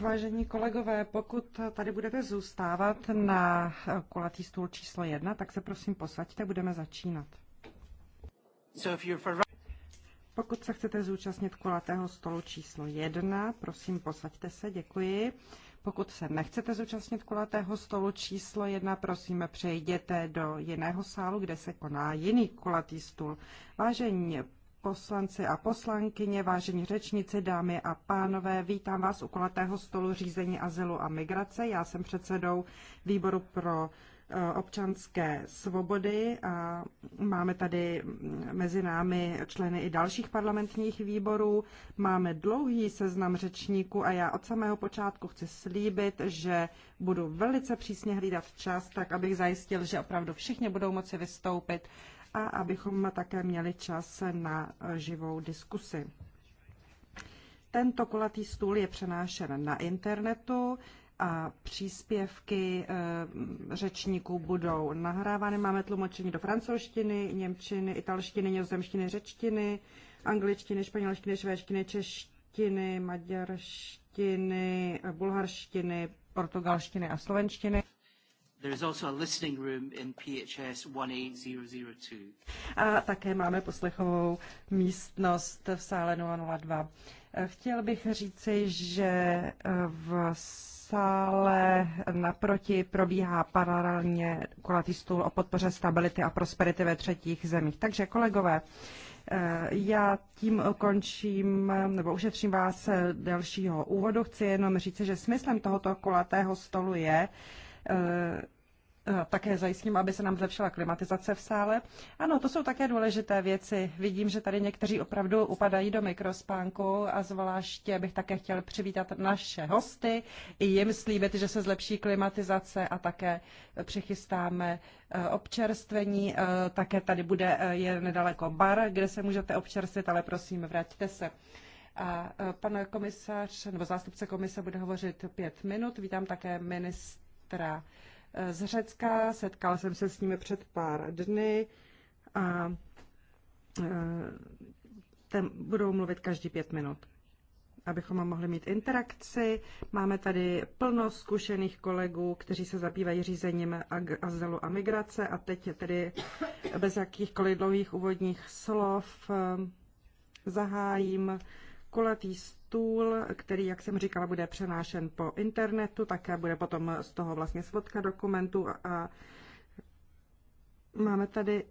Vážení kolegové, pokud tady budete zůstávat na kulatý stůl číslo jedna, tak se prosím posaďte, budeme začínat. Pokud se chcete zúčastnit kulatého stolu číslo jedna, prosím posaďte se, děkuji. Pokud se nechcete zúčastnit kulatého stolu číslo jedna, prosím přejděte do jiného sálu, kde se koná jiný kulatý stůl. Vážení poslanci a poslankyně, vážení řečníci, dámy a pánové, vítám vás u kolatého stolu řízení azylu a migrace. Já jsem předsedou výboru pro eh, občanské svobody a máme tady mezi námi členy i dalších parlamentních výborů. Máme dlouhý seznam řečníků a já od samého počátku chci slíbit, že budu velice přísně hlídat čas, tak abych zajistil, že opravdu všichni budou moci vystoupit a abychom také měli čas na živou diskusi. Tento kulatý stůl je přenášen na internetu a příspěvky eh, řečníků budou nahrávány. Máme tlumočení do francouzštiny, němčiny, italštiny, nizozemštiny, řečtiny, angličtiny, španělštiny, švédštiny, češtiny, maďarštiny, bulharštiny, portugalštiny a slovenštiny. There is also a listening room in PHS 18002. A také máme poslechovou místnost v sále 002. Chtěl bych říci, že eh, v sále naproti probíhá paralelně kulatý stůl o podpoře stability a prosperity ve třetích zemích. Takže kolegové, eh, já tím končím, nebo ušetřím vás eh, dalšího úvodu. Chci jenom říci, že smyslem tohoto kulatého stolu je, Eh, také zajistím, aby se nám zlepšila klimatizace v sále. Ano, to jsou také důležité věci. Vidím, že tady někteří opravdu upadají do mikrospánku a zvláště bych také chtěl přivítat naše hosty i jim slíbit, že se zlepší klimatizace a také přichystáme eh, občerstvení. Eh, také tady bude je nedaleko bar, kde se můžete občerstvit, ale prosím, vraťte se. A pan komisař nebo zástupce komise bude hovořit pět minut. Vítám také ministra Petra eh, z Řecka. Setkala jsem se s nimi před pár dny a eh, tam budou mluvit každý pět minut abychom mohli mít interakci. Máme tady plno zkušených kolegů, kteří se zabývají řízením azylu a migrace a teď tedy bez jakýchkoliv dlouhých úvodních slov eh, zahájím kulatý stůl stůl, který, jak jsem říkala, bude přenášen po internetu, také bude potom z toho vlastně svodka dokumentu a máme tady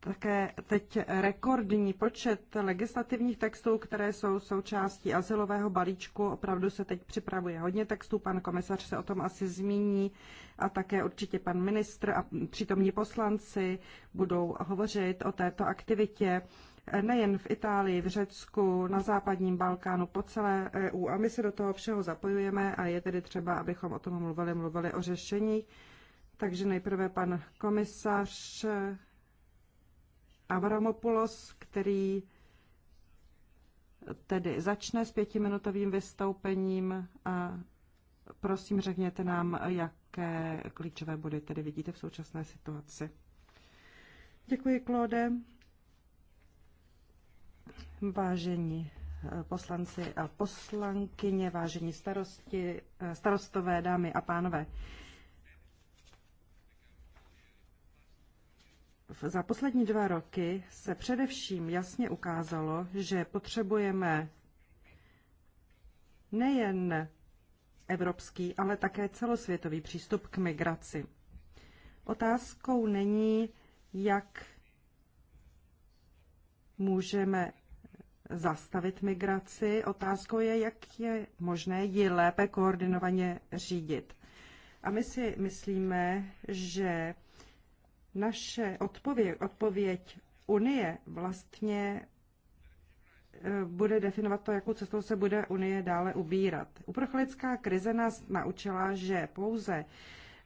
také teď rekordní počet legislativních textů, které jsou součástí asilového balíčku. Opravdu se teď připravuje hodně textů, pan komisař se o tom asi zmíní a také určitě pan ministr a přítomní poslanci budou hovořit o této aktivitě nejen v Itálii, v Řecku, na západním Balkánu, po celé EU. A my se do toho všeho zapojujeme a je tedy třeba, abychom o tom mluvili, mluvili o řešení. Takže nejprve pan komisař Avramopoulos, který tedy začne s pětiminutovým vystoupením a prosím řekněte nám, jaké klíčové body tedy vidíte v současné situaci. Děkuji, Klode. Vážení eh, poslanci a poslankyně, vážení starosti, eh, starostové, dámy a pánové. Za poslední dva roky se především jasně ukázalo, že potřebujeme nejen evropský, ale také celosvětový přístup k migraci. Otázkou není, jak můžeme zastavit migraci. Otázkou je, jak je možné ji lépe koordinovaně řídit. A my si myslíme, že naše odpověď, odpověď Unie vlastně eh, bude definovat to, jakou cestou se bude Unie dále ubírat. Uprchlická krize nás naučila, že pouze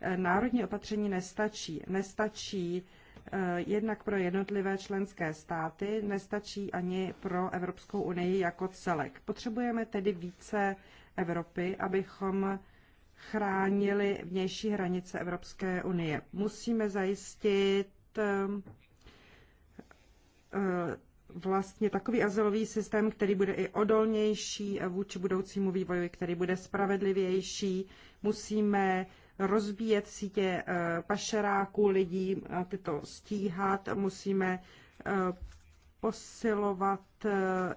eh, národní opatření nestačí. Nestačí Eh, jednak pro jednotlivé členské státy, nestačí ani pro Evropskou unii jako celek. Potřebujeme tedy více Evropy, abychom chránili vnější hranice Evropské unie. Musíme zajistit eh, vlastně takový azylový systém, který bude i odolnější vůči budoucímu vývoji, který bude spravedlivější. Musíme rozbíjet sítě eh, pašeráků lidí, eh, tyto stíhat, musíme eh, posilovat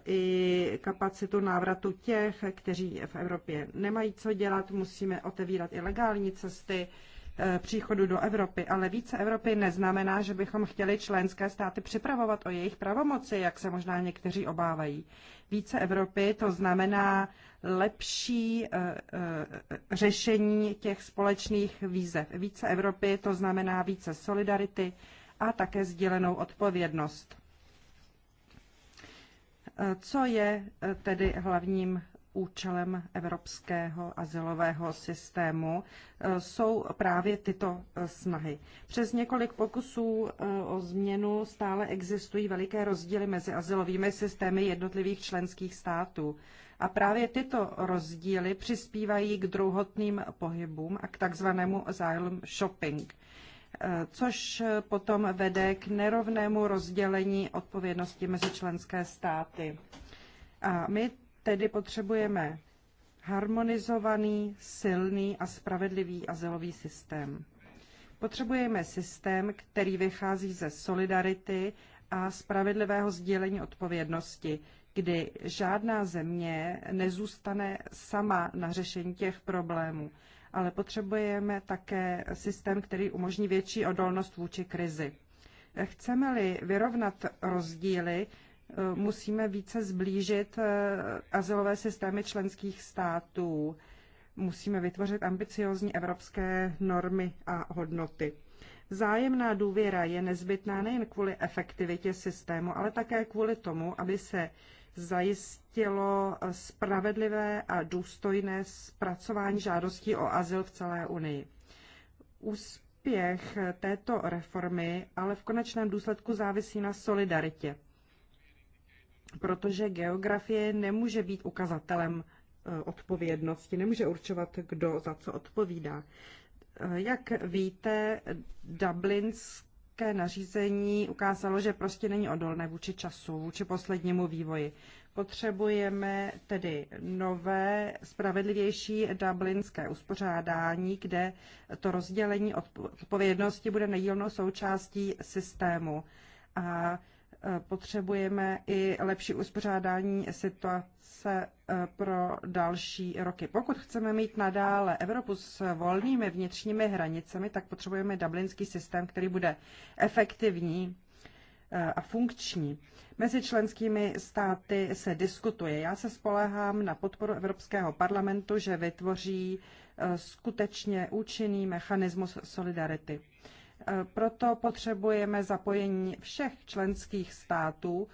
i kapacitu návratu těch, kteří v Evropě nemají co dělat, musíme otevírat i legální cesty Eh, příchodu do Evropy, ale více Evropy neznamená, že bychom chtěli členské státy připravovat o jejich pravomoci, jak se možná někteří obávají. Více Evropy to znamená lepší eh, eh, řešení těch společných výzev. Více Evropy to znamená více solidarity a také sdílenou odpovědnost. Co je tedy hlavním účelem evropského azylového systému e, jsou právě tyto e, snahy. Přes několik pokusů e, o změnu stále existují veliké rozdíly mezi azylovými systémy jednotlivých členských států. A právě tyto rozdíly přispívají k druhotným pohybům a k takzvanému asylum shopping což potom vede k nerovnému rozdělení odpovědnosti mezi členské státy. A my Tedy potřebujeme harmonizovaný, silný a spravedlivý azylový systém. Potřebujeme systém, který vychází ze solidarity a spravedlivého sdílení odpovědnosti, kdy žádná země nezůstane sama na řešení těch problémů, ale potřebujeme také systém, který umožní větší odolnost vůči krizi. Chceme-li vyrovnat rozdíly, Eh, musíme více zblížit eh, azylové systémy členských států. Musíme vytvořit ambiciozní evropské normy a hodnoty. Zájemná důvěra je nezbytná nejen kvůli efektivitě systému, ale také kvůli tomu, aby se zajistilo spravedlivé a důstojné zpracování žádostí o azyl v celé Unii. Úspěch této reformy ale v konečném důsledku závisí na solidaritě protože geografie nemůže být ukazatelem eh, odpovědnosti, nemůže určovat, kdo za co odpovídá. Eh, jak víte, dublinské nařízení ukázalo, že prostě není odolné vůči času, vůči poslednímu vývoji. Potřebujeme tedy nové, spravedlivější dublinské uspořádání, kde to rozdělení odpovědnosti bude nedílnou součástí systému. A Eh, potřebujeme i lepší uspořádání situace eh, pro další roky. Pokud chceme mít nadále Evropu s volnými vnitřními hranicemi, tak potřebujeme dublinský systém, který bude efektivní eh, a funkční. Mezi členskými státy se diskutuje. Já se spolehám na podporu Evropského parlamentu, že vytvoří skutečně účinný mechanismus solidarity. Proto potřebujeme zapojení všech členských států,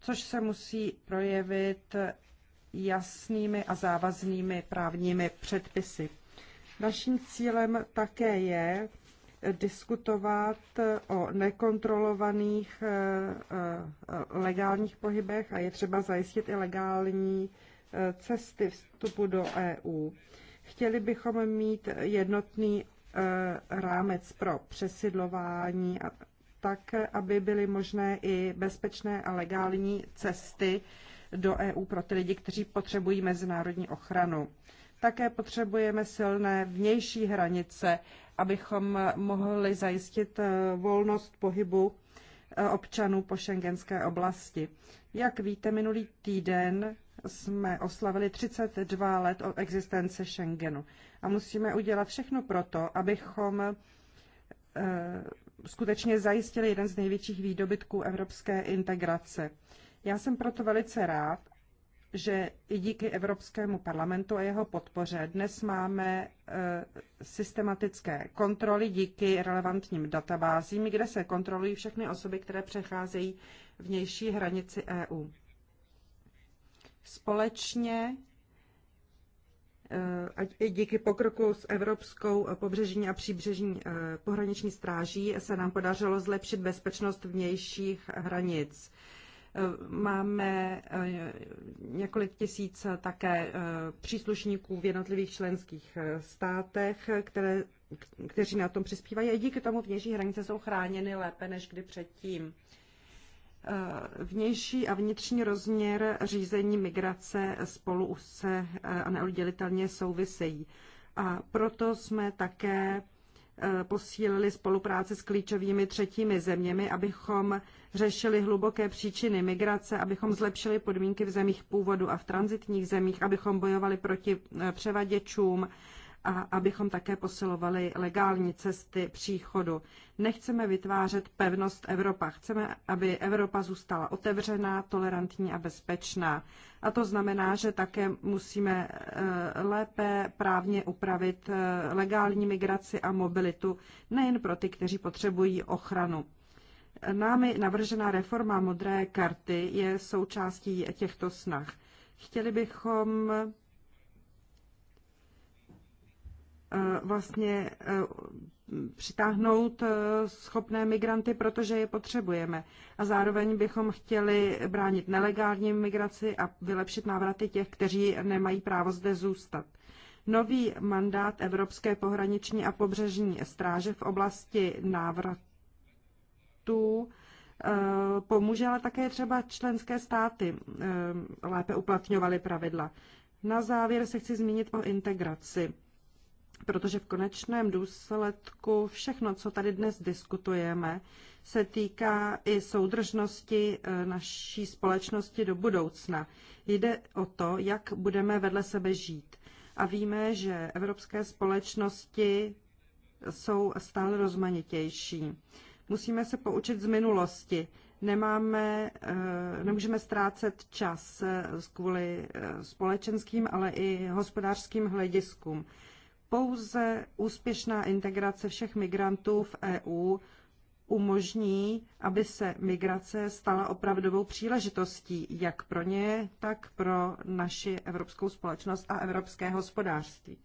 což se musí projevit jasnými a závaznými právními předpisy. Naším cílem také je diskutovat o nekontrolovaných eh, eh, legálních pohybech a je třeba zajistit i legální eh, cesty vstupu do EU. Chtěli bychom mít jednotný E, rámec pro přesidlování tak, aby byly možné i bezpečné a legální cesty do EU pro ty lidi, kteří potřebují mezinárodní ochranu. Také potřebujeme silné vnější hranice, abychom mohli zajistit e, volnost pohybu e, občanů po šengenské oblasti. Jak víte, minulý týden jsme oslavili 32 let od existence Schengenu. A musíme udělat všechno proto, abychom eh, skutečně zajistili jeden z největších výdobytků evropské integrace. Já jsem proto velice rád, že i díky Evropskému parlamentu a jeho podpoře dnes máme eh, systematické kontroly díky relevantním databázím, kde se kontrolují všechny osoby, které přecházejí vnější hranici EU společně eh, i díky pokroku s Evropskou pobřežní a příbřežní eh, pohraniční stráží se nám podařilo zlepšit bezpečnost vnějších hranic. Eh, máme několik tisíc také příslušníků v jednotlivých členských státech, které, kteří na tom přispívají. A díky tomu vnější hranice jsou chráněny lépe než kdy předtím. Eh, vnější a vnitřní rozměr řízení migrace spolu se eh, a neoddělitelně souvisejí. A proto jsme také eh, posílili spolupráci s klíčovými třetími zeměmi, abychom řešili hluboké příčiny migrace, abychom zlepšili podmínky v zemích původu a v transitních zemích, abychom bojovali proti převaděčům a abychom také posilovali legální cesty příchodu. Nechceme vytvářet pevnost Evropa. Chceme, aby Evropa zůstala otevřená, tolerantní a bezpečná. A to znamená, že také musíme eh, lépe právně upravit eh, legální migraci a mobilitu nejen pro ty, kteří potřebují ochranu. Námi navržená reforma modré karty je součástí těchto snah. Chtěli bychom E, vlastně e, přitáhnout e, schopné migranty, protože je potřebujeme. A zároveň bychom chtěli bránit nelegální migraci a vylepšit návraty těch, kteří nemají právo zde zůstat. Nový mandát Evropské pohraniční a pobřežní stráže v oblasti návratů pomůže, ale také třeba členské státy lépe uplatňovaly pravidla. Na závěr se chci zmínit o integraci protože v konečném důsledku všechno, co tady dnes diskutujeme, se týká i soudržnosti e, naší společnosti do budoucna. Jde o to, jak budeme vedle sebe žít. A víme, že evropské společnosti jsou stále rozmanitější. Musíme se poučit z minulosti. Nemáme, e, nemůžeme ztrácet čas e, kvůli společenským, ale i hospodářským hlediskům. Pouze úspěšná integrace všech migrantů v EU umožní, aby se migrace stala opravdovou příležitostí jak pro ně, tak pro naši evropskou společnost a evropské hospodářství.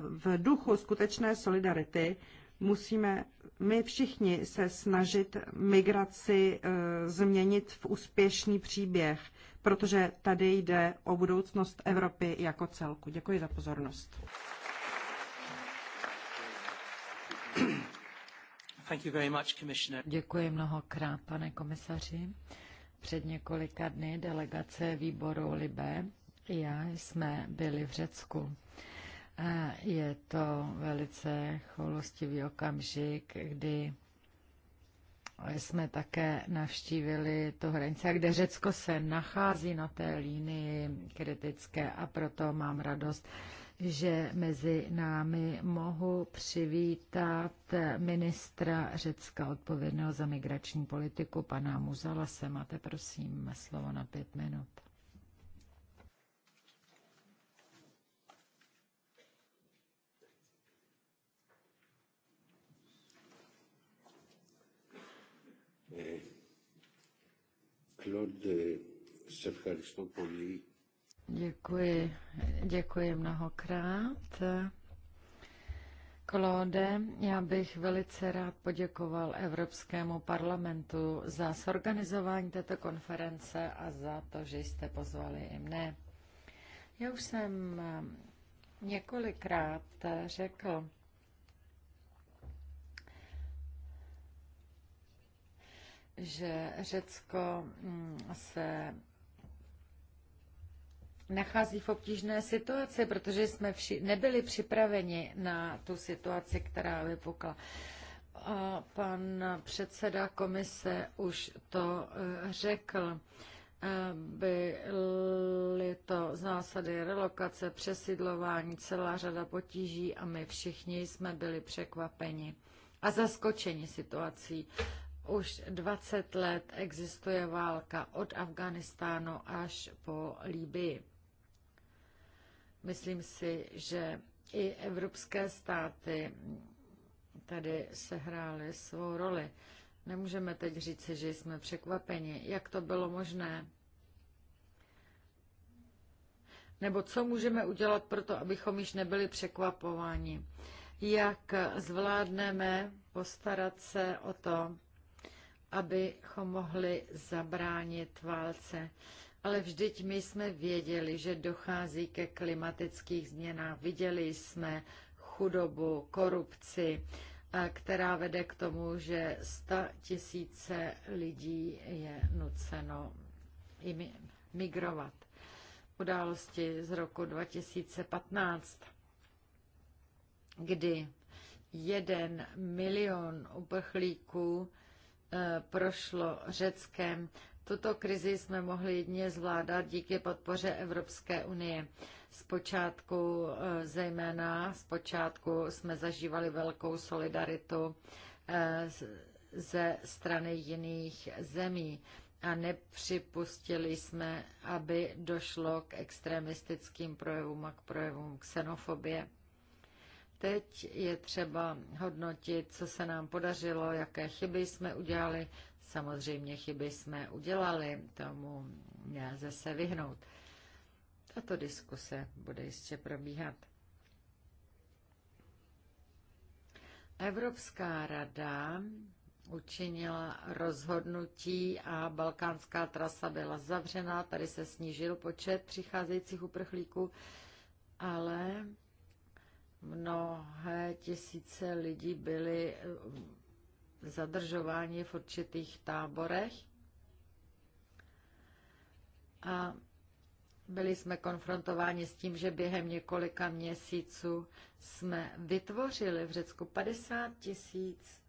V duchu skutečné solidarity musíme my všichni se snažit migraci e, změnit v úspěšný příběh, protože tady jde o budoucnost Evropy jako celku. Děkuji za pozornost. Děkuji mnohokrát, pane komisaři. Před několika dny delegace výboru Libe i já jsme byli v Řecku. Je to velice choulostivý okamžik, kdy jsme také navštívili tu hranice, kde Řecko se nachází na té línii kritické a proto mám radost, že mezi námi mohu přivítat ministra Řecka odpovědného za migrační politiku, pana Muzalase. Máte prosím slovo na pět minut. Eh, Claude, eh, se ευχαριστώ Děkuji, děkuji mnohokrát. Claude, já bych velice rád poděkoval Evropskému parlamentu za sorganizování této konference a za to, že jste pozvali i mne. Já už jsem několikrát řekl, že Řecko se nachází v obtížné situaci, protože jsme vši- nebyli připraveni na tu situaci, která vypukla. A pan předseda komise už to eh, řekl. Eh, byly to zásady relokace, přesidlování, celá řada potíží a my všichni jsme byli překvapeni a zaskočeni situací. Už 20 let existuje válka od Afganistánu až po Líbii. Myslím si, že i evropské státy tady sehrály svou roli. Nemůžeme teď říct, že jsme překvapeni. Jak to bylo možné? Nebo co můžeme udělat pro to, abychom již nebyli překvapováni? Jak zvládneme postarat se o to, abychom mohli zabránit válce? Ale vždyť my jsme věděli, že dochází ke klimatických změnách. Viděli jsme chudobu, korupci, která vede k tomu, že sta tisíce lidí je nuceno migrovat. Události z roku 2015, kdy jeden milion uprchlíků eh, prošlo Řeckem tuto krizi jsme mohli jedině zvládat díky podpoře Evropské unie. Zpočátku, eh, zejména zpočátku, jsme zažívali velkou solidaritu eh, ze strany jiných zemí a nepřipustili jsme, aby došlo k extremistickým projevům a k projevům xenofobie. Teď je třeba hodnotit, co se nám podařilo, jaké chyby jsme udělali, Samozřejmě chyby jsme udělali, tomu nelze se vyhnout. Tato diskuse bude jistě probíhat. Evropská rada učinila rozhodnutí a balkánská trasa byla zavřena. Tady se snížil počet přicházejících uprchlíků, ale mnohé tisíce lidí byly zadržování v určitých táborech a byli jsme konfrontováni s tím, že během několika měsíců jsme vytvořili v Řecku 50 tisíc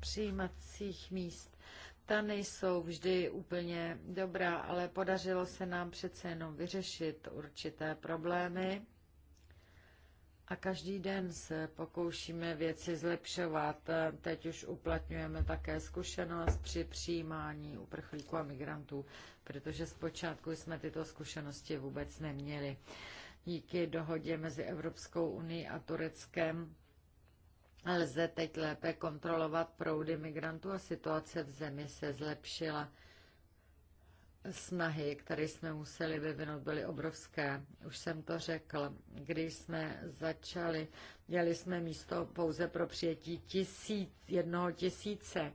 přijímacích míst. Ta nejsou vždy úplně dobrá, ale podařilo se nám přece jenom vyřešit určité problémy. A každý den se pokoušíme věci zlepšovat. Teď už uplatňujeme také zkušenost při přijímání uprchlíků a migrantů, protože zpočátku jsme tyto zkušenosti vůbec neměli. Díky dohodě mezi Evropskou unii a Tureckem lze teď lépe kontrolovat proudy migrantů a situace v zemi se zlepšila snahy, které jsme museli vyvinout, byly obrovské. Už jsem to řekl, když jsme začali, měli jsme místo pouze pro přijetí tisíc, jednoho tisíce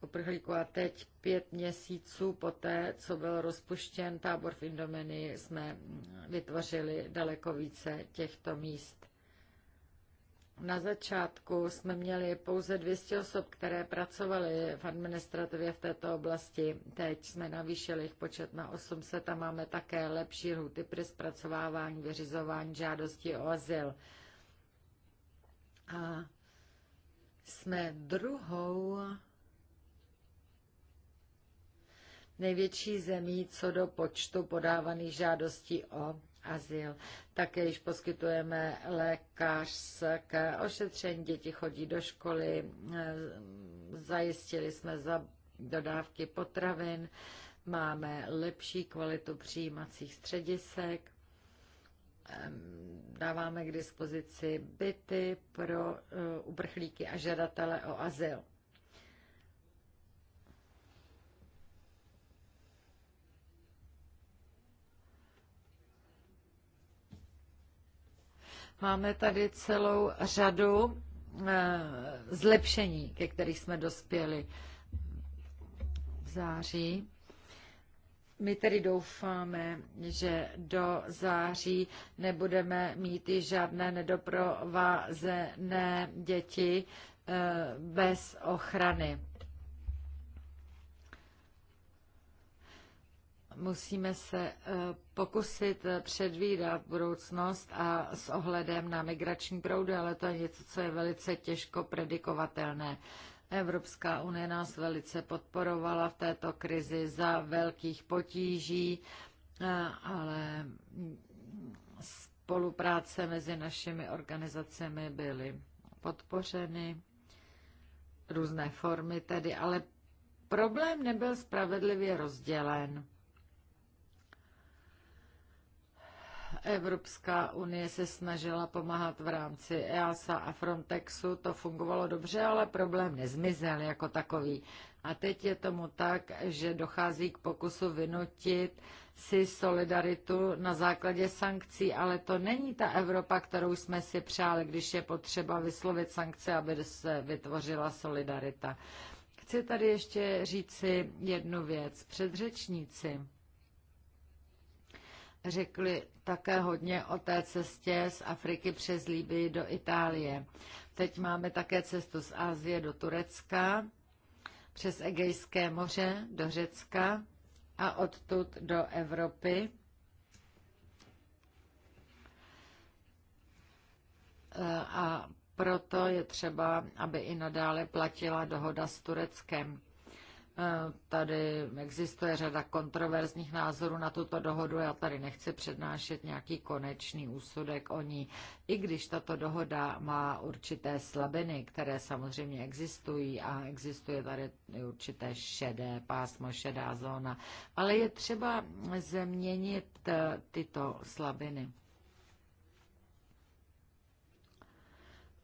uprchlíků a teď pět měsíců poté, co byl rozpuštěn tábor v Indomenii, jsme vytvořili daleko více těchto míst. Na začátku jsme měli pouze 200 osob, které pracovaly v administrativě v této oblasti. Teď jsme navýšili jich počet na 800 a máme také lepší lhuty pro zpracovávání, vyřizování žádostí o azyl. A jsme druhou největší zemí co do počtu podávaných žádostí o azyl. Také již poskytujeme lékařské ošetření, děti chodí do školy, eh, zajistili jsme za dodávky potravin, máme lepší kvalitu přijímacích středisek, dáváme k dispozici byty pro eh, uprchlíky a žadatele o azyl. Máme tady celou řadu eh, zlepšení, ke kterých jsme dospěli v září. My tedy doufáme, že do září nebudeme mít i žádné nedoprovázené děti eh, bez ochrany. Musíme se eh, pokusit eh, předvídat budoucnost a s ohledem na migrační proudy, ale to je něco, co je velice těžko predikovatelné. Evropská unie nás velice podporovala v této krizi za velkých potíží, eh, ale spolupráce mezi našimi organizacemi byly podpořeny, různé formy tedy, ale problém nebyl spravedlivě rozdělen Evropská unie se snažila pomáhat v rámci EASA a Frontexu, to fungovalo dobře, ale problém nezmizel jako takový. A teď je tomu tak, že dochází k pokusu vynutit si solidaritu na základě sankcí, ale to není ta Evropa, kterou jsme si přáli, když je potřeba vyslovit sankce, aby se vytvořila solidarita. Chci tady ještě říci jednu věc. Předřečníci řekli také hodně o té cestě z Afriky přes Líbii do Itálie. Teď máme také cestu z Asie do Turecka, přes Egejské moře do Řecka a odtud do Evropy. Eh, a proto je třeba, aby i nadále platila dohoda s Tureckem. Eh, tady existuje řada kontroverzních názorů na tuto dohodu. Já tady nechci přednášet nějaký konečný úsudek o ní. I když tato dohoda má určité slabiny, které samozřejmě existují a existuje tady určité šedé pásmo, šedá zóna, ale je třeba změnit eh, tyto slabiny.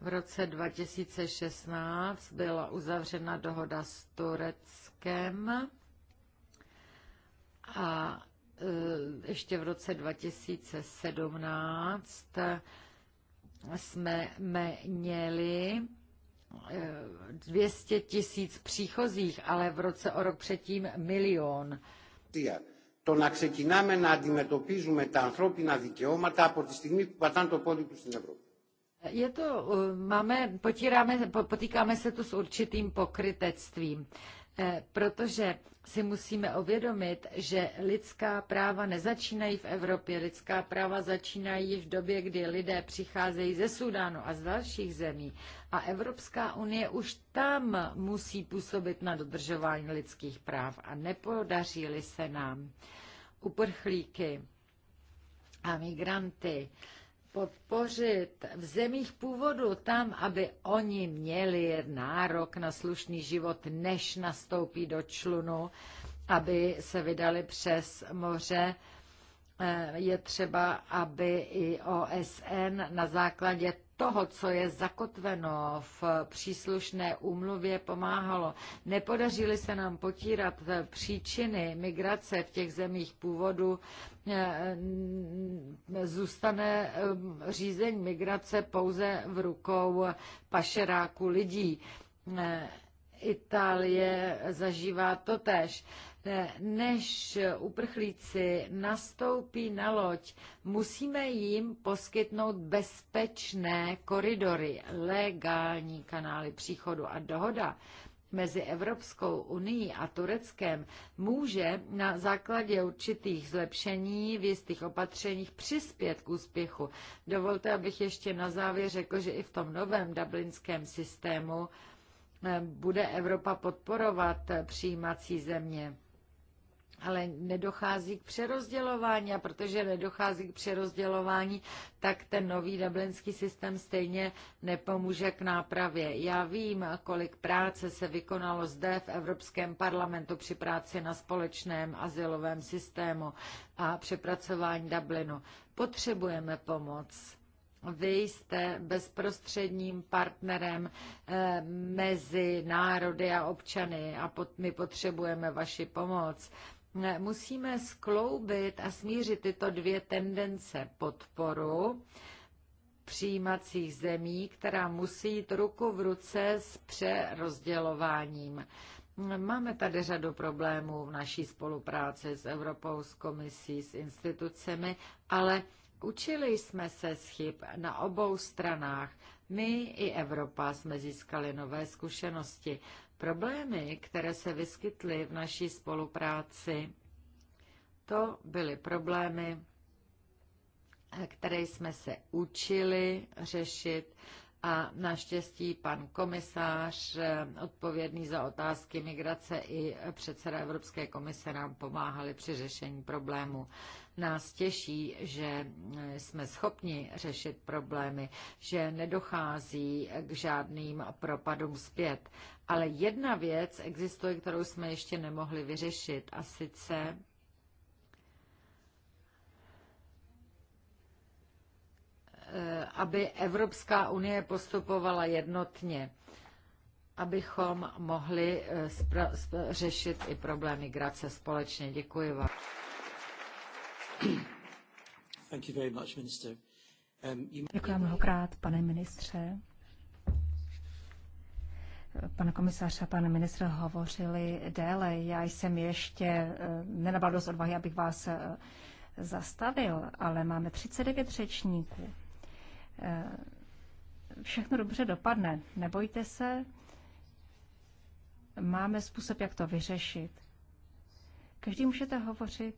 V roce 2016 byla uzavřena dohoda s Tureckem Marokem a e, ještě v roce 2017 jsme měli 200 e, tisíc příchozích, ale v roce o rok předtím milion. To na ξεκινάμε να αντιμετωπίζουμε τα ανθρώπινα δικαιώματα από τη στιγμή που πατάνε το πόδι του στην Ευρώπη. Je to, e, máme, potíráme, potýkáme se tu s určitým pokrytectvím. Uh, Eh, protože si musíme uvědomit, že lidská práva nezačínají v Evropě, lidská práva začínají v době, kdy lidé přicházejí ze Sudánu a z dalších zemí. A Evropská unie už tam musí působit na dodržování lidských práv. A nepodaří-li se nám uprchlíky a migranty, eh, podpořit v zemích původu tam, aby oni měli nárok na slušný život, než nastoupí do člunu, aby se vydali přes moře. Eh, je třeba, aby i OSN na základě toho, co je zakotveno v příslušné úmluvě, pomáhalo. Nepodařili se nám potírat eh, příčiny migrace v těch zemích původu, eh, zůstane eh, řízení migrace pouze v rukou pašeráku lidí. Itálie zažívá to než uprchlíci nastoupí na loď, musíme jim poskytnout bezpečné koridory, legální kanály příchodu a dohoda mezi Evropskou unii a Tureckem může na základě určitých zlepšení v jistých opatřeních přispět k úspěchu. Dovolte, abych ještě na závěr řekl, že i v tom novém dublinském systému eh, bude Evropa podporovat eh, přijímací země ale nedochází k přerozdělování a protože nedochází k přerozdělování, tak ten nový dublinský systém stejně nepomůže k nápravě. Já vím, kolik práce se vykonalo zde v Evropském parlamentu při práci na společném asilovém systému a přepracování Dublinu. Potřebujeme pomoc. Vy jste bezprostředním partnerem eh, mezi národy a občany a my potřebujeme vaši pomoc musíme skloubit a smířit tyto dvě tendence podporu přijímacích zemí, která musí jít ruku v ruce s přerozdělováním. Máme tady řadu problémů v naší spolupráci s Evropou, s komisí, s institucemi, ale učili jsme se z chyb na obou stranách. My i Evropa jsme získali nové zkušenosti. Problémy, které se vyskytly v naší spolupráci, to byly problémy, které jsme se učili řešit a naštěstí pan komisář, eh, odpovědný za otázky migrace i předseda Evropské komise nám pomáhali při řešení problému. Nás těší, že eh, jsme schopni řešit problémy, že nedochází k žádným propadům zpět. Ale jedna věc existuje, kterou jsme ještě nemohli vyřešit, a sice eh, aby Evropská unie postupovala jednotně, abychom mohli eh, řešit i problém migrace společně. Děkuji vám. Thank you very much, minister. Um, Děkuji mnohokrát, pane ministře pana komisař a pana ministra hovořili déle. Já jsem ještě eh, nenabal dost odvahy, abych vás eh, zastavil, ale máme 39 řečníků. Eh, všechno dobře dopadne, nebojte se. Máme způsob, jak to vyřešit. Každý můžete hovořit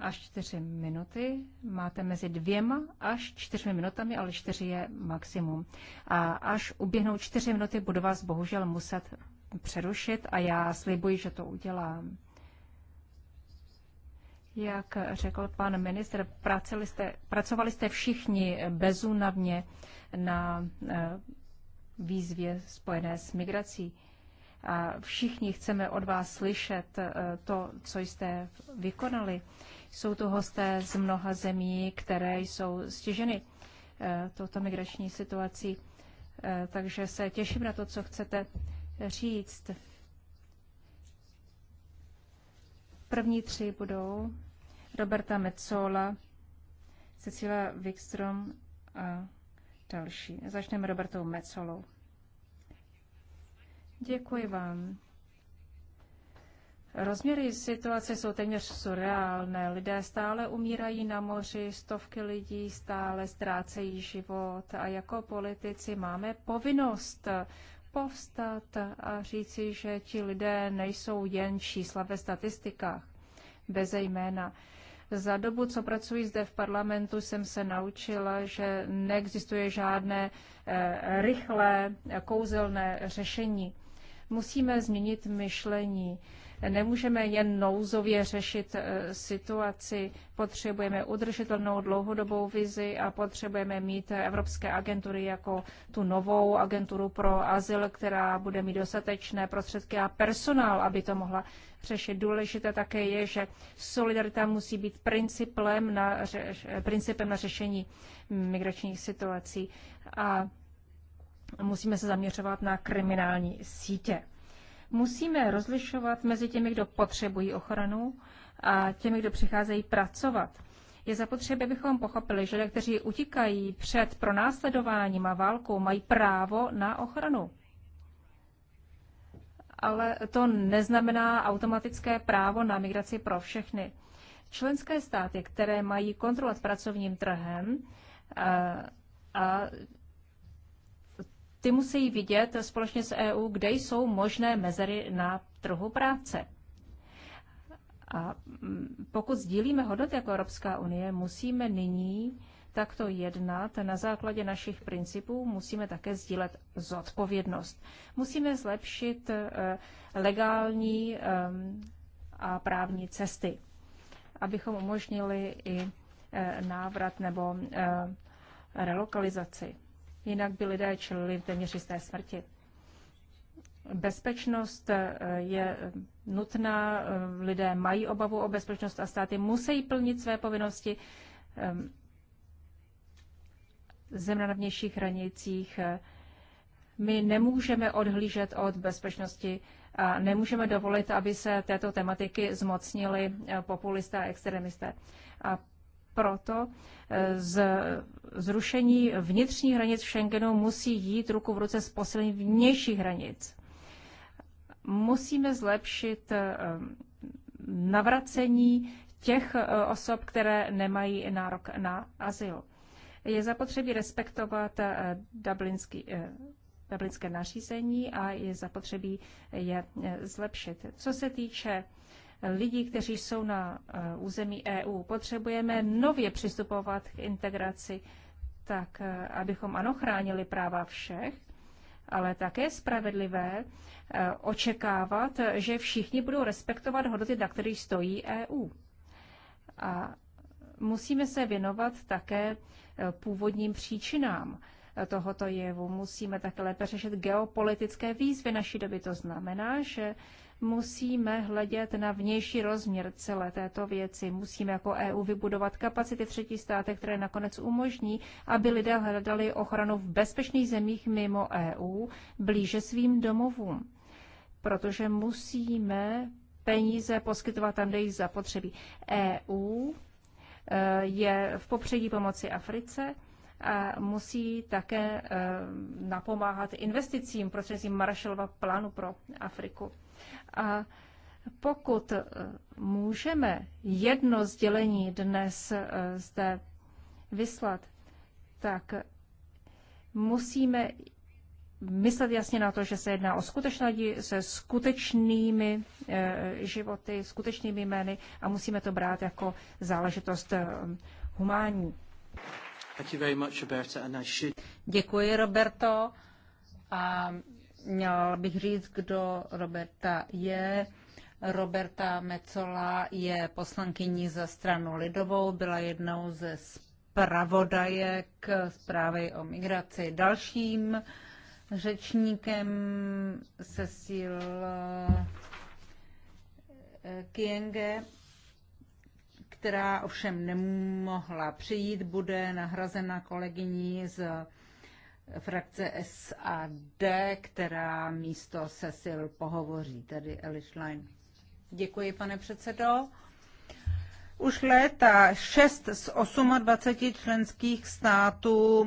až čtyři minuty. Máte mezi dvěma až čtyřmi minutami, ale čtyři je maximum. A až uběhnou čtyři minuty, budu vás bohužel muset přerušit a já slibuji, že to udělám. Jak řekl pan ministr, pracovali jste, pracovali jste všichni bezúnavně na eh, výzvě spojené s migrací. A všichni chceme od vás slyšet eh, to, co jste vykonali. Jsou to hosté z mnoha zemí, které jsou stiženy eh, touto migrační situací. Eh, takže se těším na to, co chcete říct. První tři budou Roberta Metzola, Cecila Wikström a další. Začneme Robertou Metzolou. Děkuji vám. Rozměry situace jsou téměř surreálné. Lidé stále umírají na moři, stovky lidí stále ztrácejí život a jako politici máme povinnost povstat a říci, že ti lidé nejsou jen čísla ve statistikách, bez jména. Za dobu, co pracuji zde v parlamentu, jsem se naučila, že neexistuje žádné eh, rychlé, kouzelné řešení. Musíme změnit myšlení. Eh, Nemůžeme jen nouzově řešit eh, situaci, potřebujeme udržitelnou dlouhodobou vizi a potřebujeme mít evropské agentury jako tu novou agenturu pro azyl, která bude mít dostatečné prostředky a personál, aby to mohla řešit. Důležité také je, že solidarita musí být principem na, řeš, principem na řešení migračních situací a musíme se zaměřovat na kriminální sítě. Musíme rozlišovat mezi těmi, kdo potřebují ochranu a těmi, kdo přicházejí pracovat. Je zapotřebí, abychom pochopili, že lidé, kteří utíkají před pronásledováním a válkou, mají právo na ochranu. Ale to neznamená automatické právo na migraci pro všechny. Členské státy, které mají kontrolovat pracovním trhem eh, a, a ty musí vidět společně s EU, kde jsou možné mezery na trhu práce. A mm, pokud sdílíme hodnoty jako Evropská unie, musíme nyní takto jednat na základě našich principů, musíme také sdílet zodpovědnost. Musíme zlepšit e, legální e, a právní cesty, abychom umožnili i e, návrat nebo relokalizaci jinak by lidé čelili téměř jisté smrti. Bezpečnost eh, je eh, nutná, eh, lidé mají obavu o bezpečnost a státy musí plnit své povinnosti. Země na vnějších hranicích. My nemůžeme odhlížet od bezpečnosti a nemůžeme dovolit, aby se této tematiky zmocnili populisté a extremisté. A proto eh, z zrušení vnitřních hranic v Schengenu musí jít ruku v ruce s posilením vnějších hranic. Musíme zlepšit eh, navracení těch eh, osob, které nemají nárok na azyl. Je zapotřebí respektovat dublinský, dublinské nařízení a je zapotřebí je zlepšit. Co se týče lidí, kteří jsou na eh, území EU. Potřebujeme nově přistupovat k integraci tak, eh, abychom ano chránili práva všech, ale také spravedlivé eh, očekávat, že všichni budou respektovat hodnoty, na kterých stojí EU. A musíme se věnovat také původním příčinám tohoto jevu. Musíme také lépe řešit geopolitické výzvy naší doby. To znamená, že musíme hledět na vnější rozměr celé této věci. Musíme jako EU vybudovat kapacity v třetí státech, které nakonec umožní, aby lidé hledali ochranu v bezpečných zemích mimo EU, blíže svým domovům. Protože musíme peníze poskytovat tam, kde jich zapotřebí. EU eh, je v popředí pomoci Africe a musí také eh, napomáhat investicím prostřednictvím Marshallova plánu pro Afriku. A pokud eh, můžeme jedno sdělení dnes eh, zde vyslat, tak musíme myslet jasně na to, že se jedná o skutečné lidi se skutečnými eh, životy, skutečnými jmény a musíme to brát jako záležitost humání. Děkuji, Roberto. A měl bych říct, kdo Roberta je. Roberta Mecola je poslankyní za stranu Lidovou, byla jednou ze zpravodajek zprávy o migraci. Dalším řečníkem Cecil eh, Kienge, která ovšem nemohla přijít, bude nahrazena kolegyní z frakce SAD, která místo Cecil pohovoří, tedy Eli Schlein. Děkuji, pane předsedo. Už léta 6 z 28 členských států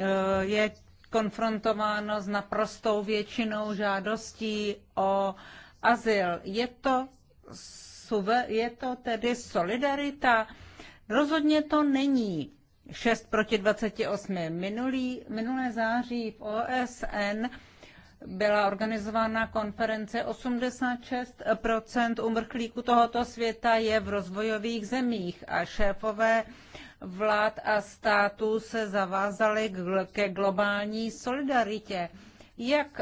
e, je konfrontováno s naprostou většinou žádostí o azyl. Je to, je to tedy solidarita? Rozhodně to není. 6 proti 28. Minulý, minulé září v OSN byla organizována konference 86 umrchlíků tohoto světa je v rozvojových zemích a šéfové vlád a států se zavázali ke globální solidaritě. Jak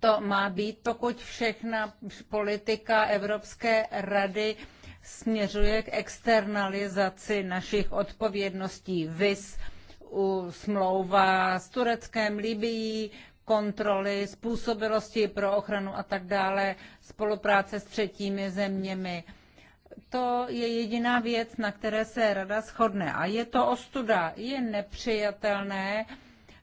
to má být, pokud všechna politika Evropské rady směřuje k externalizaci našich odpovědností VIS, u smlouva s Tureckem, Libií, kontroly, způsobilosti pro ochranu a tak dále, spolupráce s třetími zeměmi. To je jediná věc, na které se rada shodne. A je to ostuda, je nepřijatelné,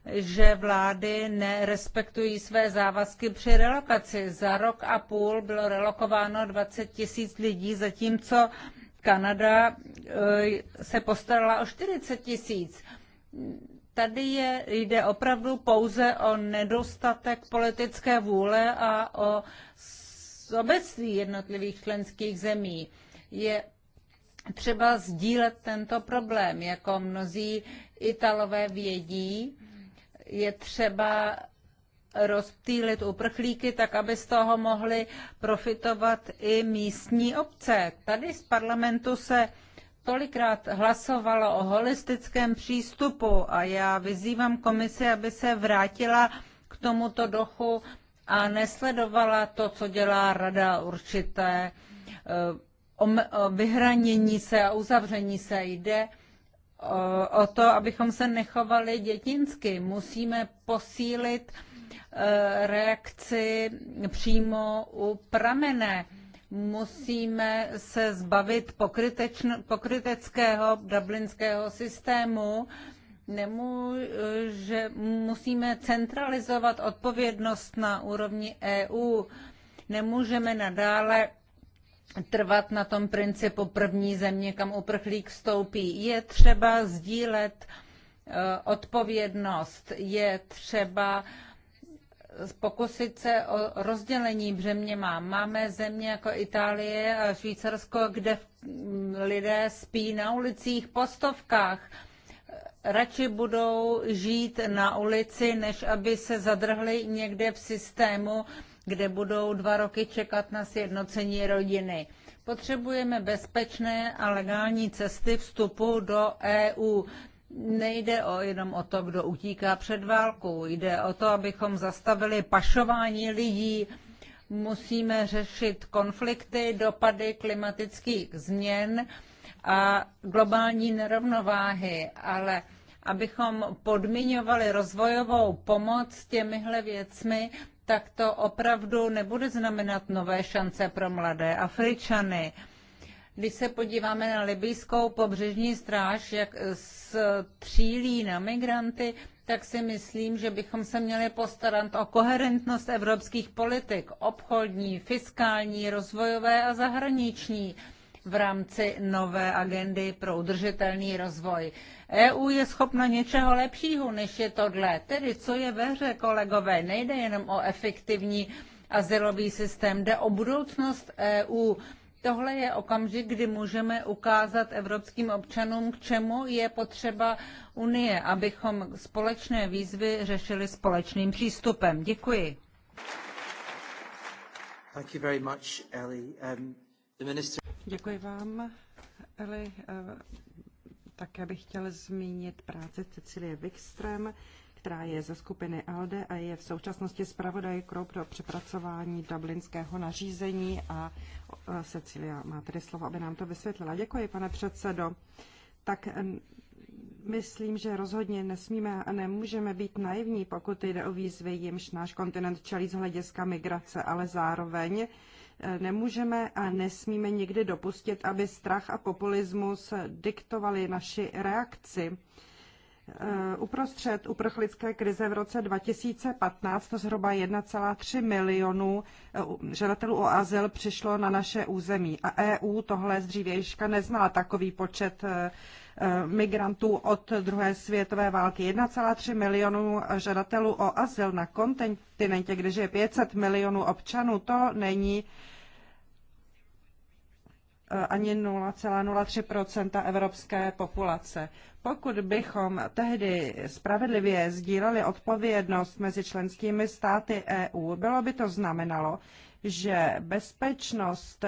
že vlády nerespektují své závazky při relokaci. Za rok a půl bylo relokováno 20 tisíc lidí, zatímco Kanada eh, se postarala o 40 tisíc. Tady je, jde opravdu pouze o nedostatek politické vůle a o obecství jednotlivých členských zemí. Je třeba sdílet tento problém, jako mnozí Italové vědí, je třeba rozptýlit uprchlíky, tak aby z toho mohly profitovat i místní obce. Tady z parlamentu se tolikrát hlasovalo o holistickém přístupu a já vyzývám komisi, aby se vrátila k tomuto dochu a nesledovala to, co dělá rada určité eh, vyhranění se a uzavření se jde o to, abychom se nechovali dětinsky. Musíme posílit e, reakci přímo u pramene. Musíme se zbavit pokryteckého dublinského systému. Nemu, že musíme centralizovat odpovědnost na úrovni EU. Nemůžeme nadále trvat na tom principu první země, kam uprchlík vstoupí. Je třeba sdílet eh, odpovědnost, je třeba pokusit se o rozdělení břemě má. Máme země jako Itálie a Švýcarsko, kde lidé spí na ulicích po stovkách. Radši budou žít na ulici, než aby se zadrhli někde v systému, kde budou dva roky čekat na sjednocení rodiny. Potřebujeme bezpečné a legální cesty vstupu do EU. Nejde o jenom o to, kdo utíká před válkou. Jde o to, abychom zastavili pašování lidí. Musíme řešit konflikty, dopady klimatických změn a globální nerovnováhy, ale abychom podmiňovali rozvojovou pomoc těmihle věcmi, tak to opravdu nebude znamenat nové šance pro mladé Afričany. Když se podíváme na libijskou pobřežní stráž, jak střílí na migranty, tak si myslím, že bychom se měli postarat o koherentnost evropských politik, obchodní, fiskální, rozvojové a zahraniční v rámci nové agendy pro udržitelný rozvoj. EU je schopna něčeho lepšího, než je tohle. Tedy, co je ve hře, kolegové, nejde jenom o efektivní azylový systém, jde o budoucnost EU. Tohle je okamžik, kdy můžeme ukázat evropským občanům, k čemu je potřeba Unie, abychom společné výzvy řešili společným přístupem. Děkuji. Thank you very much, Ellie. Um, the minister... Děkuji vám, Eli. Uh, také bych chtěl zmínit práci Cecilie Wikström, která je ze skupiny ALDE a je v současnosti zpravodajkou pro přepracování dublinského nařízení a e, Cecilia má tedy slovo, aby nám to vysvětlila. Děkuji, pane předsedo. Tak e, myslím, že rozhodně nesmíme a nemůžeme být naivní, pokud jde o výzvy, jimž náš kontinent čelí z hlediska migrace, ale zároveň Nemůžeme a nesmíme nikdy dopustit, aby strach a populismus diktovali naši reakci. Eh, uprostřed uprchlické krize v roce 2015 zhruba 1,3 milionů eh, žadatelů o azyl přišlo na naše území a EU tohle z dřívějška neznala takový počet eh, Eh, migrantů od druhé světové války. 1,3 milionů žadatelů o azyl na kontinentě, kde je 500 milionů občanů, to není eh, ani 0,03 evropské populace. Pokud bychom tehdy spravedlivě sdíleli odpovědnost mezi členskými státy EU, bylo by to znamenalo, že bezpečnost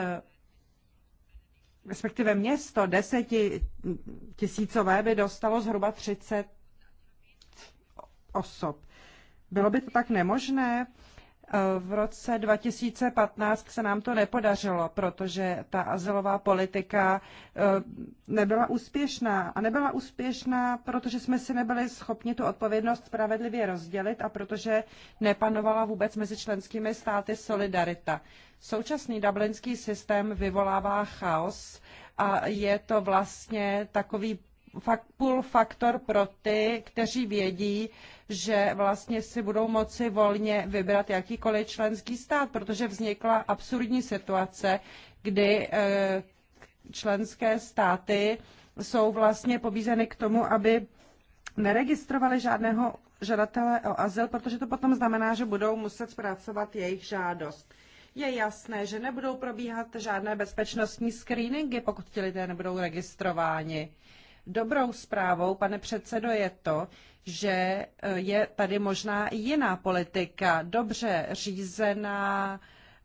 respektive město deseti tisícové by dostalo zhruba 30 osob. Bylo by to tak nemožné? Eh, v roce 2015 se nám to nepodařilo, protože ta azylová politika eh, nebyla úspěšná. A nebyla úspěšná, protože jsme si nebyli schopni tu odpovědnost spravedlivě rozdělit a protože nepanovala vůbec mezi členskými státy solidarita. Současný dublinský systém vyvolává chaos a je to vlastně takový pull faktor pro ty, kteří vědí, že vlastně si budou moci volně vybrat jakýkoliv členský stát, protože vznikla absurdní situace, kdy eh, členské státy jsou vlastně pobízeny k tomu, aby neregistrovali žádného žadatele o azyl, protože to potom znamená, že budou muset zpracovat jejich žádost. Je jasné, že nebudou probíhat žádné bezpečnostní screeningy, pokud ti lidé nebudou registrováni. Dobrou zprávou, pane předsedo, je to, že eh, je tady možná jiná politika, dobře řízená,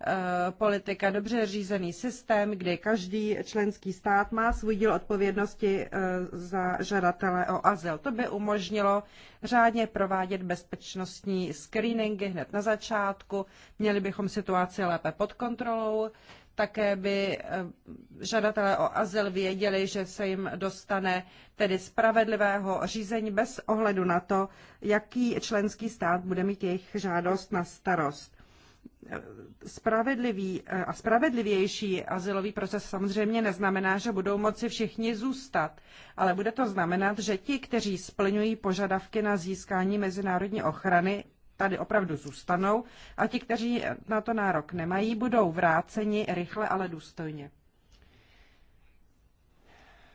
Eh, politika, dobře řízený systém, kde každý členský stát má svůj díl odpovědnosti eh, za žadatele o azyl. To by umožnilo řádně provádět bezpečnostní screeningy hned na začátku. Měli bychom situaci lépe pod kontrolou. Také by eh, žadatelé o azyl věděli, že se jim dostane tedy spravedlivého řízení bez ohledu na to, jaký členský stát bude mít jejich žádost na starost spravedlivý eh, a spravedlivější azylový proces samozřejmě neznamená, že budou moci všichni zůstat, ale bude to znamenat, že ti, kteří splňují požadavky na získání mezinárodní ochrany, tady opravdu zůstanou a ti, kteří na to nárok nemají, budou vráceni rychle, ale důstojně.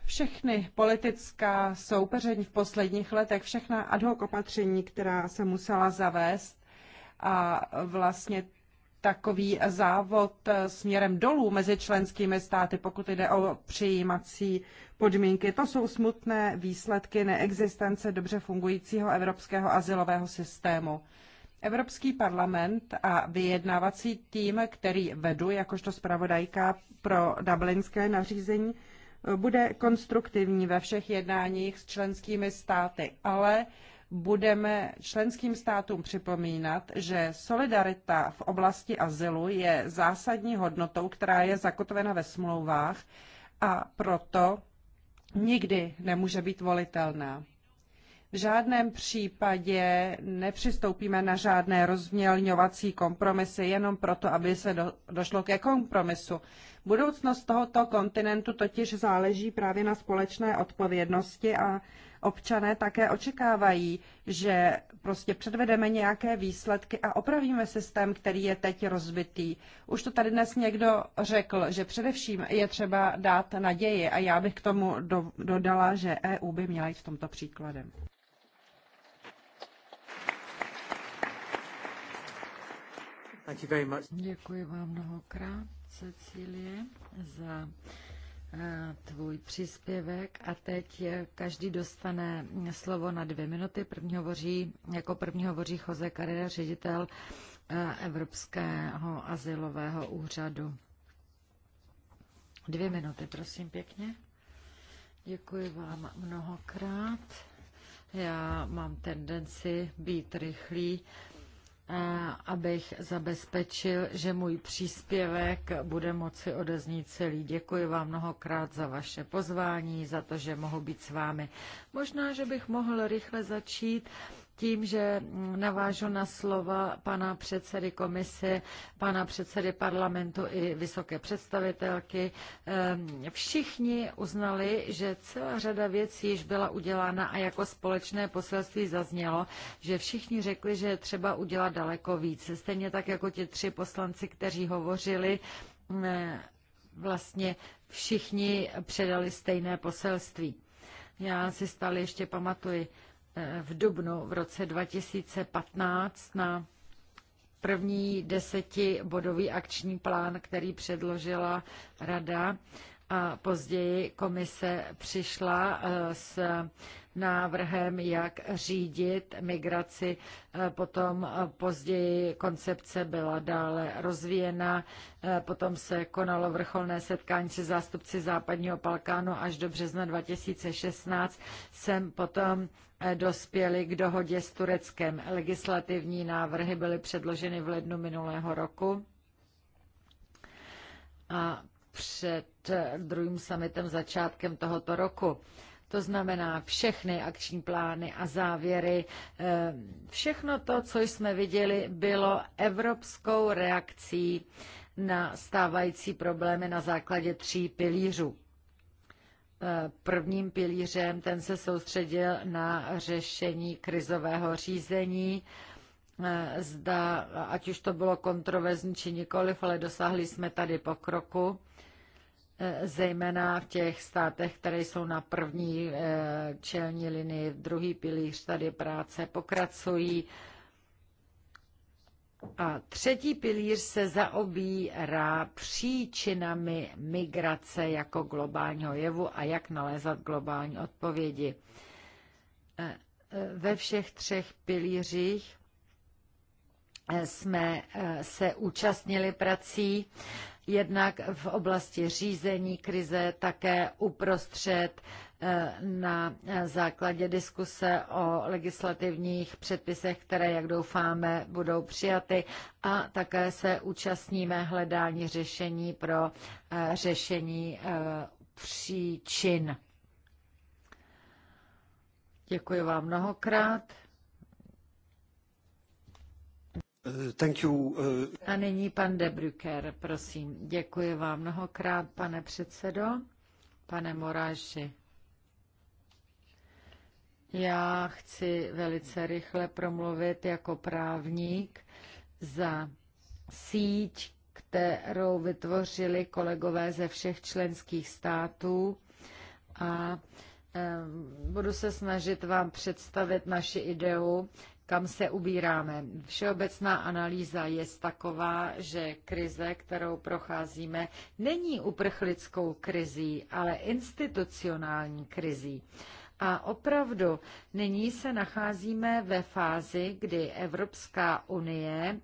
Všechny politická soupeření v posledních letech, všechna ad hoc opatření, která se musela zavést, a vlastně takový závod eh, směrem dolů mezi členskými státy, pokud jde o přijímací podmínky. To jsou smutné výsledky neexistence dobře fungujícího evropského asilového systému. Evropský parlament a vyjednávací tým, který vedu jakožto zpravodajka pro dublinské nařízení, eh, bude konstruktivní ve všech jednáních s členskými státy, ale budeme členským státům připomínat, že solidarita v oblasti azylu je zásadní hodnotou, která je zakotvena ve smlouvách a proto nikdy nemůže být volitelná. V žádném případě nepřistoupíme na žádné rozmělňovací kompromisy jenom proto, aby se do, došlo ke kompromisu. Budoucnost tohoto kontinentu totiž záleží právě na společné odpovědnosti a občané také očekávají, že prostě předvedeme nějaké výsledky a opravíme systém, který je teď rozbitý. Už to tady dnes někdo řekl, že především je třeba dát naději a já bych k tomu do, dodala, že EU by měla jít v tomto příkladem. Děkuji vám mnohokrát, Cecílie, za tvůj příspěvek a teď každý dostane slovo na dvě minuty. První hovoří, jako první hovoří Jose Carrera, ředitel eh, Evropského asilového úřadu. Dvě minuty, prosím pěkně. Děkuji vám mnohokrát. Já mám tendenci být rychlý abych zabezpečil, že můj příspěvek bude moci odeznít celý. Děkuji vám mnohokrát za vaše pozvání, za to, že mohu být s vámi. Možná, že bych mohl rychle začít tím, že navážu na slova pana předsedy komise, pana předsedy parlamentu i vysoké představitelky, všichni uznali, že celá řada věcí již byla udělána a jako společné poselství zaznělo, že všichni řekli, že je třeba udělat daleko víc. Stejně tak jako ti tři poslanci, kteří hovořili, vlastně všichni předali stejné poselství. Já si stále ještě pamatuji, Eh, v dubnu v roce 2015 na první desetibodový akční plán, který předložila rada a později komise přišla eh, s návrhem, jak řídit migraci. Eh, potom později koncepce byla dále rozvíjena. Potom se konalo vrcholné setkání se zástupci západního Balkánu až do března 2016. Jsem potom dospěli k dohodě s Tureckem. Legislativní návrhy byly předloženy v lednu minulého roku a před druhým summitem začátkem tohoto roku. To znamená všechny akční plány a závěry. Eh, všechno to, co jsme viděli, bylo evropskou reakcí na stávající problémy na základě tří pilířů prvním pilířem, ten se soustředil na řešení krizového řízení. Eh, zda, ať už to bylo kontroverzní či nikoliv, ale dosáhli jsme tady pokroku, eh, zejména v těch státech, které jsou na první eh, čelní linii. Druhý pilíř tady práce pokracují a třetí pilíř se zaobírá příčinami migrace jako globálního jevu a jak nalézat globální odpovědi. E, e, ve všech třech pilířích e, jsme se účastnili prací, jednak v oblasti řízení krize, také uprostřed na základě diskuse o legislativních předpisech, které, jak doufáme, budou přijaty a také se účastníme hledání řešení pro eh, řešení eh, příčin. Děkuji vám mnohokrát. Thank you. Eh, a nyní pan Debrucker, prosím. Děkuji vám mnohokrát, pane předsedo, pane Moráši. Já chci velice rychle promluvit jako právník za síť, kterou vytvořili kolegové ze všech členských států a eh, budu se snažit vám představit naši ideu, kam se ubíráme. Všeobecná analýza je taková, že krize, kterou procházíme, není uprchlickou krizí, ale institucionální krizí. A opravdu nyní se nacházíme ve fázi, kdy Evropská unie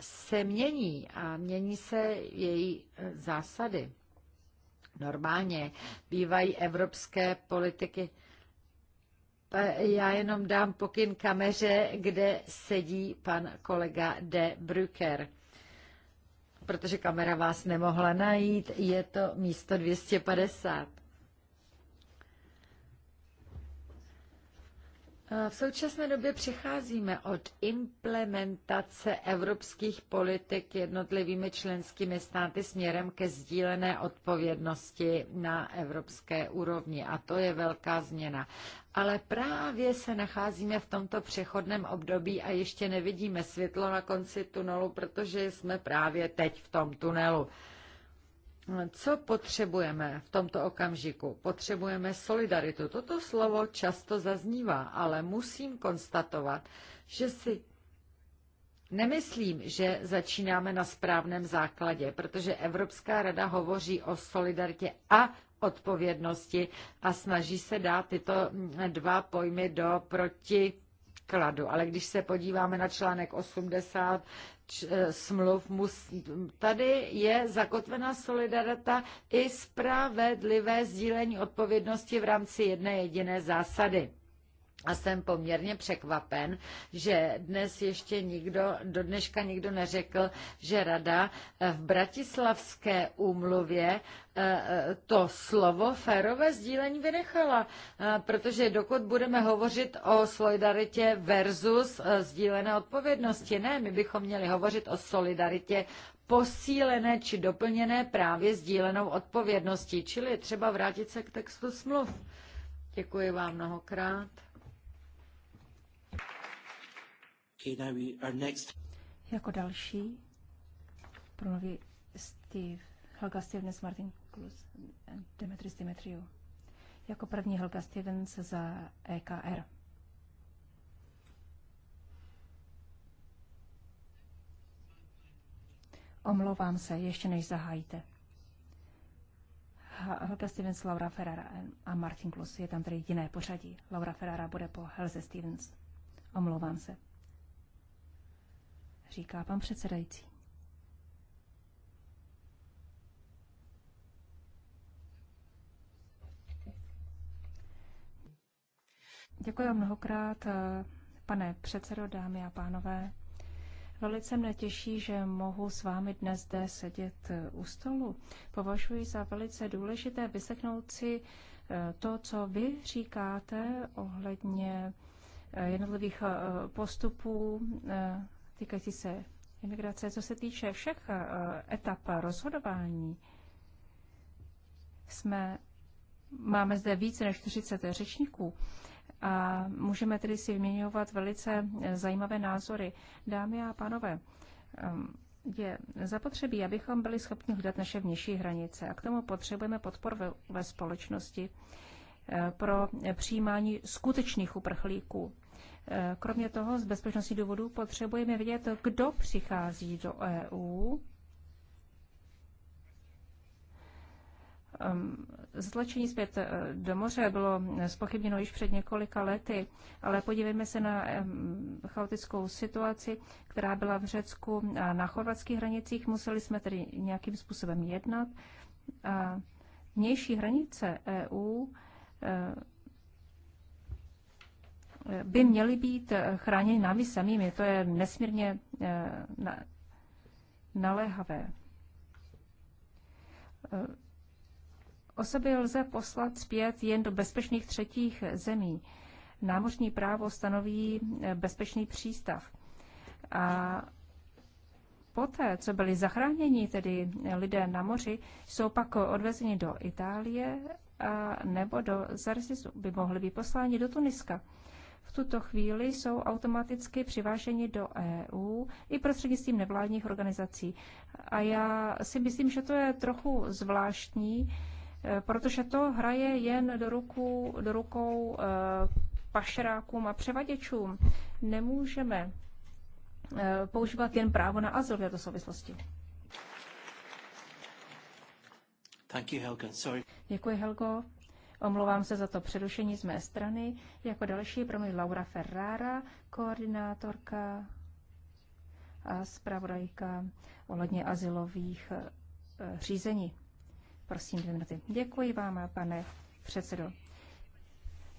se mění a mění se její e, zásady. Normálně bývají evropské politiky. E, já jenom dám pokyn kameře, kde sedí pan kolega De Brücker. Protože kamera vás nemohla najít, je to místo 250. V současné době přecházíme od implementace evropských politik jednotlivými členskými státy směrem ke sdílené odpovědnosti na evropské úrovni a to je velká změna. Ale právě se nacházíme v tomto přechodném období a ještě nevidíme světlo na konci tunelu, protože jsme právě teď v tom tunelu. Co potřebujeme v tomto okamžiku? Potřebujeme solidaritu. Toto slovo často zaznívá, ale musím konstatovat, že si Nemyslím, že začínáme na správném základě, protože Evropská rada hovoří o solidaritě a odpovědnosti a snaží se dát tyto dva pojmy do protikladu. Ale když se podíváme na článek 80 Eh, smluv. Tady je zakotvena solidarita i spravedlivé sdílení odpovědnosti v rámci jedné jediné zásady. A jsem poměrně překvapen, že dnes ještě nikdo, do dneška nikdo neřekl, že rada eh, v bratislavské úmluvě eh, eh, to slovo férové sdílení vynechala, protože dokud budeme hovořit o solidaritě versus sdílené odpovědnosti, ne, my bychom měli hovořit o solidaritě posílené či doplněné právě sdílenou odpovědností, čili třeba vrátit se k textu smluv. Děkuji vám mnohokrát. Okay, now we, next... Jako další promluví Steve, Helga Stevens, Martin Klus, Demetris Dimitriou. Jako první Helga Stevens za EKR. Omlouvám se, ještě než zahájíte. Helga Stevens, Laura Ferrara a Martin Klus. Je tam tedy jiné pořadí. Laura Ferrara bude po Helze Stevens. Omlouvám se říká pan předsedající. Děkuji vám mnohokrát, eh, pane předsedo, dámy a pánové. Velice mne těší, že mohu s vámi dnes zde sedět eh, u stolu. Považuji za velice důležité vyseknout si eh, to, co vy říkáte ohledně jednotlivých postupů týkající se imigrace. Co se týče všech eh, etap rozhodování, jsme, máme zde více než 40 řečníků a můžeme tedy si vyměňovat velice eh, zajímavé názory. Dámy a pánové, ehm, je zapotřebí, abychom byli schopni hledat naše vnější hranice a k tomu potřebujeme podpor ve, ve společnosti eh, pro přijímání skutečných uprchlíků. Kromě toho z bezpečnostních důvodů potřebujeme vědět, kdo přichází do EU. Ehm, zločení zpět eh, do moře bylo spochybněno již před několika lety, ale podívejme se na ehm, chaotickou situaci, která byla v Řecku a na chorvatských hranicích. Museli jsme tedy nějakým způsobem jednat. A vnější hranice EU eh, by měli být eh, chráněni námi samými. To je nesmírně eh, naléhavé. Eh, osoby lze poslat zpět jen do bezpečných třetích zemí. Námořní právo stanoví bezpečný přístav. A poté, co byli zachráněni tedy lidé na moři, jsou pak odvezeni do Itálie a nebo do Zarsisu. By mohli být posláni do Tuniska v tuto chvíli jsou automaticky přiváženi do EU i prostřednictvím nevládních organizací. A já si myslím, že to je trochu zvláštní, eh, protože to hraje jen do, ruku, do rukou eh, pašerákům a převaděčům. Nemůžeme eh, používat jen právo na azyl v této souvislosti. Thank you, Helga. Sorry. Děkuji, Helgo. Omlouvám se za to přerušení z mé strany. Jako další mě Laura Ferrara, koordinátorka a zpravodajka ohledně asilových eh, řízení. Prosím, dvě minuty. Děkuji vám, pane předsedo.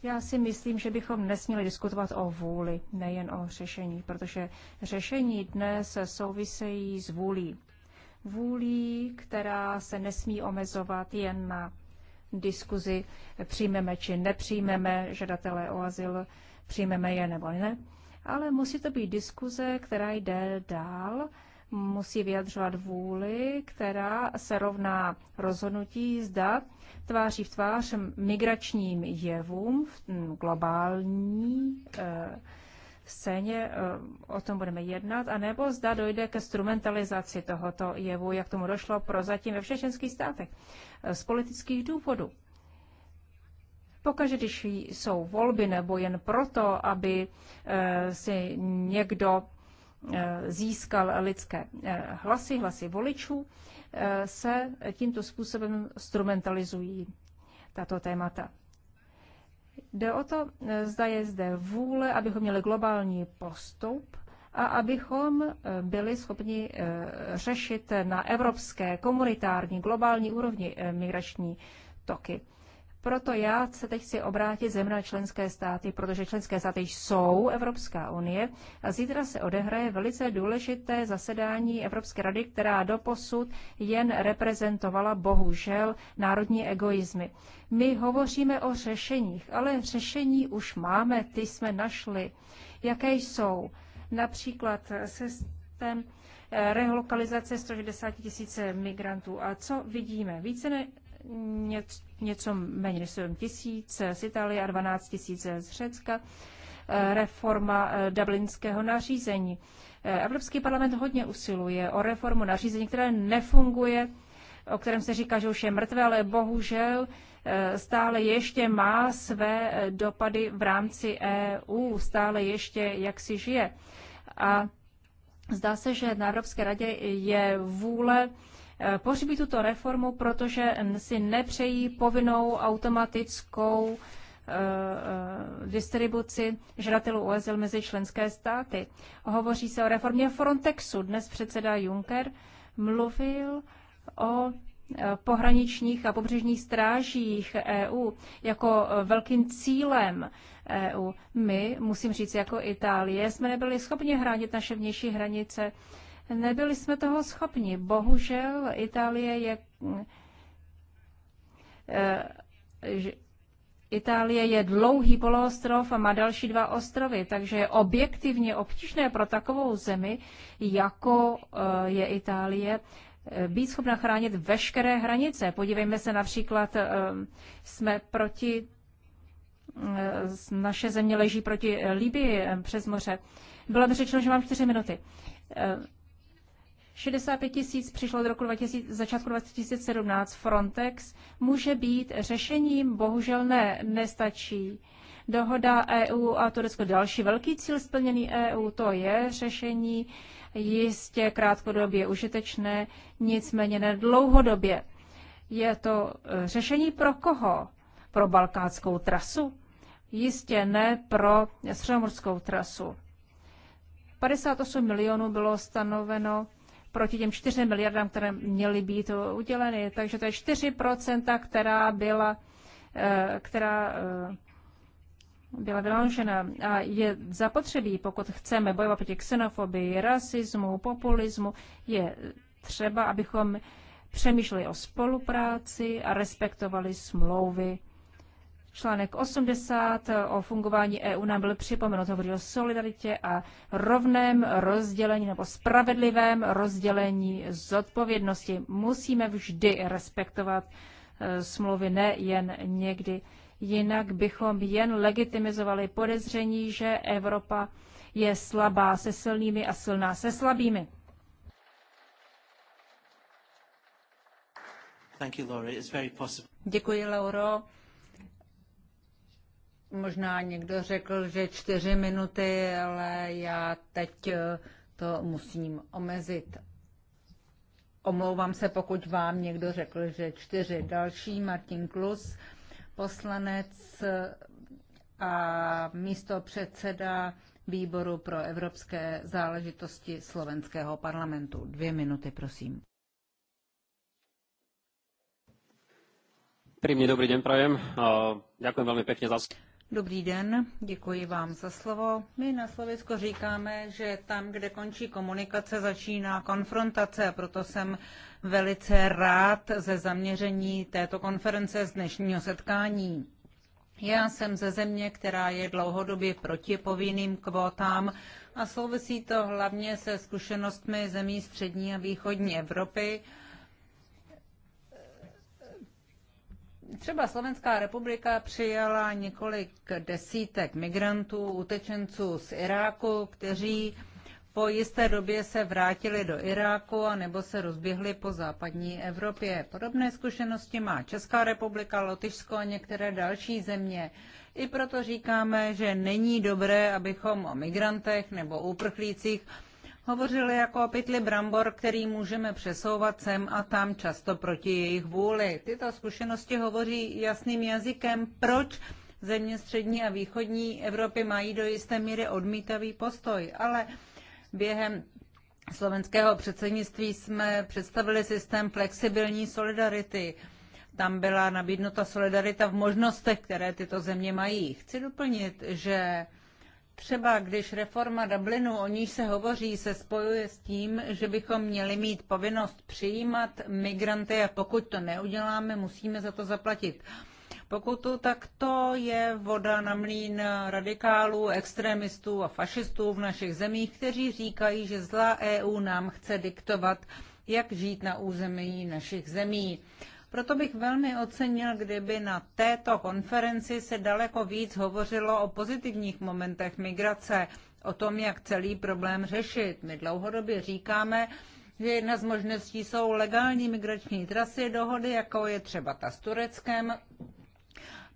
Já si myslím, že bychom nesměli diskutovat o vůli, nejen o řešení, protože řešení dnes souvisejí s vůlí. Vůlí, která se nesmí omezovat jen na diskuzi, přijmeme či nepřijmeme žadatele o azyl, přijmeme je nebo ne. Ale musí to být diskuze, která jde dál, musí vyjadřovat vůli, která se rovná rozhodnutí zda tváří v tvář migračním jevům, globální eh, scéně, eh, o tom budeme jednat, anebo zda dojde ke strumentalizaci tohoto jevu, jak tomu došlo prozatím ve všech členských státech, eh, z politických důvodů. Pokaždé, když jsou volby nebo jen proto, aby eh, si někdo získal lidské hlasy, hlasy voličů, se tímto způsobem strumentalizují tato témata. Jde o to, eh, zda je zde vůle, abychom měli globální postup a abychom eh, byli schopni eh, řešit na evropské, komunitární, globální úrovni migrační toky. Proto já se teď chci obrátit zem na členské státy, protože členské státy jsou Evropská unie a zítra se odehraje velice důležité zasedání Evropské rady, která doposud jen reprezentovala bohužel národní egoizmy. My hovoříme o řešeních, ale řešení už máme, ty jsme našli. Jaké jsou? Například systém eh, relokalizace 160 tisíce migrantů. A co vidíme? Více ne, něco méně než 7 tisíc z Itálie a 12 tisíc z Řecka. Eh, reforma eh, dublinského nařízení. Eh, Evropský parlament hodně usiluje o reformu nařízení, které nefunguje, o kterém se říká, že už je mrtvé, ale bohužel stále ještě má své dopady v rámci EU, stále ještě jak si žije. A zdá se, že na Evropské radě je vůle pohřbí tuto reformu, protože si nepřejí povinnou automatickou eh, eh, distribuci žadatelů OSL mezi členské státy. Hovoří se o reformě Frontexu. Dnes předseda Juncker mluvil o eh, pohraničních a pobřežních strážích EU jako velkým cílem EU. My, musím říct, jako Itálie, jsme nebyli schopni hránit naše vnější hranice Nebyli jsme toho schopni. Bohužel Itálie je eh, Itálie je dlouhý poloostrov a má další dva ostrovy, takže je objektivně obtížné pro takovou zemi, jako eh, je Itálie, eh, být schopna chránit veškeré hranice. Podívejme se například, jsme proti, naše země leží proti Libii přes moře. Bylo by řečeno, že mám čtyři minuty. 65 tisíc přišlo do roku 2000, začátku 2017. Frontex může být řešením, bohužel ne, nestačí. Dohoda EU a Turecko další velký cíl splněný EU, to je řešení jistě krátkodobě užitečné, nicméně ne dlouhodobě. Je to e, řešení pro koho? Pro balkánskou trasu? Jistě ne pro středomorskou trasu. 58 milionů bylo stanoveno proti těm 4 miliardám, které měly být uděleny. Takže to je 4 která byla, eh, která eh, byla vyloučena. A je zapotřebí, pokud chceme bojovat proti xenofobii, rasismu, populismu, je třeba, abychom přemýšleli o spolupráci a respektovali smlouvy Článek 80 eh, o fungování EU nám byl připomenut, hovoří o solidaritě a rovném rozdělení nebo spravedlivém rozdělení zodpovědnosti. Musíme vždy respektovat eh, smlouvy, ne jen někdy. Jinak bychom jen legitimizovali podezření, že Evropa je slabá se silnými a silná se slabými. Děkuji, Lauro. Možná někdo řekl, že čtyři minuty, ale já teď eh, to musím omezit. Omlouvám se, pokud vám někdo řekl, že čtyři. Další Martin Klus, poslanec eh, a místo předseda výboru pro evropské záležitosti slovenského parlamentu. Dvě minuty, prosím. Príjemný dobrý den, prajem. Děkuji eh, velmi pěkně za... Dobrý den, děkuji vám za slovo. My na Slovensku říkáme, že tam, kde končí komunikace, začíná konfrontace, proto jsem velice rád ze zaměření této konference z dnešního setkání. Já jsem ze země, která je dlouhodobě proti povinným kvótám a souvisí to hlavně se zkušenostmi zemí střední a východní Evropy, Třeba Slovenská republika přijala několik desítek migrantů, utečenců z Iráku, kteří po jisté době se vrátili do Iráku a nebo se rozběhli po západní Evropě. Podobné zkušenosti má Česká republika, Lotyšsko a některé další země. I proto říkáme, že není dobré, abychom o migrantech nebo úprchlících hovořili jako o pytli brambor, který můžeme přesouvat sem a tam často proti jejich vůli. Tyto zkušenosti hovoří jasným jazykem, proč země střední a východní Evropy mají do jisté míry odmítavý postoj, ale během slovenského předsednictví jsme představili systém flexibilní solidarity. Tam byla nabídnuta solidarita v možnostech, které tyto země mají. Chci doplnit, že Třeba když reforma Dublinu, o níž se hovoří, se spojuje s tím, že bychom měli mít povinnost přijímat migranty a pokud to neuděláme, musíme za to zaplatit pokutu, tak to je voda na mlín radikálů, extremistů a fašistů v našich zemích, kteří říkají, že zlá EU nám chce diktovat, jak žít na území našich zemí. Proto bych velmi ocenil, kdyby na této konferenci se daleko víc hovořilo o pozitivních momentech migrace, o tom, jak celý problém řešit. My dlouhodobě říkáme, že jedna z možností jsou legální migrační trasy, dohody, jako je třeba ta s Tureckem.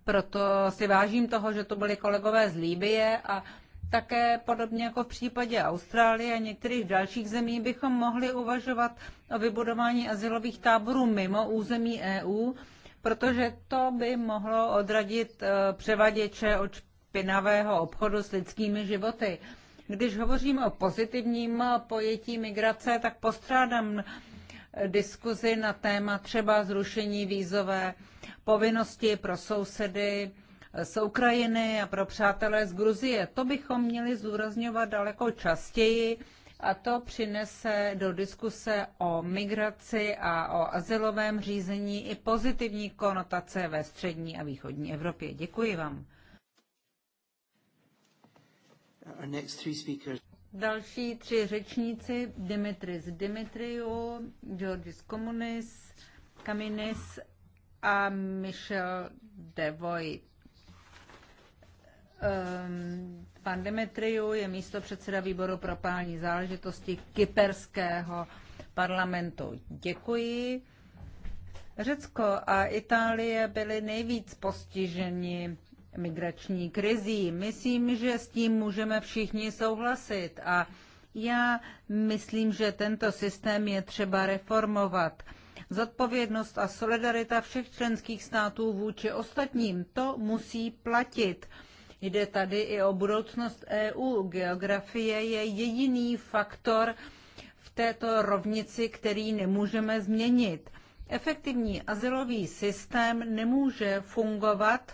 Proto si vážím toho, že to byli kolegové z Líbie a také podobně jako v případě Austrálie a některých dalších zemí bychom mohli uvažovat o vybudování asilových táborů mimo území EU, protože to by mohlo odradit e, převaděče od špinavého obchodu s lidskými životy. Když hovořím o pozitivním pojetí migrace, tak postrádám e, diskuzi na téma třeba zrušení vízové povinnosti pro sousedy, z Ukrajiny a pro přátelé z Gruzie. To bychom měli zdůrazňovat daleko častěji a to přinese do diskuse o migraci a o azylovém řízení i pozitivní konotace ve střední a východní Evropě. Děkuji vám. Další tři řečníci, Dimitris Dimitriou, Georgis Komunis, Kaminis a Michel Devoit. Um, pan Demetriu je místo předseda výboru pro právní záležitosti kyperského parlamentu. Děkuji. Řecko a Itálie byly nejvíc postiženi migrační krizí. Myslím, že s tím můžeme všichni souhlasit a já myslím, že tento systém je třeba reformovat. Zodpovědnost a solidarita všech členských států vůči ostatním, to musí platit. Jde tady i o budoucnost EU. Geografie je jediný faktor v této rovnici, který nemůžeme změnit. Efektivní azylový systém nemůže fungovat,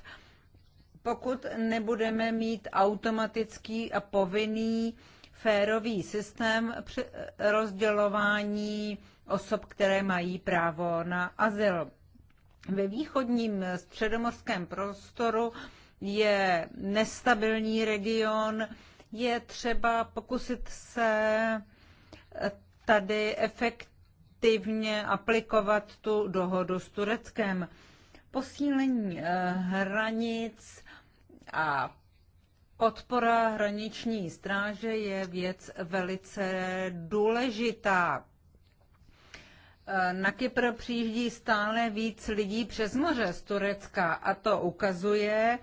pokud nebudeme mít automatický a povinný férový systém při rozdělování osob, které mají právo na azyl. Ve východním středomorském prostoru je nestabilní region, je třeba pokusit se tady efektivně aplikovat tu dohodu s Tureckem. Posílení eh, hranic a podpora hraniční stráže je věc velice důležitá. Eh, na Kypr přijíždí stále víc lidí přes moře z Turecka a to ukazuje,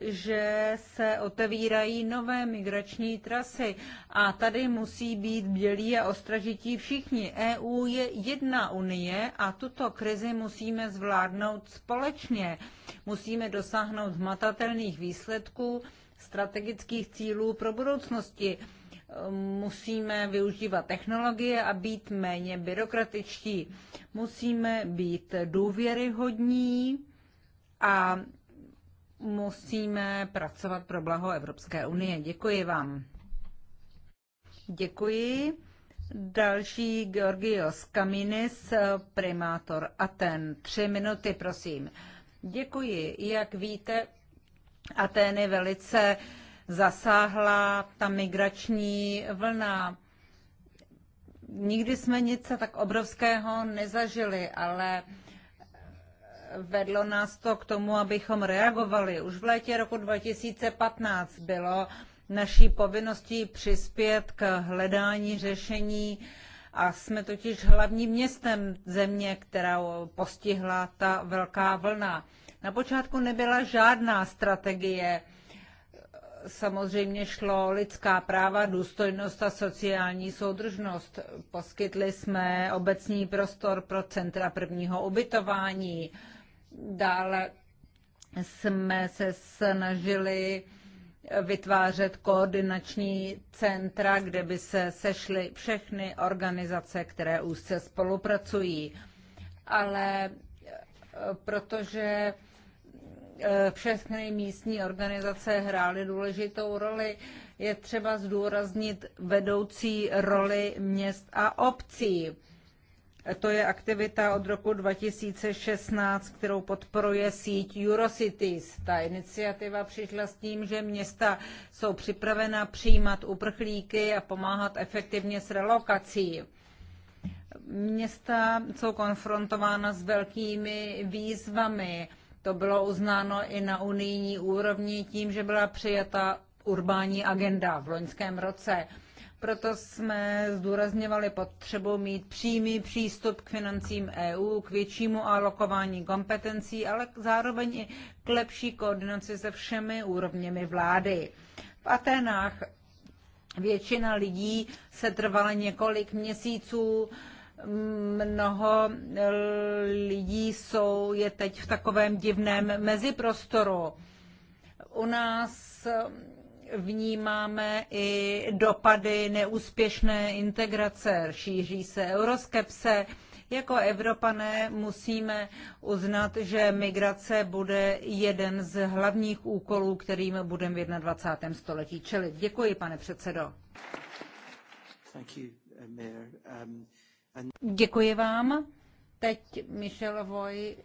že se otevírají nové migrační trasy a tady musí být bělí a ostražití všichni. EU je jedna unie a tuto krizi musíme zvládnout společně. Musíme dosáhnout hmatatelných výsledků, strategických cílů pro budoucnosti. Musíme využívat technologie a být méně byrokratičtí. Musíme být důvěryhodní a musíme pracovat pro blaho Evropské unie. Děkuji vám. Děkuji. Další Georgios Kaminis, primátor Aten. Tři minuty, prosím. Děkuji. Jak víte, Atény velice zasáhla ta migrační vlna. Nikdy jsme nic tak obrovského nezažili, ale vedlo nás to k tomu, abychom reagovali. Už v létě roku 2015 bylo naší povinností přispět k hledání řešení a jsme totiž hlavním městem země, která postihla ta velká vlna. Na počátku nebyla žádná strategie. Samozřejmě šlo lidská práva, důstojnost a sociální soudržnost. Poskytli jsme obecní prostor pro centra prvního ubytování. Dále jsme se snažili vytvářet koordinační centra, kde by se sešly všechny organizace, které úzce spolupracují. Ale e, protože e, všechny místní organizace hrály důležitou roli, je třeba zdůraznit vedoucí roli měst a obcí. To je aktivita od roku 2016, kterou podporuje síť Eurocities. Ta iniciativa přišla s tím, že města jsou připravena přijímat uprchlíky a pomáhat efektivně s relokací. Města jsou konfrontována s velkými výzvami. To bylo uznáno i na unijní úrovni tím, že byla přijata urbání agenda v loňském roce. Proto jsme zdůrazňovali potřebu mít přímý přístup k financím EU, k většímu alokování kompetencí, ale zároveň i k lepší koordinaci se všemi úrovněmi vlády. V Atenách většina lidí se trvala několik měsíců, mnoho lidí jsou, je teď v takovém divném meziprostoru. U nás vnímáme i dopady neúspěšné integrace, šíří se euroskepse. Jako Evropané musíme uznat, že migrace bude jeden z hlavních úkolů, kterým budeme v 21. století čelit. Děkuji, pane předsedo. You, uh, um, and... Děkuji vám. Teď Michel Voj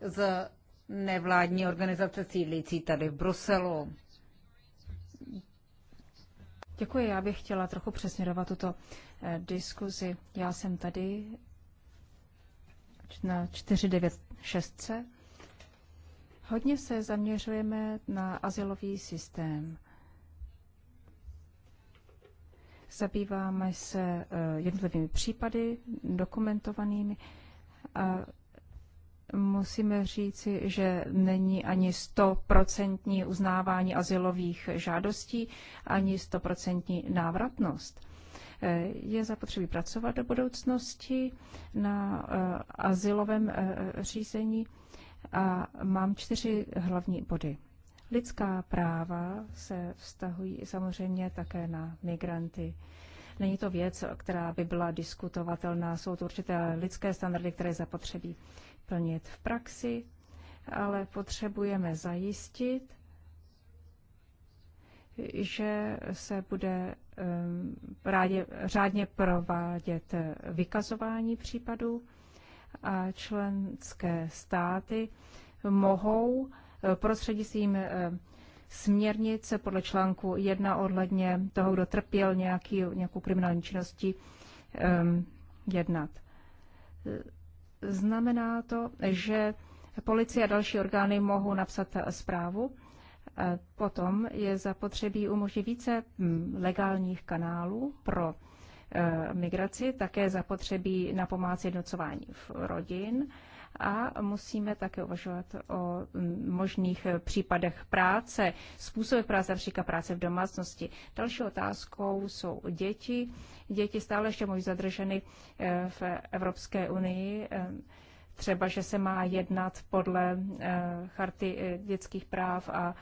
z nevládní organizace sídlící tady v Bruselu. Děkuji, já bych chtěla trochu přesměrovat tuto eh, diskuzi. Já jsem tady na 496. Hodně se zaměřujeme na asilový systém. Zabýváme se eh, jednotlivými případy, dokumentovanými. A musíme říci, že není ani stoprocentní uznávání asilových žádostí, ani stoprocentní návratnost. Eh, je zapotřebí pracovat do budoucnosti na eh, asilovém eh, řízení a mám čtyři hlavní body. Lidská práva se vztahují samozřejmě také na migranty. Není to věc, která by byla diskutovatelná, jsou to určité lidské standardy, které zapotřebí plnit v praxi, ale potřebujeme zajistit, že se bude eh, rádě, řádně provádět vykazování případů a členské státy mohou eh, prostřednictvím eh, směrnice podle článku 1 ohledně toho, kdo trpěl nějaký, nějakou kriminální činností, jednat. Znamená to, že policie a další orgány mohou napsat zprávu. Potom je zapotřebí umožnit více hm, legálních kanálů pro eh, migraci, také zapotřebí napomáhat jednocování jednocování rodin a musíme také uvažovat o mm, možných případech práce, způsobech práce, například práce v domácnosti. Další otázkou jsou děti. Děti stále ještě mohou zadrženy eh, v Evropské unii. Eh, třeba, že se má jednat podle eh, charty dětských práv a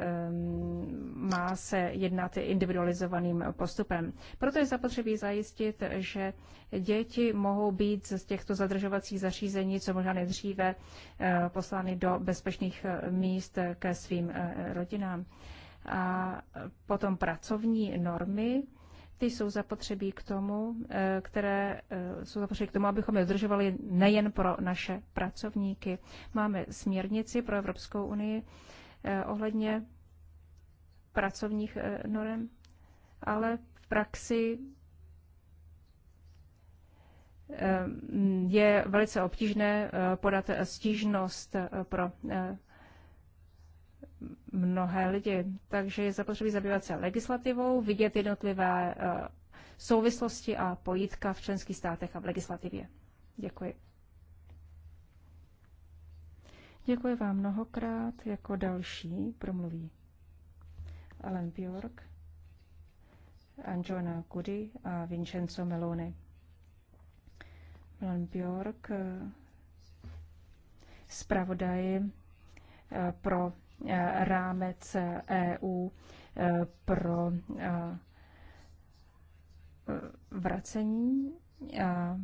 Ehm, má se jednat individualizovaným postupem. Proto je zapotřebí zajistit, že děti mohou být z těchto zadržovacích zařízení co možná nejdříve eh, poslány do bezpečných eh, míst ke svým eh, rodinám. A potom pracovní normy, ty jsou zapotřebí k tomu, které jsou zapotřebí k tomu, abychom je dodržovali nejen pro naše pracovníky. Máme směrnici pro Evropskou unii, Eh, ohledně pracovních eh, norem, ale v praxi eh, je velice obtížné podat stížnost pro mnohé lidi. Takže je zapotřebí zabývat se legislativou, vidět jednotlivé souvislosti a pojítka v členských státech a v legislativě. Děkuji. Děkuji vám mnohokrát. Jako další promluví Alan Bjork, Anjona Cudi a Vincenzo Meloni. Alan Bjork, eh, zpravodaj eh, pro eh, rámec EU e pro vracení a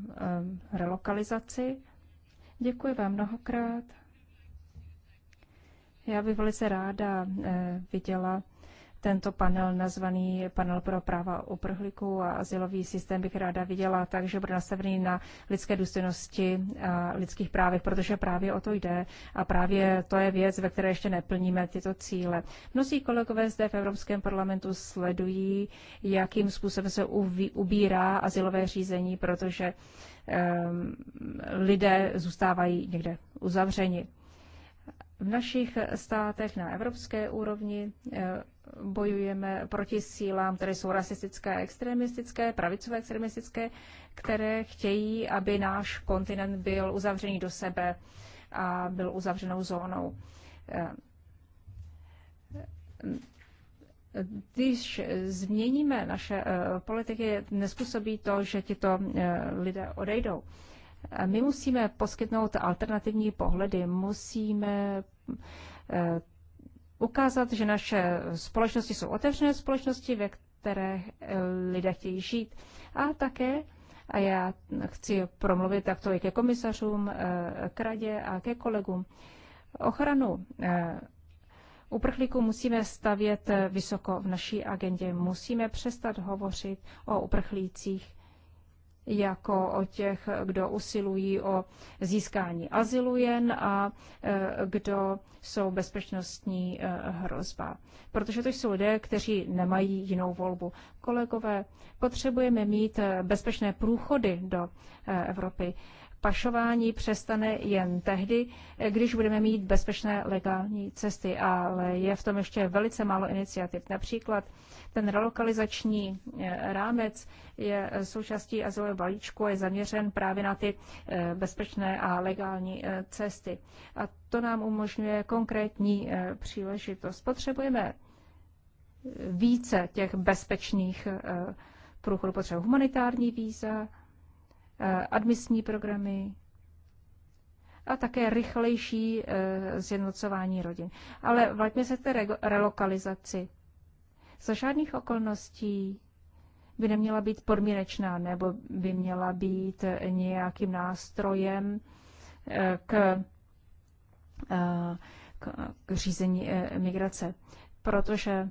relokalizaci. Děkuji vám mnohokrát. Já bych velice ráda eh, viděla tento panel nazvaný panel pro práva uprhlíků a asilový systém bych ráda viděla takže bude nastavený na lidské důstojnosti a lidských právech, protože právě o to jde a právě to je věc, ve které ještě neplníme tyto cíle. Mnozí kolegové zde v Evropském parlamentu sledují, jakým způsobem se ubírá asilové řízení, protože um, lidé zůstávají někde uzavřeni. V našich státech na evropské úrovni eh, bojujeme proti sílám, které jsou rasistické a extremistické, pravicové extremistické, které chtějí, aby náš kontinent byl uzavřený do sebe a byl uzavřenou zónou. Eh, když změníme naše eh, politiky, nespůsobí to, že tito lidé odejdou. My musíme poskytnout alternativní pohledy, musíme eh, ukázat, že naše společnosti jsou otevřené společnosti, ve které eh, lidé chtějí žít. A také, a já chci promluvit takto i ke komisařům, eh, k radě a ke kolegům, ochranu uprchlíků musíme stavět vysoko v naší agendě. Musíme přestat hovořit o uprchlících jako o těch, kdo usilují o získání azylu jen a e, kdo jsou bezpečnostní e, hrozba. Protože to jsou lidé, kteří nemají jinou volbu. Kolegové, potřebujeme mít e, bezpečné průchody do Evropy. Pašování přestane jen tehdy, když budeme mít bezpečné legální cesty, ale je v tom ještě velice málo iniciativ. Například ten relokalizační eh, rámec je eh, součástí azylového balíčku a je zaměřen právě na ty eh, bezpečné a legální cesty. A to nám umožňuje konkrétní příležitost. Potřebujeme více těch bezpečných průchodů. Potřebujeme humanitární víza, admisní programy, a také rychlejší zjednocování rodin. Ale vraťme se k té relokalizaci. Za žádných okolností by neměla být podmínečná nebo by měla být nějakým nástrojem eh, k, eh, k, k řízení eh, migrace. Protože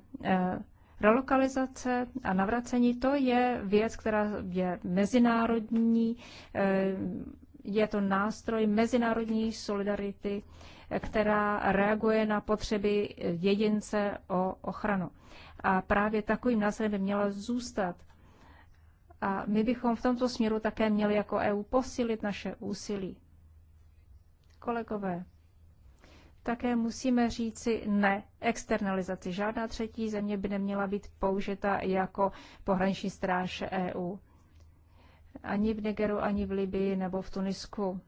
relokalizace a navracení to je věc, která je mezinárodní, je to nástroj mezinárodní solidarity která reaguje na potřeby jedince o ochranu. A právě takovým názorem by měla zůstat. A my bychom v tomto směru také měli jako EU posílit naše úsilí. Kolegové, také musíme říci ne externalizaci. Žádná třetí země by neměla být použita jako pohraniční stráž EU. Ani v Nigeru, ani v Libii nebo v Tunisku.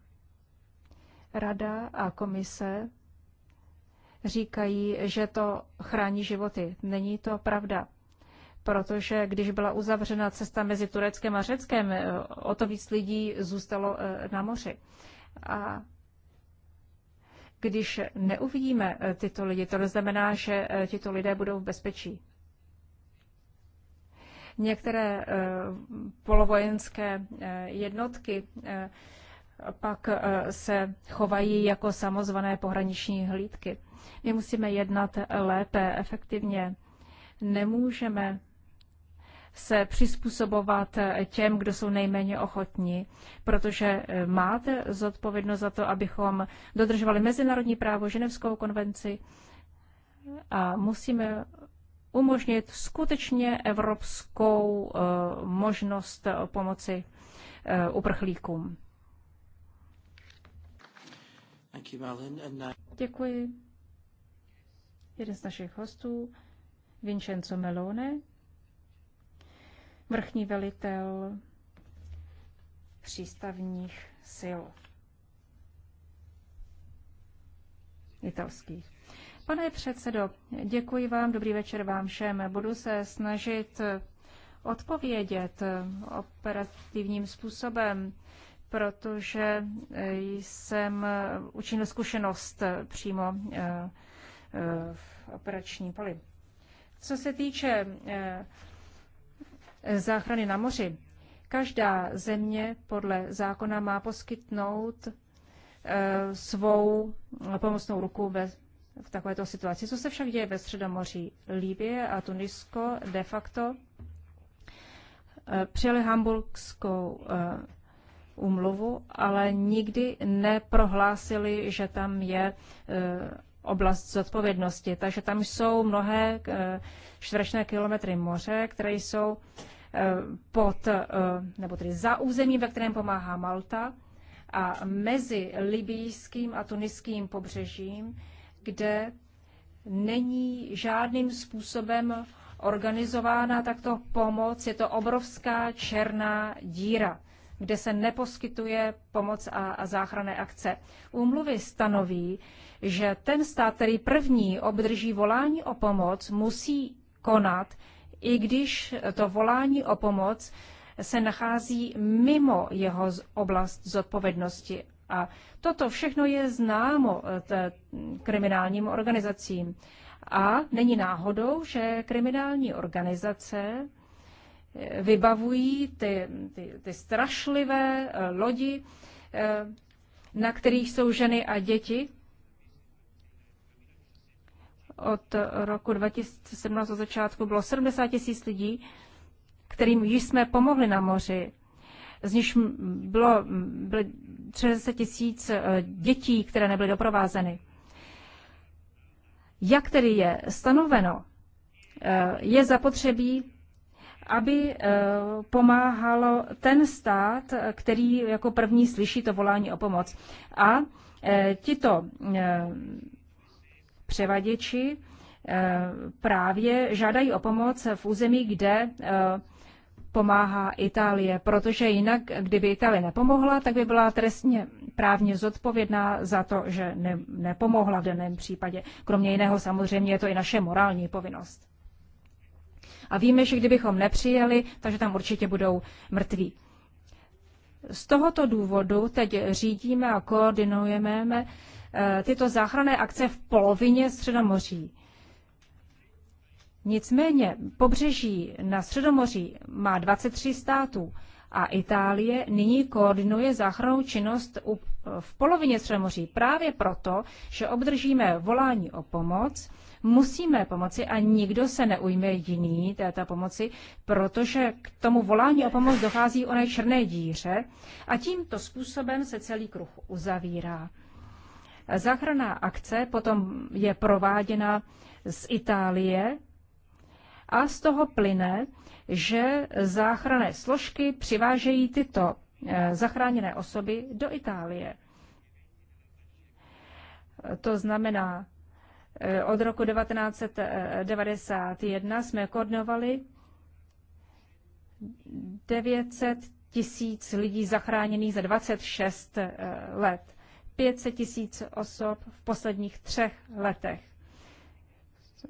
Rada a komise říkají, že to chrání životy. Není to pravda. Protože když byla uzavřena cesta mezi Tureckem a Řeckem, eh, o to víc lidí zůstalo eh, na moři. A když neuvidíme eh, tyto lidi, to znamená, že tyto lidé budou v bezpečí. Některé polovojenské jednotky pak eh, se chovají jako samozvané pohraniční hlídky. My musíme jednat lépe, efektivně. Nemůžeme se přizpůsobovat eh, těm, kdo jsou nejméně ochotní, protože eh, máte zodpovědnost za to, abychom dodržovali mezinárodní právo, ženevskou konvenci a musíme umožnit skutečně evropskou možnost pomoci uprchlíkům. Uh, děkuji. Jeden z našich hostů, Vincenzo Melone, vrchní velitel přístavních sil italských. Pane předsedo, děkuji vám, dobrý večer vám všem. Budu se snažit odpovědět operativním způsobem protože eh, jsem eh, učinil zkušenost eh, přímo v operačním poli. Co se týče záchrany na moři, každá země podle zákona má poskytnout svou pomocnou ruku ve, v takovéto situaci. Co se však děje ve Středomoří? Líbie a Tunisko de facto přijali hamburgskou úmluvu, ale nikdy neprohlásili, že tam je e, oblast zodpovědnosti. Takže tam jsou mnohé e, čtverečné kilometry moře, které jsou e, pod, nebo tedy za územím, ve kterém pomáhá Malta, a mezi libijským a tuniským pobřežím, kde není žádným způsobem organizována takto pomoc. Je to obrovská černá díra kde se neposkytuje pomoc a, a záchranné akce. Úmluvy stanoví, že ten stát, který první obdrží volání o pomoc, musí konat, i když to volání o pomoc se nachází mimo jeho oblast zodpovědnosti. A toto všechno je známo eh, kriminálním organizacím. A není náhodou, že kriminální organizace vybavují ty, ty, ty strašlivé eh, lodi, eh, na kterých jsou ženy a děti. Od roku 2017 od začátku bylo 70 tisíc lidí, kterým již jsme pomohli na moři. Z nich bylo, bylo 30 tisíc eh, dětí, které nebyly doprovázeny. Jak tedy je stanoveno, je zapotřebí aby eh, pomáhalo ten stát, který jako první slyší to volání o pomoc. A eh, tito eh, převaděči právě žádají o pomoc v území, kde pomáhá Itálie, protože jinak, kdyby Itálie nepomohla, tak by byla trestně právně zodpovědná za to, že ne, nepomohla v daném případě. Kromě jiného samozřejmě je to i naše morální povinnost. A víme, že kdybychom nepřijeli, takže tam určitě budou mrtví. Z tohoto důvodu teď řídíme a koordinujeme eh, tyto záchranné akce v polovině Středomoří. Nicméně pobřeží na Středomoří má 23 států a Itálie nyní koordinuje záchrannou činnost v polovině Středomoří právě proto, že obdržíme volání o pomoc Musíme pomoci a nikdo se neujme jiný této pomoci, protože k tomu volání o pomoc dochází oné černé díře a tímto způsobem se celý kruh uzavírá. Záchranná akce potom je prováděna z Itálie a z toho plyne, že záchranné složky přivážejí tyto eh, zachráněné osoby do Itálie. To znamená, Eh, od roku 1991 jsme koordinovali 900 tisíc lidí zachráněných za 26 eh, let. 500 tisíc osob v posledních třech letech.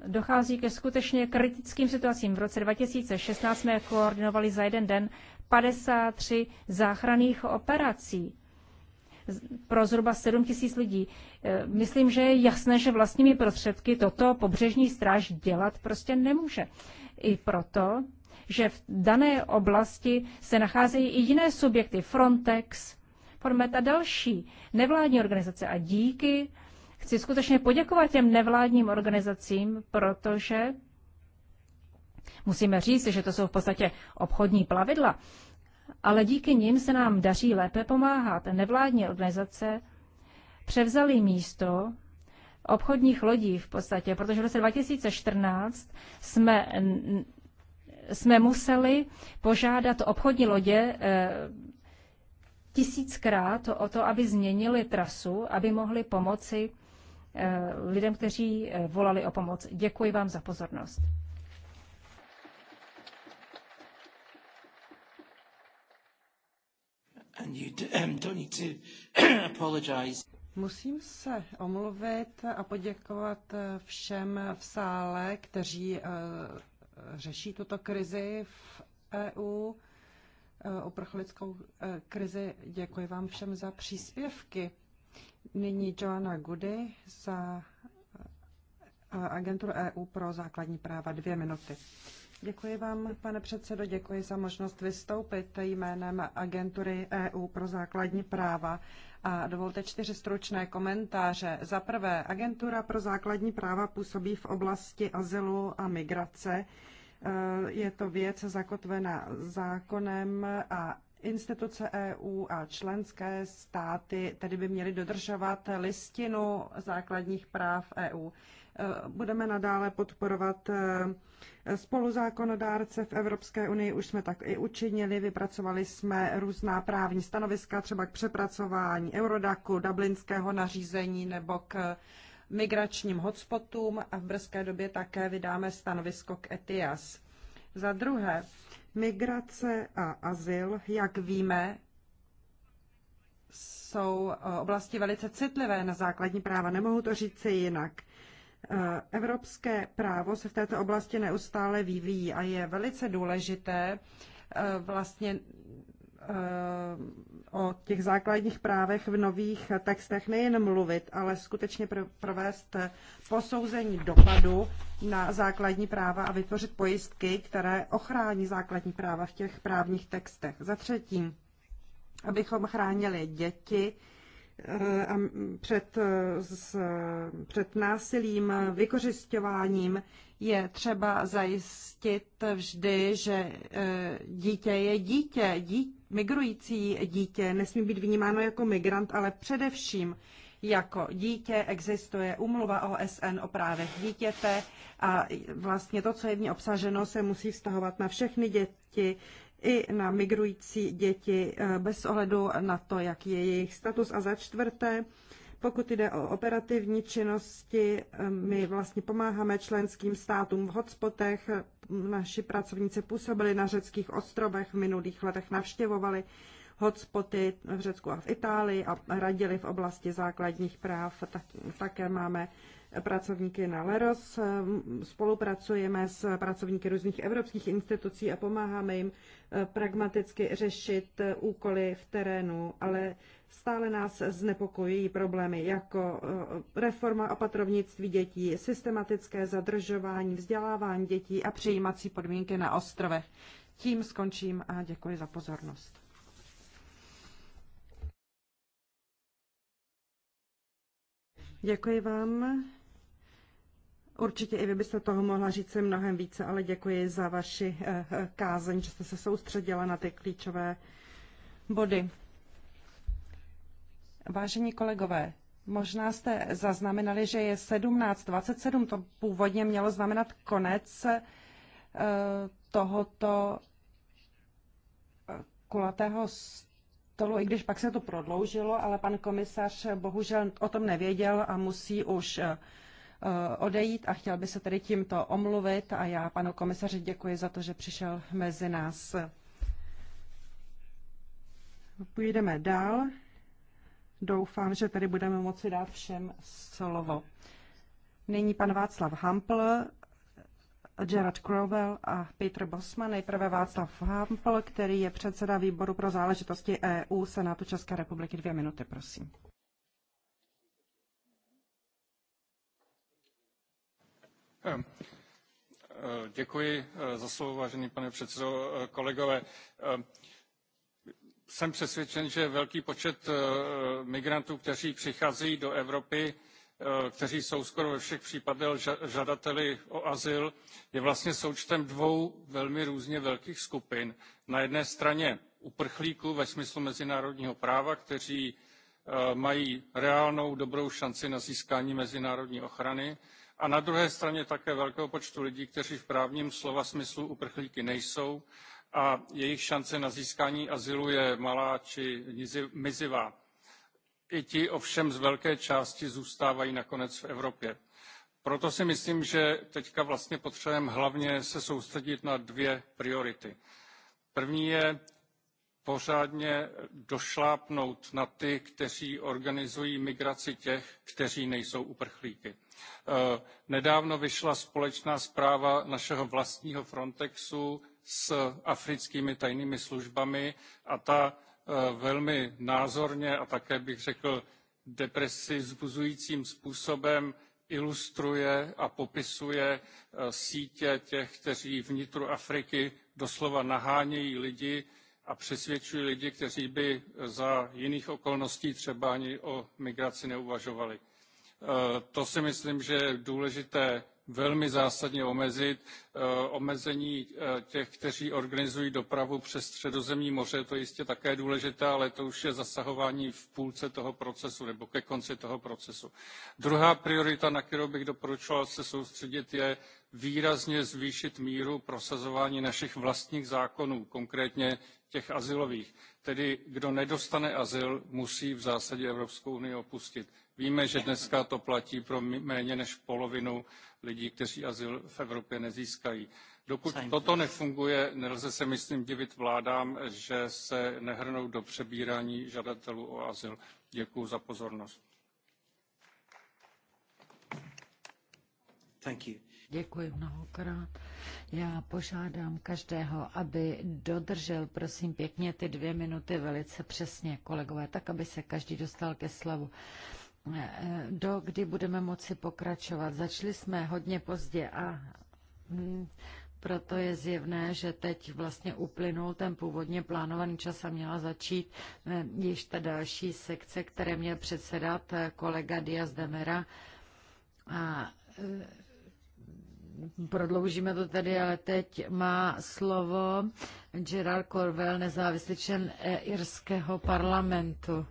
Dochází ke skutečně kritickým situacím. V roce 2016 jsme koordinovali za jeden den 53 záchranných operací pro zhruba 7 tisíc lidí. E, myslím, že je jasné, že vlastními prostředky toto pobřežní stráž dělat prostě nemůže. I proto, že v dané oblasti se nacházejí i jiné subjekty, Frontex, Formet a další nevládní organizace. A díky chci skutečně poděkovat těm nevládním organizacím, protože musíme říct, že to jsou v podstatě obchodní plavidla, ale díky nim se nám daří lépe pomáhat. Nevládní organizace převzaly místo obchodních lodí v podstatě, protože v roce 2014 jsme, jsme museli požádat obchodní lodě e, tisíckrát o to, aby změnili trasu, aby mohli pomoci e, lidem, kteří e, volali o pomoc. Děkuji vám za pozornost. Um, Musím se omluvit a poděkovat eh, všem v sále, kteří eh, řeší tuto krizi v EU, eh, uprchlickou krizi. Děkuji vám všem za příspěvky. Nyní Joana Goody za agenturu e EU pro základní práva dvě minuty. Děkuji vám, pane předsedo, děkuji za možnost vystoupit jménem agentury EU pro základní práva. A dovolte čtyři stručné komentáře. Za prvé, agentura pro základní práva působí v oblasti azylu a migrace. E, je to věc zakotvená zákonem a instituce EU a členské státy tedy by měly dodržovat listinu základních práv EU. E, budeme nadále podporovat e, spoluzákonodárce v Evropské unii, už jsme tak i učinili, vypracovali jsme různá právní stanoviska, třeba k přepracování Eurodaku, dublinského nařízení nebo k migračním hotspotům a v brzké době také vydáme stanovisko k ETIAS. Za druhé, migrace a azyl, jak víme, jsou eh, oblasti velice citlivé na základní práva. Nemohu to říci jinak. Eh, evropské právo se v této oblasti neustále vyvíjí a je velice důležité eh, vlastně Eh, o těch základních právech v nových textech nejen mluvit, ale skutečně provést posouzení dopadu na základní práva a vytvořit pojistky, které ochrání základní práva v těch právních textech. Za třetí, abychom chránili děti eh, před, s, před násilím, vykořišťováním, je třeba zajistit vždy, že eh, dítě je dítě. Dítě migrující dítě nesmí být vnímáno jako migrant, ale především jako dítě existuje umluva OSN o právech dítěte a vlastně to, co je v ní obsaženo, se musí vztahovat na všechny děti, i na migrující děti eh, bez ohledu na to, jaký je jejich status. A za čtvrté, pokud jde o operativní činnosti, my vlastně pomáháme členským státům v hotspotech. Naši pracovníci působili na řeckých ostrovech, v minulých letech navštěvovali hotspoty v Řecku a v Itálii a radili v oblasti základních práv. Také máme pracovníky na Leros, spolupracujeme s pracovníky různých evropských institucí a pomáháme jim Eh, pragmaticky řešit úkoly v terénu, ale stále nás znepokojí problémy jako eh, reforma opatrovnictví dětí, systematické zadržování, vzdělávání dětí a přijímací podmínky na ostrovech. Tím skončím a děkuji za pozornost. Děkuji vám. Určitě i vy byste toho mohla říct mnohem více, ale děkuji za vaši eh, eh, kázeň, že jste se soustředila na ty klíčové body. Vážení kolegové, možná jste zaznamenali, že je 17.27, to původně mělo znamenat konec eh, tohoto kulatého stolu, i když pak se to prodloužilo, ale pan komisař bohužel o tom nevěděl a musí už Eh, odejít a chtěl by se tedy tímto omluvit a já panu komisaři děkuji za to, že přišel mezi nás. Půjdeme dál. Doufám, že tady budeme moci dát všem slovo. Nyní pan Václav Hampl, Gerard Crowell a Peter Bosman. Nejprve Václav Hampl, který je předseda výboru pro záležitosti EU Senátu České republiky. Dvě minuty, prosím. Ehm, eh, děkuji eh, za pane předsedající eh, kolegové. Ehm, jsem přesvědčen, že velký počet migrantů, kteří přicházejí do Evropy, kteří jsou skoro ve všech případech žadateli o azyl, je vlastně součtem dvou velmi různě velkých skupin. Na jedné straně uprchlíků ve smyslu mezinárodního práva, kteří mají reálnou dobrou šanci na získání mezinárodní ochrany a na druhé straně také velkého počtu lidí, kteří v právním slova smyslu uprchlíky nejsou a jejich šance na získání azylu je malá či mizivá. I ti ovšem z velké části zůstávají nakonec v Evropě. Proto si myslím, že teďka vlastně potřebujeme hlavně se soustředit na dvě priority. První je pořádně došlápnout na ty, kteří organizují migraci těch, kteří nejsou uprchlíky. E, nedávno vyšla společná zpráva našeho vlastního Frontexu s africkými tajnými službami a ta e, velmi názorně a také bych řekl depresi zbuzujícím způsobem ilustruje a popisuje e, sítě těch, kteří vnitru Afriky doslova nahánějí lidi, a přesvědčují lidi, kteří by za jiných okolností třeba ani o migraci neuvažovali. E, to si myslím, že je důležité velmi zásadně omezit. E, omezení e, těch, kteří organizují dopravu přes středozemní moře, to je jistě také důležité, ale to už je zasahování v půlce toho procesu nebo ke konci toho procesu. Druhá priorita, na kterou bych doporučoval se soustředit, je výrazně zvýšit míru prosazování našich vlastních zákonů, konkrétně těch azylových. Tedy kdo nedostane azyl, musí v zásadě Evropskou unii opustit. Víme, že dneska to platí pro méně než polovinu lidí, kteří azyl v Evropě nezískají. Dokud toto nefunguje, nelze se, myslím, divit vládám, že se nehrnou do přebírání žadatelů o azyl. Děkuji za pozornost. Thank you. Děkuji mnohokrát. Já požádám každého, aby dodržel, prosím pěkně, ty dvě minuty velice přesně, kolegové, tak, aby se každý dostal ke slavu do kdy budeme moci pokračovat. Začali jsme hodně pozdě a hm, proto je zjevné, že teď vlastně uplynul ten původně plánovaný čas a měla začít hm, již ta další sekce, které měl předsedat eh, kolega Diaz Demera. A hm, prodloužíme to tady, ale teď má slovo Gerard Corwell, nezávislý člen eh, irského parlamentu.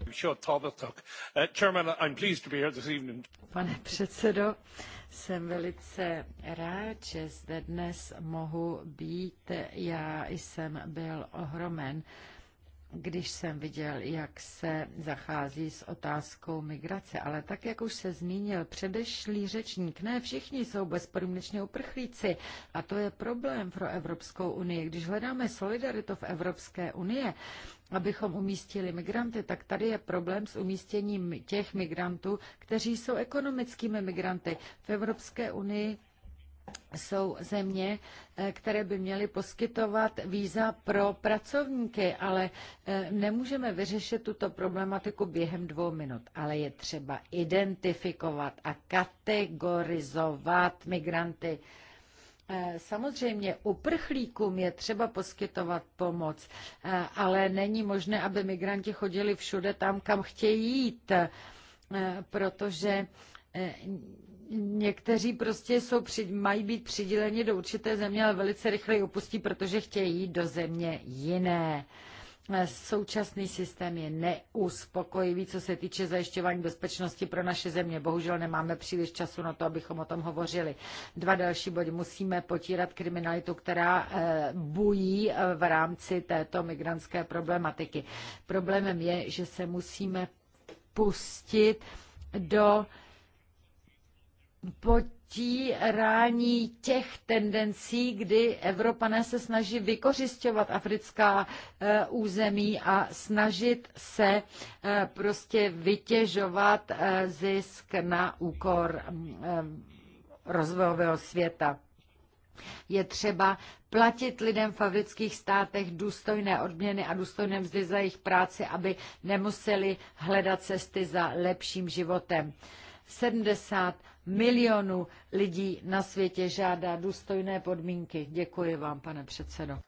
Uh, Pane předsedo, jsem velice rád, že zde dnes mohu být. Já jsem byl ohromen když jsem viděl, jak se zachází s otázkou migrace. Ale tak, jak už se zmínil předešlý řečník, ne všichni jsou bezpodmínečně uprchlíci. A to je problém pro Evropskou unii. Když hledáme solidaritu v Evropské unie, abychom umístili migranty, tak tady je problém s umístěním těch migrantů, kteří jsou ekonomickými migranty. V Evropské unii jsou země, eh, které by měly poskytovat víza pro pracovníky, ale eh, nemůžeme vyřešit tuto problematiku během dvou minut. Ale je třeba identifikovat a kategorizovat migranty. Eh, samozřejmě uprchlíkům je třeba poskytovat pomoc, ale není možné, aby migranti chodili všude tam, kam chtějí jít, protože někteří prostě jsou, mají být přiděleni do určité země, ale velice rychle ji opustí, protože chtějí jít do země jiné. Eh, Současný systém je neuspokojivý, co se týče zajišťování bezpečnosti pro naše země. Bohužel nemáme příliš času na to, abychom o tom hovořili. Dva další body. Musíme potírat kriminalitu, která eh, bují eh, v rámci této migrantské problematiky. Problémem je, že se musíme pustit do potírání těch tendencí, kdy Evropané se snaží vykořišťovat africká e, území a snažit se e, prostě vytěžovat e, zisk na úkor e, rozvojového světa. Je třeba platit lidem v afrických státech důstojné odměny a důstojné mzdy za jejich práci, aby nemuseli hledat cesty za lepším životem. 70 milionů lidí na světě žádá důstojné podmínky. Děkuji vám, pane předsedo.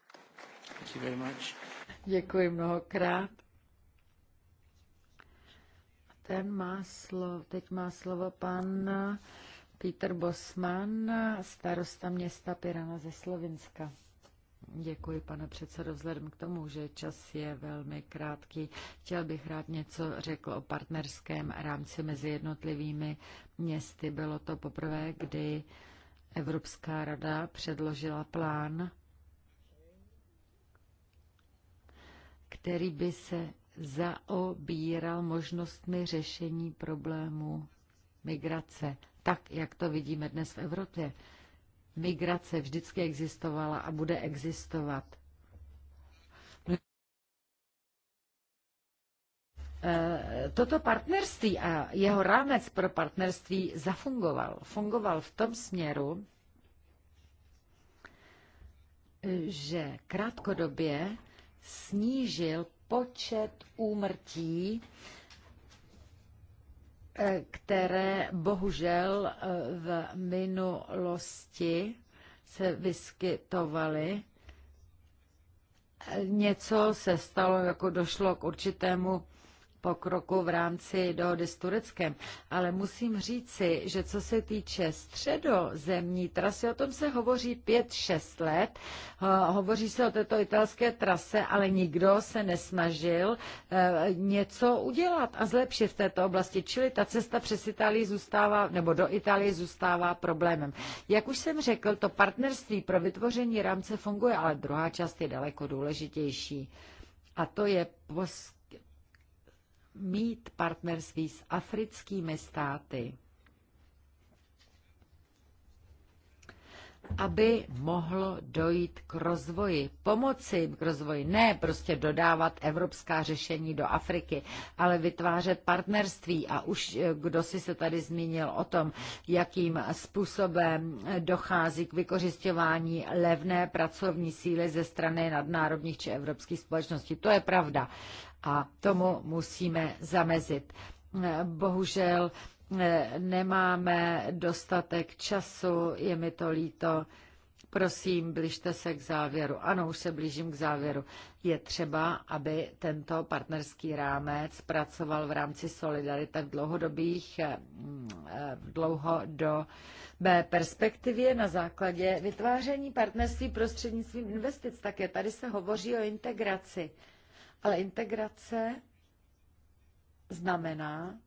Děkuji mnohokrát. Ten má slovo, teď má slovo pan Peter Bosman, starosta města Pirana ze Slovinska. Děkuji, pane předsedo. Vzhledem k tomu, že čas je velmi krátký, chtěl bych rád něco řekl o partnerském rámci mezi jednotlivými městy. Bylo to poprvé, kdy Evropská rada předložila plán, který by se zaobíral možnostmi řešení problému migrace, tak, jak to vidíme dnes v Evropě. Migrace vždycky existovala a bude existovat. E, toto partnerství a jeho rámec pro partnerství zafungoval. Fungoval v tom směru, že krátkodobě snížil počet úmrtí které bohužel eh, v minulosti se vyskytovaly. Eh, něco se stalo, jako došlo k určitému pokroku v rámci dohody s Tureckem, ale musím říci, že co se týče středozemní trasy, o tom se hovoří 5-6 let, hovoří se o této italské trase, ale nikdo se nesnažil eh, něco udělat a zlepšit v této oblasti, čili ta cesta přes Itálii zůstává, nebo do Itálie zůstává problémem. Jak už jsem řekl, to partnerství pro vytvoření rámce funguje, ale druhá část je daleko důležitější. A to je post mít partnerství s africkými státy, aby mohlo dojít k rozvoji, pomoci k rozvoji, ne prostě dodávat evropská řešení do Afriky, ale vytvářet partnerství. A už eh, kdo si se tady zmínil o tom, jakým způsobem dochází k vykořišťování levné pracovní síly ze strany nadnárodních či evropských společností. To je pravda a tomu musíme zamezit. Bohužel eh, nemáme dostatek času, je mi to líto. Prosím, blížte se k závěru. Ano, už se blížím k závěru. Je třeba, aby tento partnerský rámec pracoval v rámci solidarity v dlouhodobých, eh, v dlouhodobé perspektivě na základě vytváření partnerství prostřednictvím investic. Také tady se hovoří o integraci. Ale integrace znamená,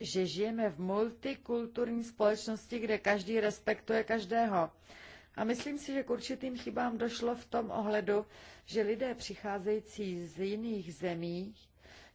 že žijeme v multikulturní společnosti, kde každý respektuje každého. A myslím si, že k určitým chybám došlo v tom ohledu, že lidé přicházející z jiných zemí,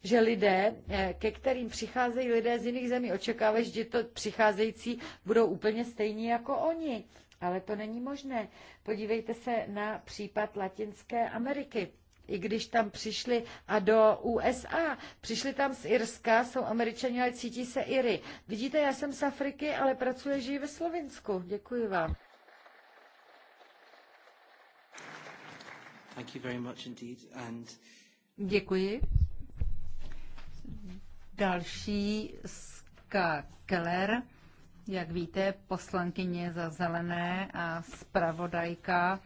že lidé, eh, ke kterým přicházejí lidé z jiných zemí, očekávají, že to přicházející budou úplně stejní jako oni. Ale to není možné. Podívejte se na případ Latinské Ameriky i když tam přišli a do USA, přišli tam z Irska, jsou američani, ale cítí se Iry. Vidíte, já jsem z Afriky, ale pracuji, žijí ve Slovinsku. Děkuji vám. Thank you very much indeed. And... Děkuji. Další Ska Keller, jak víte, poslankyně za zelené a zpravodajka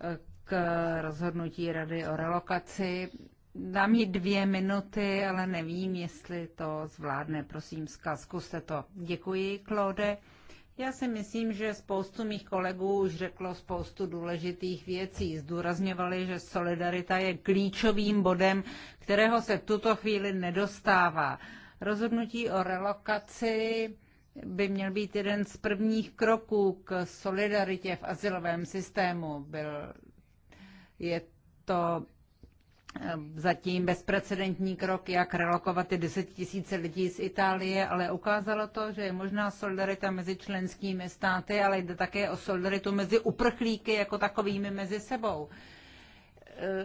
eh, k rozhodnutí Rady o relokaci. Dám ji dvě minuty, ale nevím, jestli to zvládne. Prosím, zkuste to. Děkuji, Claude. Já si myslím, že spoustu mých kolegů už řeklo spoustu důležitých věcí. Zdůrazňovali, že solidarita je klíčovým bodem, kterého se v tuto chvíli nedostává. Rozhodnutí o relokaci by měl být jeden z prvních kroků k solidaritě v asilovém systému. Byl je to eh, zatím bezprecedentní krok, jak relokovat ty 10 tisíce lidí z Itálie, ale ukázalo to, že je možná solidarita mezi členskými státy, ale jde také o solidaritu mezi uprchlíky jako takovými mezi sebou. Eh,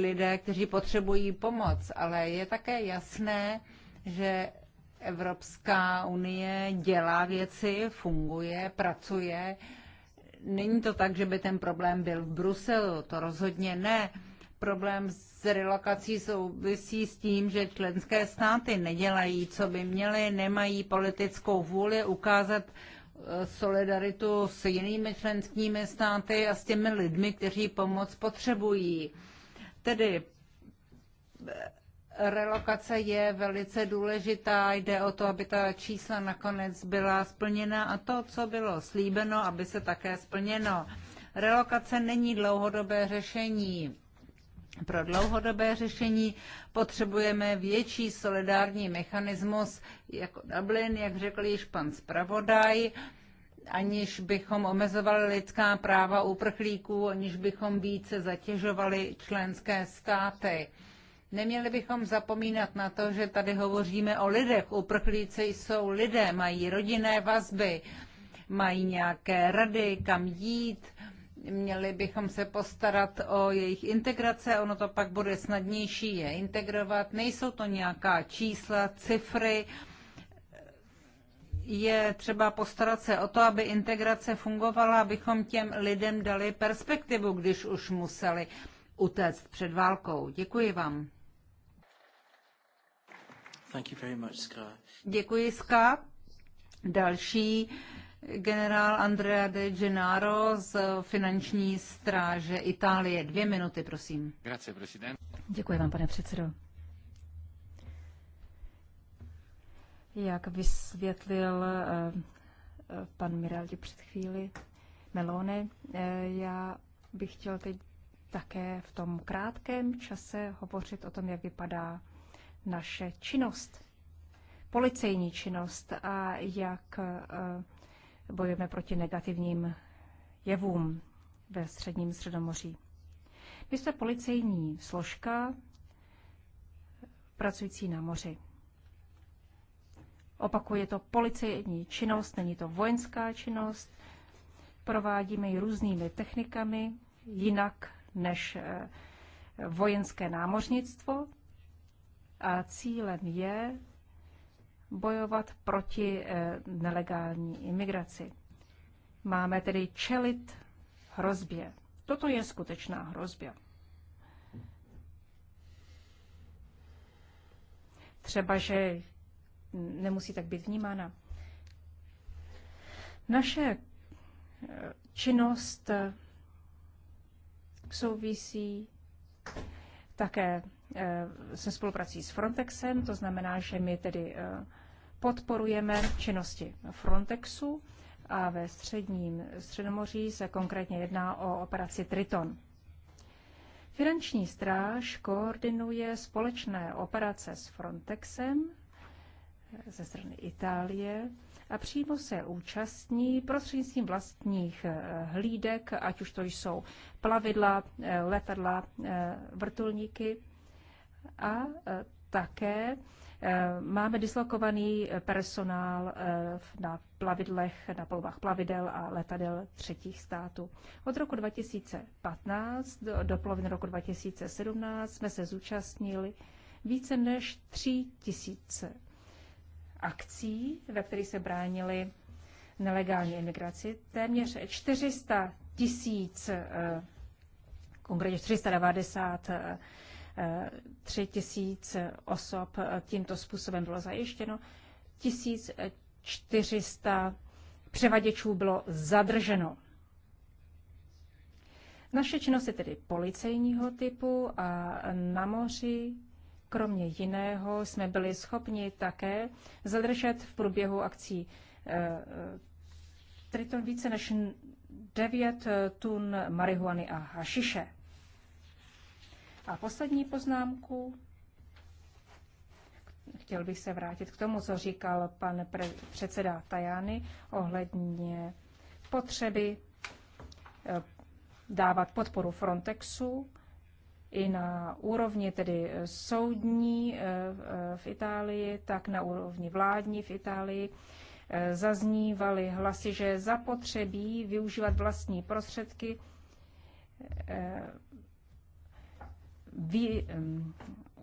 lidé, kteří potřebují pomoc, ale je také jasné, že Evropská unie dělá věci, funguje, pracuje, Není to tak, že by ten problém byl v Bruselu, to rozhodně ne. Problém s relokací souvisí s tím, že členské státy nedělají, co by měly, nemají politickou vůli ukázat eh, solidaritu s jinými členskými státy a s těmi lidmi, kteří pomoc potřebují. Tedy eh, Relokace je velice důležitá, jde o to, aby ta čísla nakonec byla splněna a to, co bylo slíbeno, aby se také splněno. Relokace není dlouhodobé řešení. Pro dlouhodobé řešení potřebujeme větší solidární mechanismus jako Dublin, jak řekl již pan zpravodaj, aniž bychom omezovali lidská práva uprchlíků, aniž bychom více zatěžovali členské státy. Neměli bychom zapomínat na to, že tady hovoříme o lidech. Uprchlíci jsou lidé, mají rodinné vazby, mají nějaké rady, kam jít. Měli bychom se postarat o jejich integrace, ono to pak bude snadnější je integrovat. Nejsou to nějaká čísla, cifry. Je třeba postarat se o to, aby integrace fungovala, abychom těm lidem dali perspektivu, když už museli utéct před válkou. Děkuji vám. Thank you very much, Ska. Děkuji, Ska. Další generál Andrea De Gennaro z finanční stráže Itálie. Dvě minuty, prosím. Grazie, president. Děkuji vám, pane předsedo. Jak vysvětlil eh, pan Miraldi před chvíli, Melone, eh, já bych chtěl teď také v tom krátkém čase hovořit o tom, jak vypadá naše činnost, policejní činnost a jak eh, bojujeme proti negativním jevům ve středním středomoří. My jsme policejní složka pracující na moři. Opakuje to policejní činnost, není to vojenská činnost. Provádíme ji různými technikami, jinak než eh, vojenské námořnictvo, a cílem je bojovat proti eh, nelegální imigraci. Máme tedy čelit hrozbě. Toto je skutečná hrozba. Třeba, že nemusí tak být vnímána. Naše eh, činnost eh, souvisí také Eh, se spoluprací s Frontexem, to znamená, že my tedy eh, podporujeme činnosti Frontexu a ve středním středomoří se konkrétně jedná o operaci Triton. Finanční stráž koordinuje společné operace s Frontexem eh, ze strany Itálie a přímo se účastní prostřednictvím vlastních hlídek, ať už to jsou plavidla, letadla, vrtulníky a e, také e, máme dislokovaný personál e, na plavidlech, na polovách plavidel a letadel třetích států. Od roku 2015 do, poloviny roku 2017 jsme se zúčastnili více než 3 tisíce akcí, ve kterých se bránili nelegální imigraci. Téměř 400 tisíc, konkrétně 490 3 tisíc osob tímto způsobem bylo zajištěno. 1400 převaděčů bylo zadrženo. Naše činnost je tedy policejního typu a na moři, kromě jiného, jsme byli schopni také zadržet v průběhu akcí eh, Triton více než 9 tun marihuany a hašiše. A poslední poznámku. Chtěl bych se vrátit k tomu, co říkal pan pre- předseda Tajany ohledně potřeby eh, dávat podporu Frontexu i na úrovni tedy soudní eh, eh, v Itálii, tak na úrovni vládní v Itálii zaznívaly hlasy, že zapotřebí využívat vlastní prostředky vý,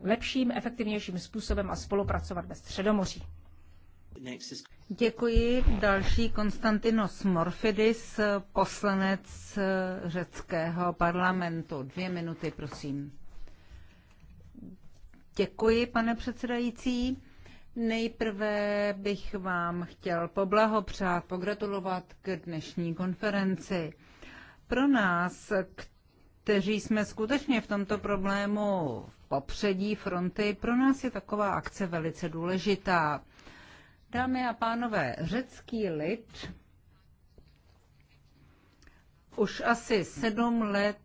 lepším, efektivnějším způsobem a spolupracovat ve Středomoří. Děkuji. Další Konstantinos Morfidis, poslanec řeckého parlamentu. Dvě minuty, prosím. Děkuji, pane předsedající. Nejprve bych vám chtěl poblahopřát, pogratulovat k dnešní konferenci. Pro nás, k kteří jsme skutečně v tomto problému v popředí fronty, pro nás je taková akce velice důležitá. Dámy a pánové, řecký lid už asi sedm let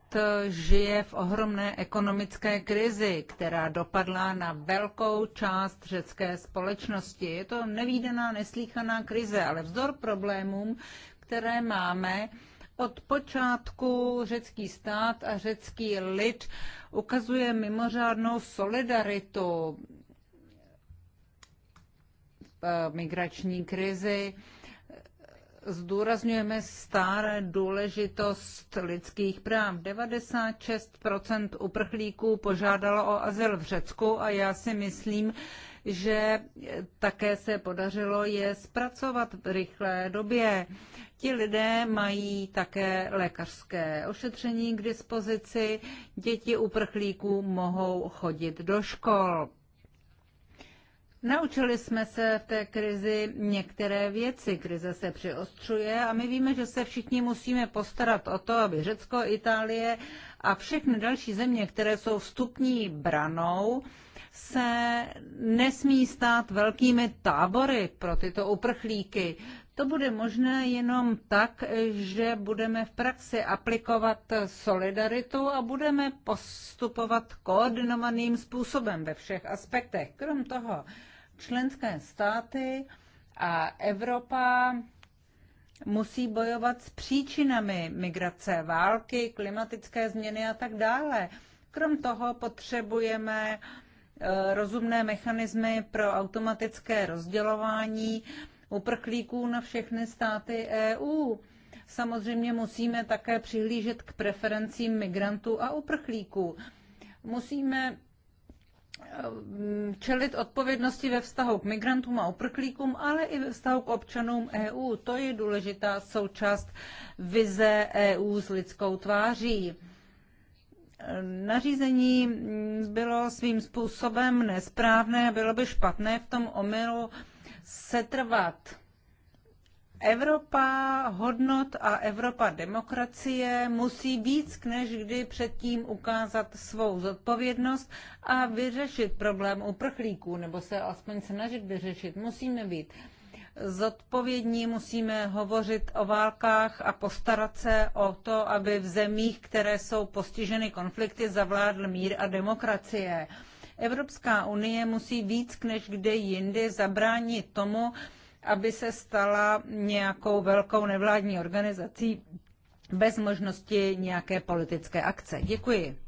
žije v ohromné ekonomické krizi, která dopadla na velkou část řecké společnosti. Je to nevýdaná, neslíchaná krize, ale vzdor problémům, které máme, od počátku řecký stát a řecký lid ukazuje mimořádnou solidaritu v eh, migrační krizi. Zdůrazňujeme stále důležitost lidských práv. 96 uprchlíků požádalo o azyl v Řecku a já si myslím, že také se podařilo je zpracovat v rychlé době. Ti lidé mají také lékařské ošetření k dispozici, děti uprchlíků mohou chodit do škol. Naučili jsme se v té krizi některé věci. Krize se přiostřuje a my víme, že se všichni musíme postarat o to, aby Řecko, Itálie a všechny další země, které jsou vstupní branou, se nesmí stát velkými tábory pro tyto uprchlíky. To bude možné jenom tak, že budeme v praxi aplikovat solidaritu a budeme postupovat koordinovaným způsobem ve všech aspektech. Krom toho, členské státy a Evropa musí bojovat s příčinami migrace, války, klimatické změny a tak dále. Krom toho potřebujeme uh, Eh, rozumné mechanismy pro automatické rozdělování uprchlíků na všechny státy EU. Samozřejmě musíme také přihlížet k preferencím migrantů a uprchlíků. Musíme eh, mm, čelit odpovědnosti ve vztahu k migrantům a uprchlíkům, ale i ve vztahu k občanům EU. To je důležitá součást vize EU s lidskou tváří. Nařízení bylo svým způsobem nesprávné a bylo by špatné v tom omylu setrvat. Evropa hodnot a Evropa demokracie musí víc než kdy předtím ukázat svou zodpovědnost a vyřešit problém uprchlíků, nebo se aspoň snažit vyřešit. Musíme být zodpovědní, musíme hovořit o válkách a postarat se o to, aby v zemích, které jsou postiženy konflikty, zavládl mír a demokracie. Evropská unie musí víc než kde jindy zabránit tomu, aby se stala nějakou velkou nevládní organizací bez možnosti nějaké politické akce. Děkuji.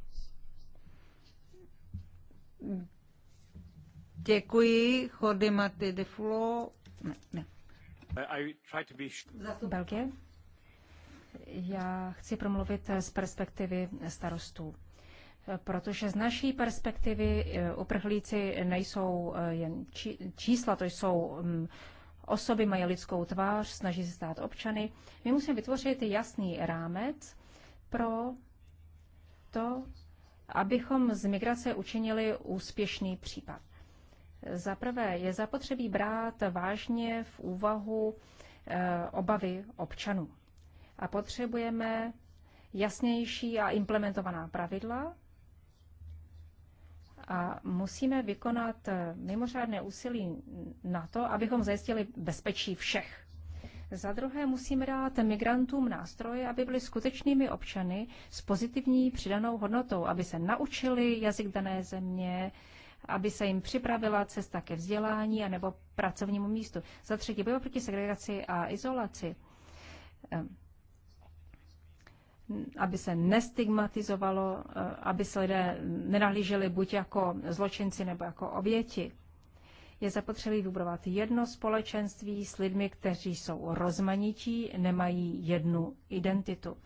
Děkuji, Chody Marty de Fulo. Belgie? Já chci promluvit z perspektivy starostů. Protože z naší perspektivy eh, uprchlíci nejsou eh, jen čísla, to jsou mm, osoby, mají lidskou tvář, snaží se stát občany. My musíme vytvořit jasný rámec pro to, abychom z migrace učinili úspěšný případ. Za prvé je zapotřebí brát vážně v úvahu eh, obavy občanů. A potřebujeme jasnější a implementovaná pravidla a musíme vykonat eh, mimořádné úsilí na to, abychom zajistili bezpečí všech. Za druhé musíme dát migrantům nástroje, aby byli skutečnými občany s pozitivní přidanou hodnotou, aby se naučili jazyk dané země, aby se jim připravila cesta ke vzdělání nebo pracovnímu místu. Za třetí, bylo proti segregaci a izolaci ehm, aby se nestigmatizovalo, eh, aby se lidé nenahlíželi buď jako zločinci nebo jako oběti. Je zapotřebí vybudovat jedno společenství s lidmi, kteří jsou rozmanití, nemají jednu identitu.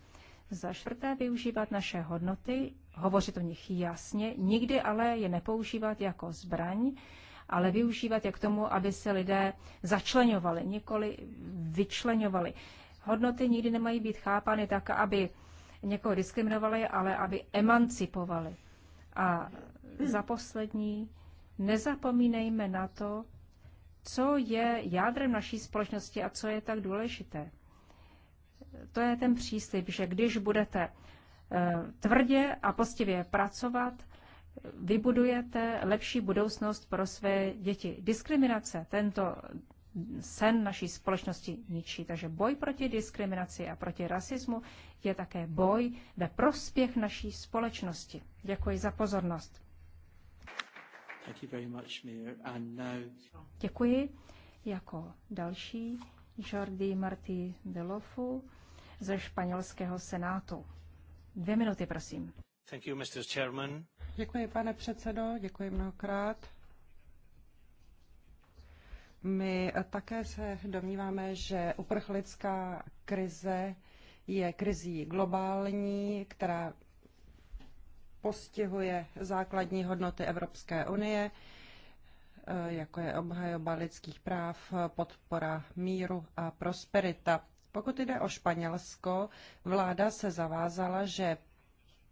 Za čtvrté využívat naše hodnoty hovořit o nich jasně, nikdy ale je nepoužívat jako zbraň, ale využívat je k tomu, aby se lidé začlenovali, nikoli vyčlenovali. Hodnoty nikdy nemají být chápány tak, aby někoho diskriminovali, ale aby emancipovali. A za poslední, nezapomínejme na to, co je jádrem naší společnosti a co je tak důležité. To je ten příslip, že když budete Eh, tvrdě a postivě pracovat, vybudujete lepší budoucnost pro své děti. Diskriminace tento sen naší společnosti ničí. Takže boj proti diskriminaci a proti rasismu je také boj ve prospěch naší společnosti. Děkuji za pozornost. Děkuji. Jako další Jordi Martí Lofu ze španělského senátu. Dvě minuty, prosím. Thank you, Mr. Chairman. Děkuji, pane předsedo, děkuji mnohokrát. My také se domníváme, že uprchlická krize je krizí globální, která postihuje základní hodnoty Evropské unie, jako je obhajoba lidských práv, podpora míru a prosperita. Pokud jde o Španělsko, vláda se zavázala, že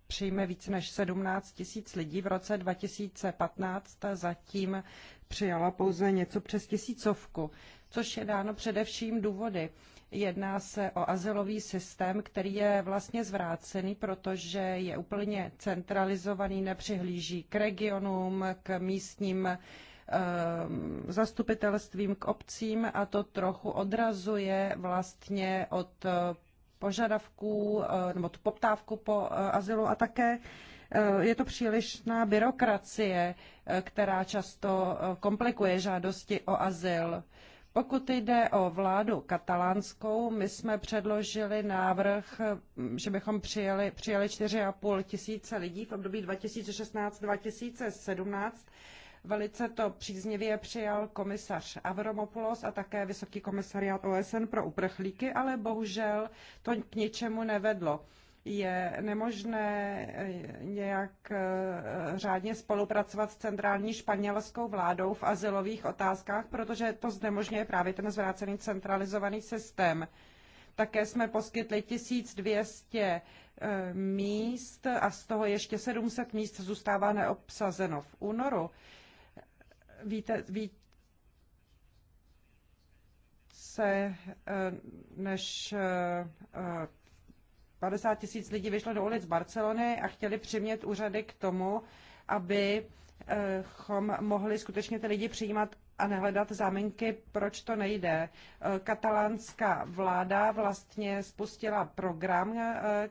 přijme více než 17 tisíc lidí. V roce 2015 zatím přijala pouze něco přes tisícovku, což je dáno především důvody. Jedná se o azylový systém, který je vlastně zvrácený, protože je úplně centralizovaný, nepřihlíží k regionům, k místním Ehm, zastupitelstvím k obcím a to trochu odrazuje vlastně od eh, požadavků eh, nebo tu poptávku po eh, azylu a také je to přílišná byrokracie, která často komplikuje žádosti o azyl. Pokud jde o vládu katalánskou, my jsme předložili návrh, mm, že bychom přijeli, přijeli 4,5 tisíce lidí v období 2016-2017 Velice to příznivě přijal komisař Avramopoulos a také Vysoký komisariát OSN pro uprchlíky, ale bohužel to k ničemu nevedlo je nemožné eh, nějak eh, řádně spolupracovat s centrální španělskou vládou v asilových otázkách, protože to znemožňuje právě ten zvrácený centralizovaný systém. Také jsme poskytli 1200 eh, míst a z toho ještě 700 míst zůstává neobsazeno. V únoru víte, více eh, než 50 eh, tisíc lidí vyšlo do ulic Barcelony a chtěli přimět úřady k tomu, aby eh, chom mohli skutečně ty lidi přijímat a nehledat záminky, proč to nejde. Katalánská vláda vlastně spustila program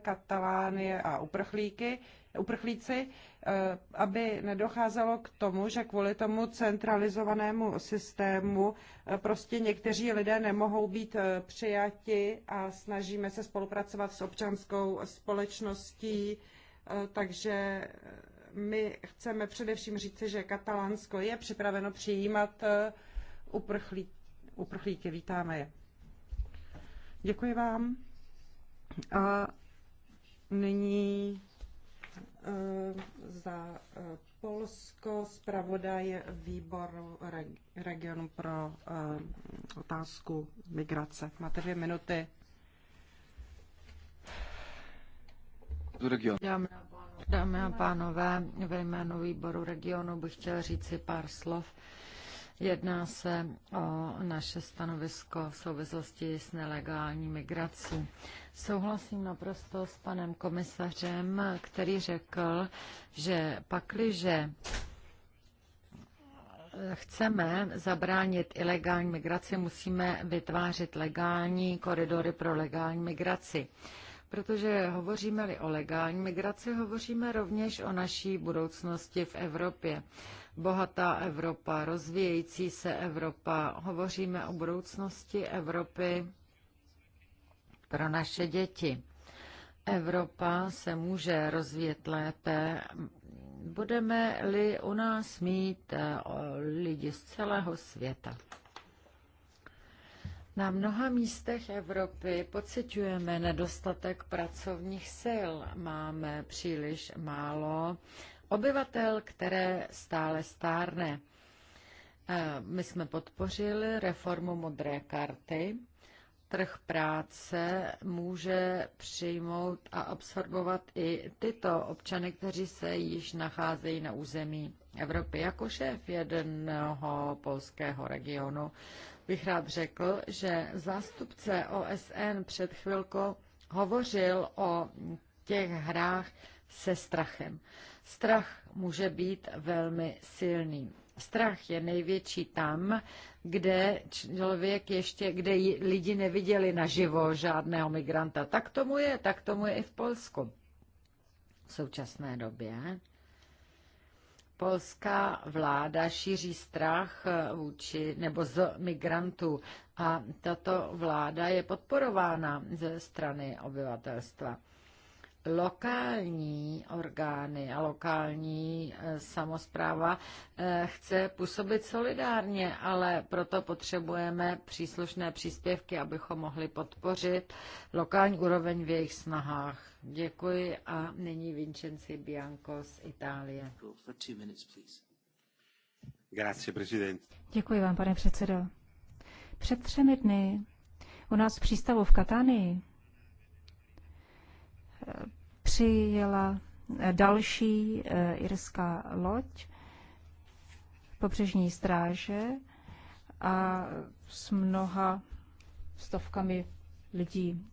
Katalánie a uprchlíky, uprchlíci, Eh, aby nedocházelo k tomu, že kvůli tomu centralizovanému systému eh, prostě někteří lidé nemohou být eh, přijati a snažíme se spolupracovat s občanskou společností, takže my chceme především říci, že Katalánsko je připraveno přijímat uprchlí, uprchlíky. Vítáme je. Děkuji vám. A nyní za eh, Polsko, zpravodaj výboru regionu pro eh, otázku migrace. Máte dvě minuty. Dámy a, pánové, a ve jménu výboru regionu bych chtěl říci pár slov Jedná se o naše stanovisko v souvislosti s nelegální migrací. Souhlasím naprosto s panem komisařem, který řekl, že pakliže chceme zabránit ilegální migraci, musíme vytvářet legální koridory pro legální migraci. Protože hovoříme-li o legální migraci, hovoříme rovněž o naší budoucnosti v Evropě bohatá Evropa, rozvíjející se Evropa. Hovoříme o budoucnosti Evropy pro naše děti. Evropa se může rozvíjet lépe, budeme-li u nás mít eh, lidi z celého světa. Na mnoha místech Evropy pociťujeme nedostatek pracovních sil. Máme příliš málo obyvatel, které stále stárne. Eh, my jsme podpořili reformu modré karty. Trh práce může přijmout a absorbovat i tyto občany, kteří se již nacházejí na území Evropy. Jako šéf jednoho polského regionu bych rád řekl, že zástupce OSN před chvilkou hovořil o těch hrách se strachem. Strach může být velmi silný. Strach je největší tam, kde člověk ještě, kde lidi neviděli naživo žádného migranta. Tak tomu je, tak tomu je i v Polsku v současné době. Polská vláda šíří strach vůči nebo z migrantů a tato vláda je podporována ze strany obyvatelstva lokální orgány a lokální eh, samozpráva eh, chce působit solidárně, ale proto potřebujeme příslušné příspěvky, abychom mohli podpořit lokální úroveň v jejich snahách. Děkuji a nyní Vincenzi Bianco z Itálie. Děkuji vám, pane předsedo. Před třemi dny u nás v přístavu v Katánii přijela eh, další eh, irská loď pobřežní stráže a s mnoha stovkami lidí.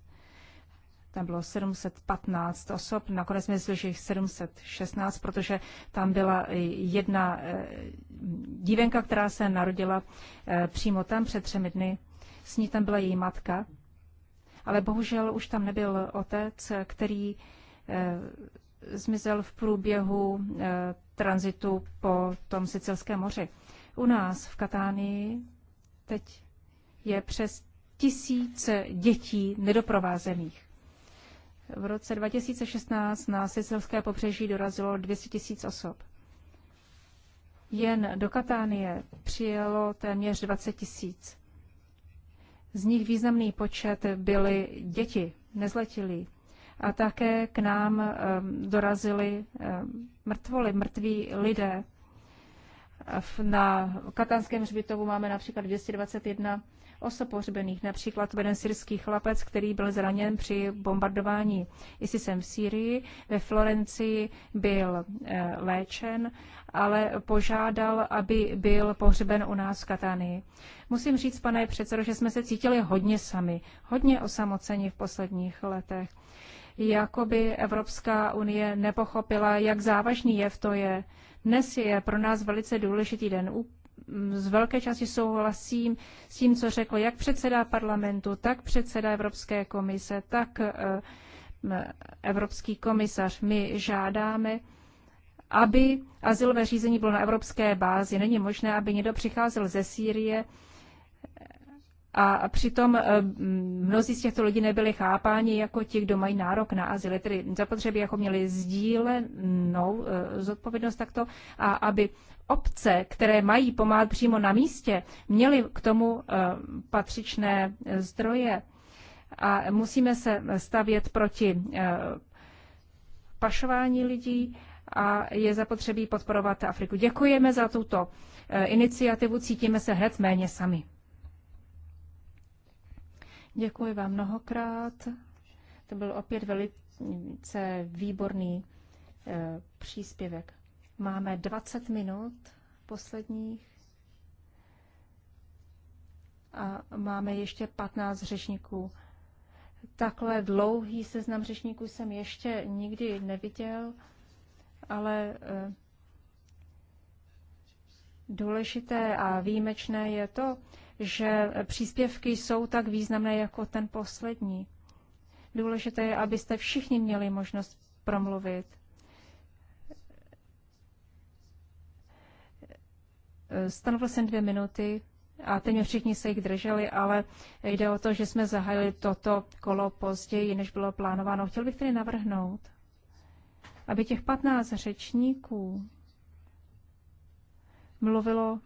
Tam bylo 715 osob, nakonec jsme zjistili, že jich 716, protože tam byla jedna eh, dívenka, která se narodila přímo tam před třemi dny. S ní tam byla její matka ale bohužel už tam nebyl otec, který eh, zmizel v průběhu eh, tranzitu po tom sicilském moři. U nás v Katánii teď je přes tisíce dětí nedoprovázených. V roce 2016 na sicilské pobřeží dorazilo 200 tisíc osob. Jen do Katánie přijelo téměř 20 tisíc. Z nich významný počet byly děti, nezletilí. A také k nám eh, dorazili eh, mrtvoli, mrtví lidé. Na katanském hřbitovu máme například 221 osob pohřbených, například jeden syrský chlapec, který byl zraněn při bombardování ISISem v Sýrii. Ve Florencii byl eh, léčen, ale požádal, aby byl pohřben u nás v Katánii. Musím říct, pane předsedo, že jsme se cítili hodně sami, hodně osamoceni v posledních letech. Jakoby Evropská unie nepochopila, jak závažný v to je. Dnes je pro nás velice důležitý den z velké části souhlasím s tím, co řekl jak předseda parlamentu, tak předseda Evropské komise, tak eh, Evropský komisař. My žádáme, aby asilové řízení bylo na evropské bázi. Není možné, aby někdo přicházel ze Sýrie eh, a přitom eh, mnozí z těchto lidí nebyli chápáni jako ti, kdo mají nárok na azyl. Tedy zapotřebí, jako měli sdílenou zodpovědnost takto a aby obce, které mají pomáhat přímo na místě, měly k tomu eh, patřičné eh, zdroje. A musíme se stavět proti eh, pašování lidí a je zapotřebí podporovat Afriku. Děkujeme za tuto iniciativu, cítíme se hned méně sami. Děkuji vám mnohokrát. To byl opět velice výborný příspěvek. Máme 20 minut posledních a máme ještě 15 řečníků. Takhle dlouhý seznam řečníků jsem ještě nikdy neviděl, ale eh, důležité a výjimečné je to, že příspěvky jsou tak významné jako ten poslední. Důležité je, abyste všichni měli možnost promluvit. Stanovil jsem dvě minuty a teď mě všichni se jich drželi, ale jde o to, že jsme zahájili toto kolo později, než bylo plánováno. Chtěl bych tedy navrhnout, aby těch 15 řečníků mluvilo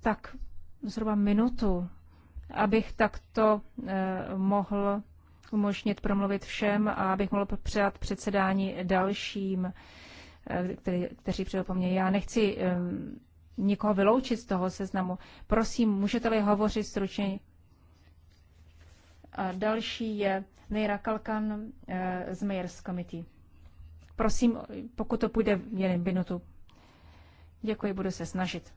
tak zhruba minutu, abych takto eh, mohl umožnit promluvit všem a abych mohl předat předsedání dalším, eh, který, kteří přijdou po mně. Já nechci eh, nikoho vyloučit z toho seznamu. Prosím, můžete-li hovořit stručně? A další je Nejra Kalkan eh, z Mayers Committee. Prosím, pokud to půjde jen minutu. Děkuji, budu se snažit.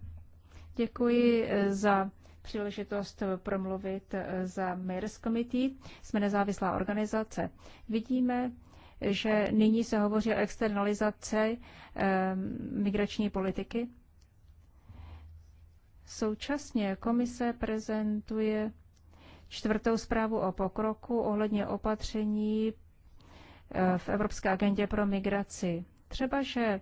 Děkuji eh, za příležitost promluvit eh, za Mayers Committee. Jsme nezávislá organizace. Vidíme, že nyní se hovoří o externalizaci migrační politiky Současně komise prezentuje čtvrtou zprávu o pokroku ohledně opatření eh, v Evropské agendě pro migraci. Třeba, že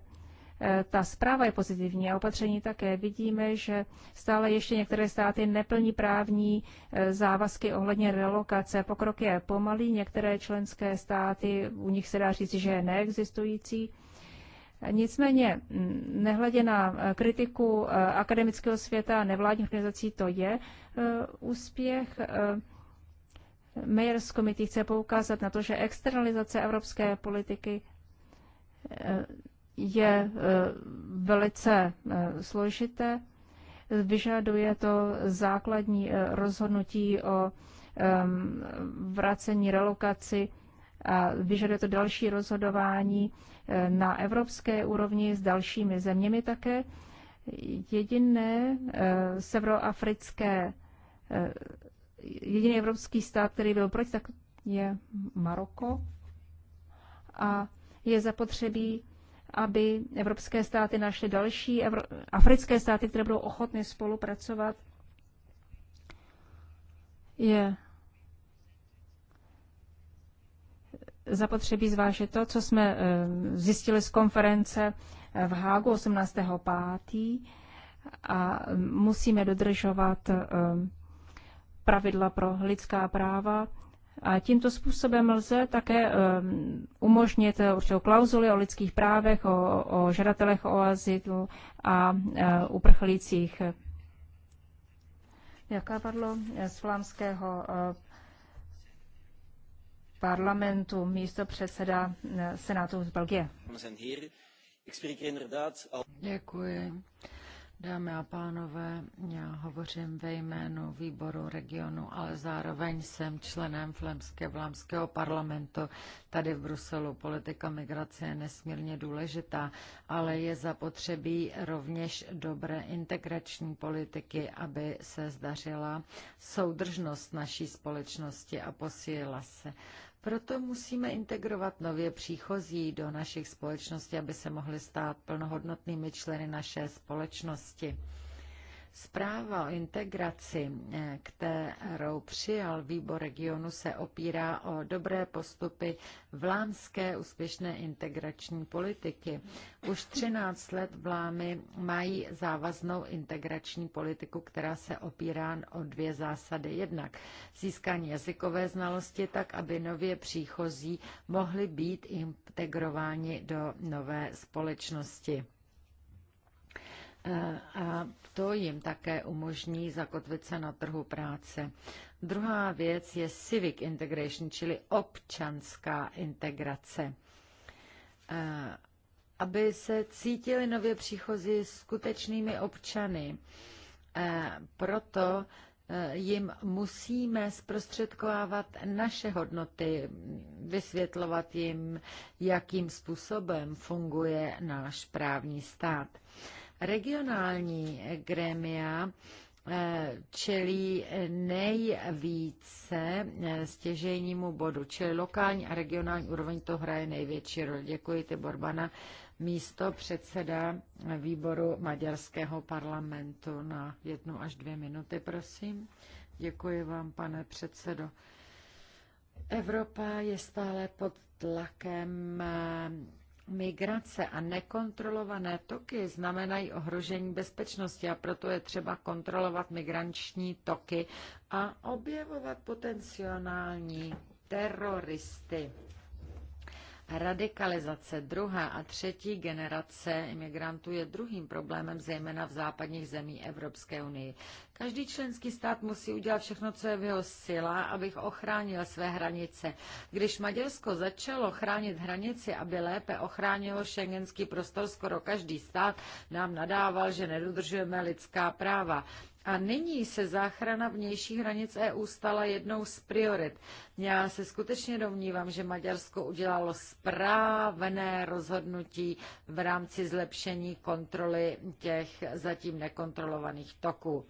eh, ta zpráva je pozitivní a opatření také. Vidíme, že stále ještě některé státy neplní právní eh, závazky ohledně relokace. Pokrok je pomalý, některé členské státy, u nich se dá říct, že je neexistující. Nicméně, mm, nehledě na eh, kritiku eh, akademického světa a nevládních organizací, to je eh, úspěch. Mayers z chce poukázat na to, že externalizace evropské politiky je velice složité. Vyžaduje to základní rozhodnutí o vracení, relokaci a vyžaduje to další rozhodování na evropské úrovni s dalšími zeměmi také. Jediné eh, severoafrické, eh, jediný evropský stát, který byl proti, tak je Maroko. A je zapotřebí aby evropské státy našly další evro- africké státy, které budou ochotny spolupracovat. Je zapotřebí zvážit to, co jsme eh, zjistili z konference eh, v Hágu 18.5. a eh, musíme dodržovat pravidla pro lidská práva. A tímto způsobem lze také umožnit určitou klauzuli o lidských právech, o, o žadatelech o azylu a uprchlících. Jaká padlo z flámského parlamentu, místo předseda eh, Senátu z Belgie. Děkuji. Dámy a pánové, já hovořím ve jménu výboru regionu, ale zároveň jsem členem Flemské vlámského parlamentu tady v Bruselu. Politika migrace je nesmírně důležitá, ale je zapotřebí rovněž dobré integrační politiky, aby se zdařila soudržnost naší společnosti a posílila se. Proto musíme integrovat nově příchozí do našich společností, aby se mohli stát plnohodnotnými členy naše společnosti. Zpráva o integraci, eh, kterou přijal výbor regionu, se opírá o dobré postupy vlámské úspěšné integrační politiky. Už 13 let vlámy mají závaznou integrační politiku, která se opírá o dvě zásady. Jednak získání jazykové znalosti tak, aby nově příchozí mohli být integrováni do nové společnosti. Eh, a to jim také umožní zakotvit se na trhu práce. Druhá věc je civic integration, čili občanská integrace. Eh, aby se cítili nově příchozí skutečnými občany. Eh, proto jim musíme zprostředkovávat naše hodnoty, vysvětlovat jim, jakým způsobem funguje náš právní stát. Regionální grémia eh, čelí nejvíce eh, stěžejnímu bodu, čili lokální a regionální úroveň to hraje největší roli. Děkuji Borbana, místo předseda výboru Maďarského parlamentu na jednu až dvě minuty, prosím. Děkuji vám, pane předsedo. Evropa je stále pod tlakem eh, Migrace a nekontrolované toky znamenají ohrožení bezpečnosti a proto je třeba kontrolovat migranční toky a objevovat potenciální teroristy. Radikalizace druhé a třetí generace imigrantů je druhým problémem, zejména v západních zemí Evropské unie. Každý členský stát musí udělat všechno, co je v jeho sila, abych ochránil své hranice. Když Maďarsko začalo chránit hranici, aby lépe ochránilo šengenský prostor, skoro každý stát nám nadával, že nedodržujeme lidská práva. A nyní se záchrana vnějších hranic EU stala jednou z priorit. Já se skutečně domnívám, že Maďarsko udělalo správné rozhodnutí v rámci zlepšení kontroly těch zatím nekontrolovaných toků.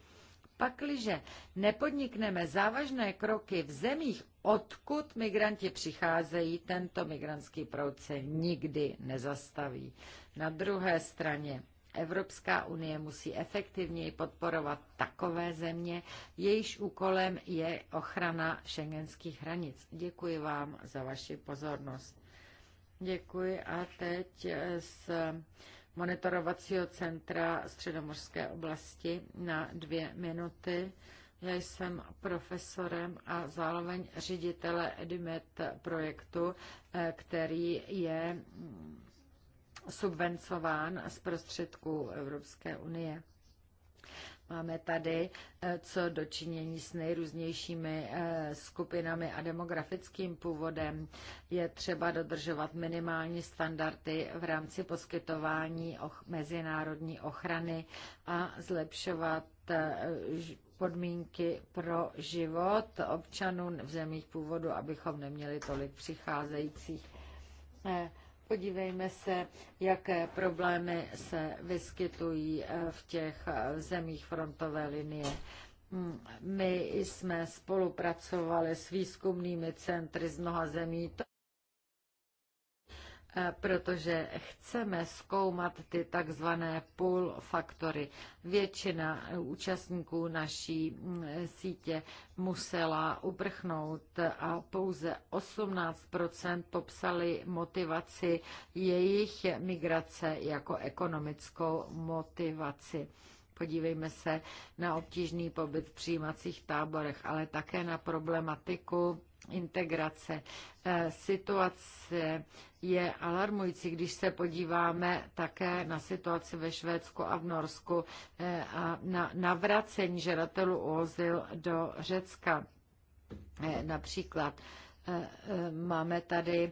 Pakliže nepodnikneme závažné kroky v zemích, odkud migranti přicházejí, tento migrantský proud se nikdy nezastaví. Na druhé straně Evropská unie musí efektivněji podporovat takové země, jejíž úkolem je ochrana šengenských hranic. Děkuji vám za vaši pozornost. Děkuji a teď z monitorovacího centra Středomořské oblasti na dvě minuty. Já jsem profesorem a zároveň ředitele EDIMET projektu, eh, který je subvencován z prostředků Evropské unie. Máme tady eh, co dočinění s nejrůznějšími eh, skupinami a demografickým původem. Je třeba dodržovat minimální standardy v rámci poskytování mezinárodní ochrany a zlepšovat eh, podmínky pro život občanů v zemích původu, abychom neměli tolik přicházejících. Podívejme se, jaké problémy se vyskytují eh, v těch eh, zemích frontové linie. Mm, my jsme spolupracovali s výzkumnými centry z mnoha zemí. Eh, protože chceme zkoumat ty takzvané pull faktory. Většina eh, účastníků naší mm, sítě musela uprchnout a pouze 18 popsali motivaci jejich migrace jako ekonomickou motivaci. Podívejme se na obtížný pobyt v přijímacích táborech, ale také na problematiku integrace, eh, situace je alarmující, když se podíváme také na situaci ve Švédsku a v Norsku eh, a na navracení žadatelů o azyl do Řecka. Eh, například eh, máme tady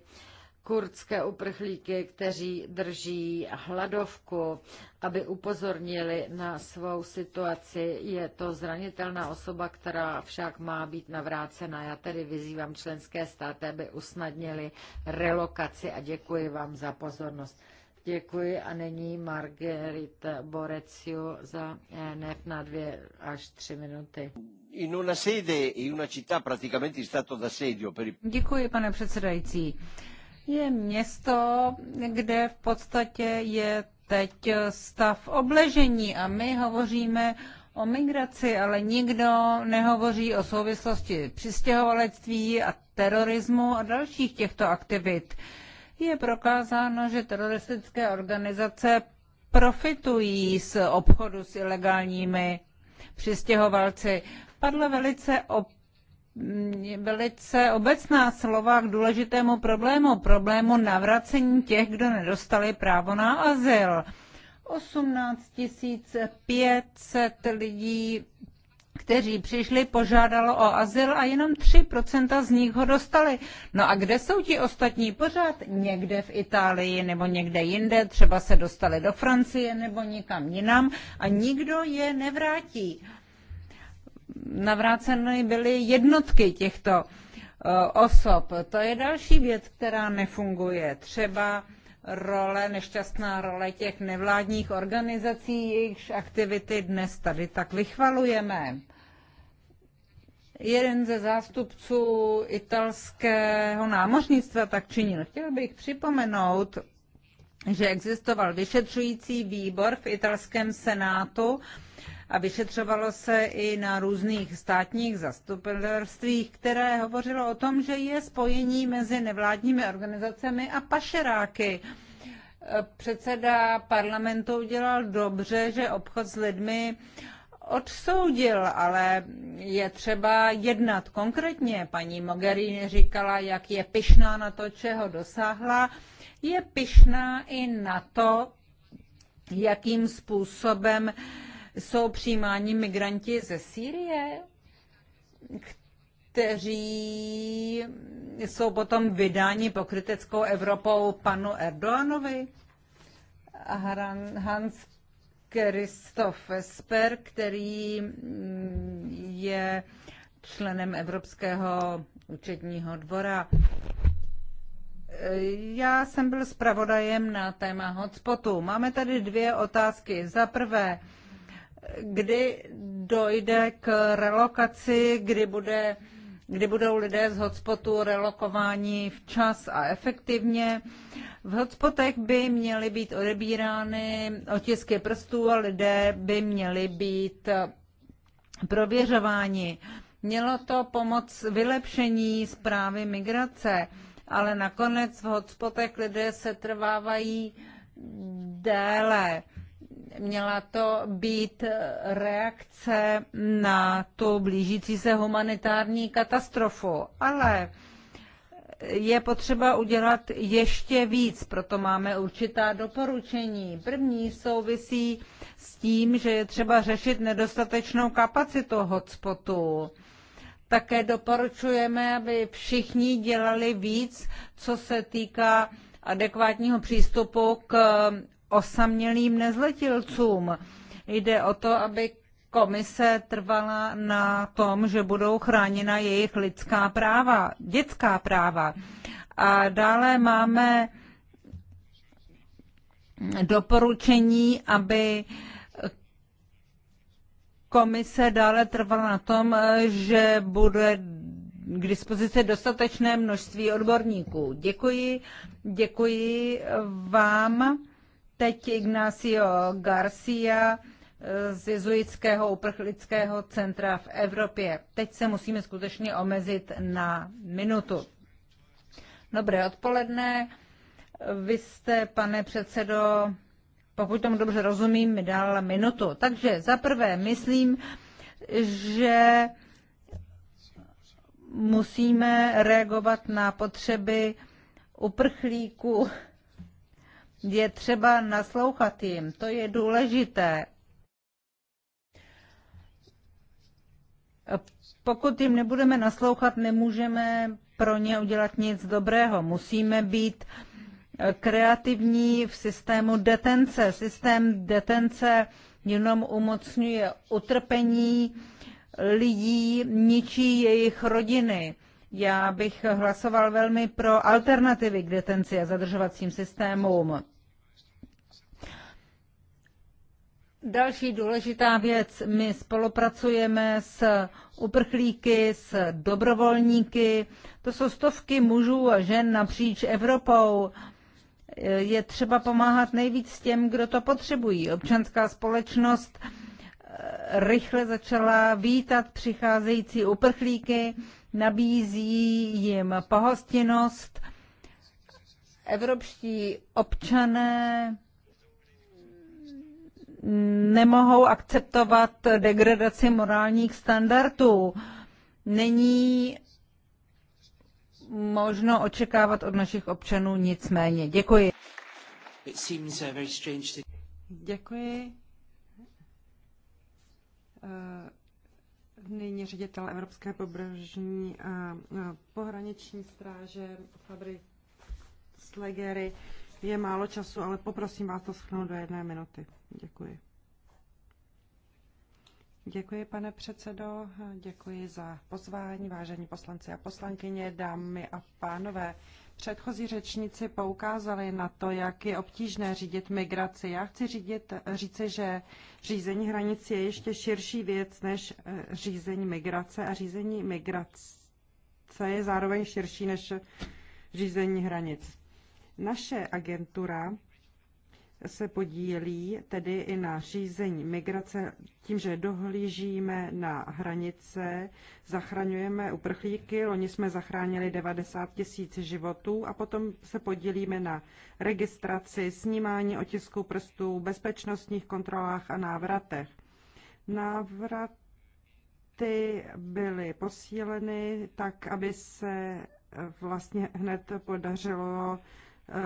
kurdské uprchlíky, kteří drží hladovku, aby upozornili na svou situaci. Je to zranitelná osoba, která však má být navrácena. Já tedy vyzývám členské státy, aby usnadnili relokaci a děkuji vám za pozornost. Děkuji a nyní Margarita Boreciu za ENF na dvě až tři minuty. Děkuji, pane předsedající je město, kde v podstatě je teď stav obležení a my hovoříme o migraci, ale nikdo nehovoří o souvislosti přistěhovalectví a terorismu a dalších těchto aktivit. Je prokázáno, že teroristické organizace profitují z obchodu s ilegálními přistěhovalci. Padla velice velice obecná slova k důležitému problému, problému navracení těch, kdo nedostali právo na azyl. 18 500 lidí, kteří přišli, požádalo o azyl a jenom 3% z nich ho dostali. No a kde jsou ti ostatní pořád? Někde v Itálii nebo někde jinde, třeba se dostali do Francie nebo někam jinam a nikdo je nevrátí navráceny byly jednotky těchto e, osob. To je další věc, která nefunguje. Třeba role, nešťastná role těch nevládních organizací, jejichž aktivity dnes tady tak vychvalujeme. Jeden ze zástupců italského námořnictva tak činil. Chtěl bych připomenout, že existoval vyšetřující výbor v italském senátu, a vyšetřovalo se i na různých státních zastupitelstvích, které hovořilo o tom, že je spojení mezi nevládními organizacemi a pašeráky. Předseda parlamentu udělal dobře, že obchod s lidmi odsoudil, ale je třeba jednat konkrétně. Paní Mogherini říkala, jak je pyšná na to, čeho dosáhla. Je pyšná i na to, jakým způsobem uh, jsou přijímáni migranti ze Sýrie, kteří jsou potom vydáni pokryteckou Evropou panu Erdoanovi. Hans Christoph Esper, který mm, je členem Evropského účetního dvora. Já jsem byl zpravodajem na téma hotspotu. Máme tady dvě otázky. Za prvé, kdy dojde k relokaci, kdy, bude, kdy budou lidé z hotspotu relokováni včas a efektivně. V hotspotech by měly být odebírány otisky prstů a lidé by měli být prověřováni. Mělo to pomoc vylepšení zprávy migrace, ale nakonec v hotspotech lidé se trvávají déle měla to být reakce na tu blížící se humanitární katastrofu, ale je potřeba udělat ještě víc, proto máme určitá doporučení. První souvisí s tím, že je třeba řešit nedostatečnou kapacitu hotspotu. Také doporučujeme, aby všichni dělali víc, co se týká adekvátního přístupu k osamělým nezletilcům. Jde o to, aby komise trvala na tom, že budou chráněna jejich lidská práva, dětská práva. A dále máme doporučení, aby komise dále trvala na tom, že bude k dispozici dostatečné množství odborníků. Děkuji, děkuji vám. Teď Ignacio Garcia eh, z jezuitského uprchlického centra v Evropě. Teď se musíme skutečně omezit na minutu. Dobré odpoledne. Vy jste, pane předsedo, pokud tomu dobře rozumím, mi dal minutu. Takže za prvé myslím, že musíme reagovat na potřeby uprchlíků je třeba naslouchat jim, to je důležité. Pokud jim nebudeme naslouchat, nemůžeme pro ně udělat nic dobrého. Musíme být kreativní v systému detence. Systém detence jenom umocňuje utrpení lidí, ničí jejich rodiny. Já bych hlasoval velmi pro alternativy k detenci a zadržovacím systémům. Další důležitá věc, my spolupracujeme s uprchlíky, s dobrovolníky. To jsou stovky mužů a žen napříč Evropou. Je třeba pomáhat nejvíc těm, kdo to potřebují. Občanská společnost eh, rychle začala vítat přicházející uprchlíky, nabízí jim pohostinnost. Evropští občané nemohou akceptovat degradaci morálních standardů. Není možno očekávat od našich občanů nicméně. Děkuji. Uh, Děkuji. Eh, nyní ředitel Evropské pobřežní a eh, pohraniční stráže Fabry Slegery. Je málo času, ale poprosím vás to schnout do jedné minuty. Děkuji. Děkuji, pane předsedo, děkuji za pozvání, vážení poslanci a poslankyně, dámy a pánové. Předchozí řečníci poukázali na to, jak je obtížné řídit migraci. Já chci řídit, říci, že řízení hranic je ještě širší věc než eh, řízení migrace a řízení migrace je zároveň širší než řízení hranic. Naše agentura se podílí tedy i na řízení migrace tím, že dohlížíme na hranice, zachraňujeme uprchlíky, loni jsme zachránili 90 tisíc životů a potom se podílíme na registraci, snímání otisků prstů, bezpečnostních kontrolách a návratech. Návraty byly posíleny tak, aby se vlastně hned podařilo eh,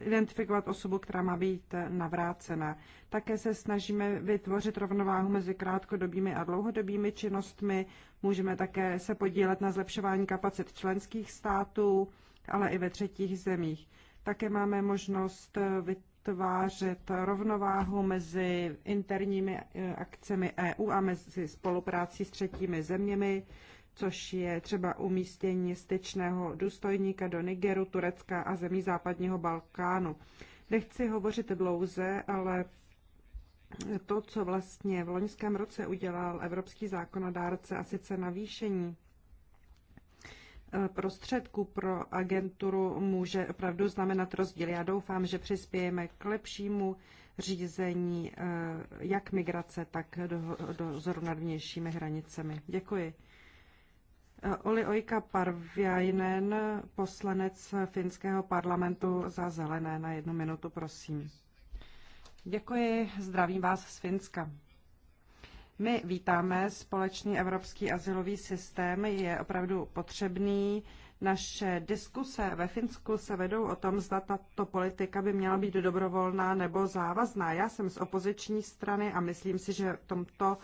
identifikovat osobu, která má být navrácena. Také se snažíme vytvořit rovnováhu mezi krátkodobými a dlouhodobými činnostmi. Můžeme také se podílet na zlepšování kapacit členských států, ale i ve třetích zemích. Také máme možnost vytvářet rovnováhu mezi interními eh, akcemi EU a mezi spoluprácí s třetími zeměmi což je třeba umístění styčného důstojníka do Nigeru, Turecka a zemí západního Balkánu. Nechci hovořit dlouze, ale to, co vlastně v loňském roce udělal evropský zákonodárce, a sice navýšení eh, prostředků pro agenturu může opravdu znamenat rozdíl. Já doufám, že přispějeme k lepšímu řízení eh, jak migrace, tak dozoru do nad vnějšími hranicemi. Děkuji. Oli Oika Parviainen, poslanec finského parlamentu za zelené na jednu minutu, prosím. Děkuji, zdravím vás z Finska. My vítáme společný evropský asilový systém, je opravdu potřebný. Naše diskuse ve Finsku se vedou o tom, zda tato politika by měla být dobrovolná nebo závazná. Já jsem z opoziční strany a myslím si, že v tomto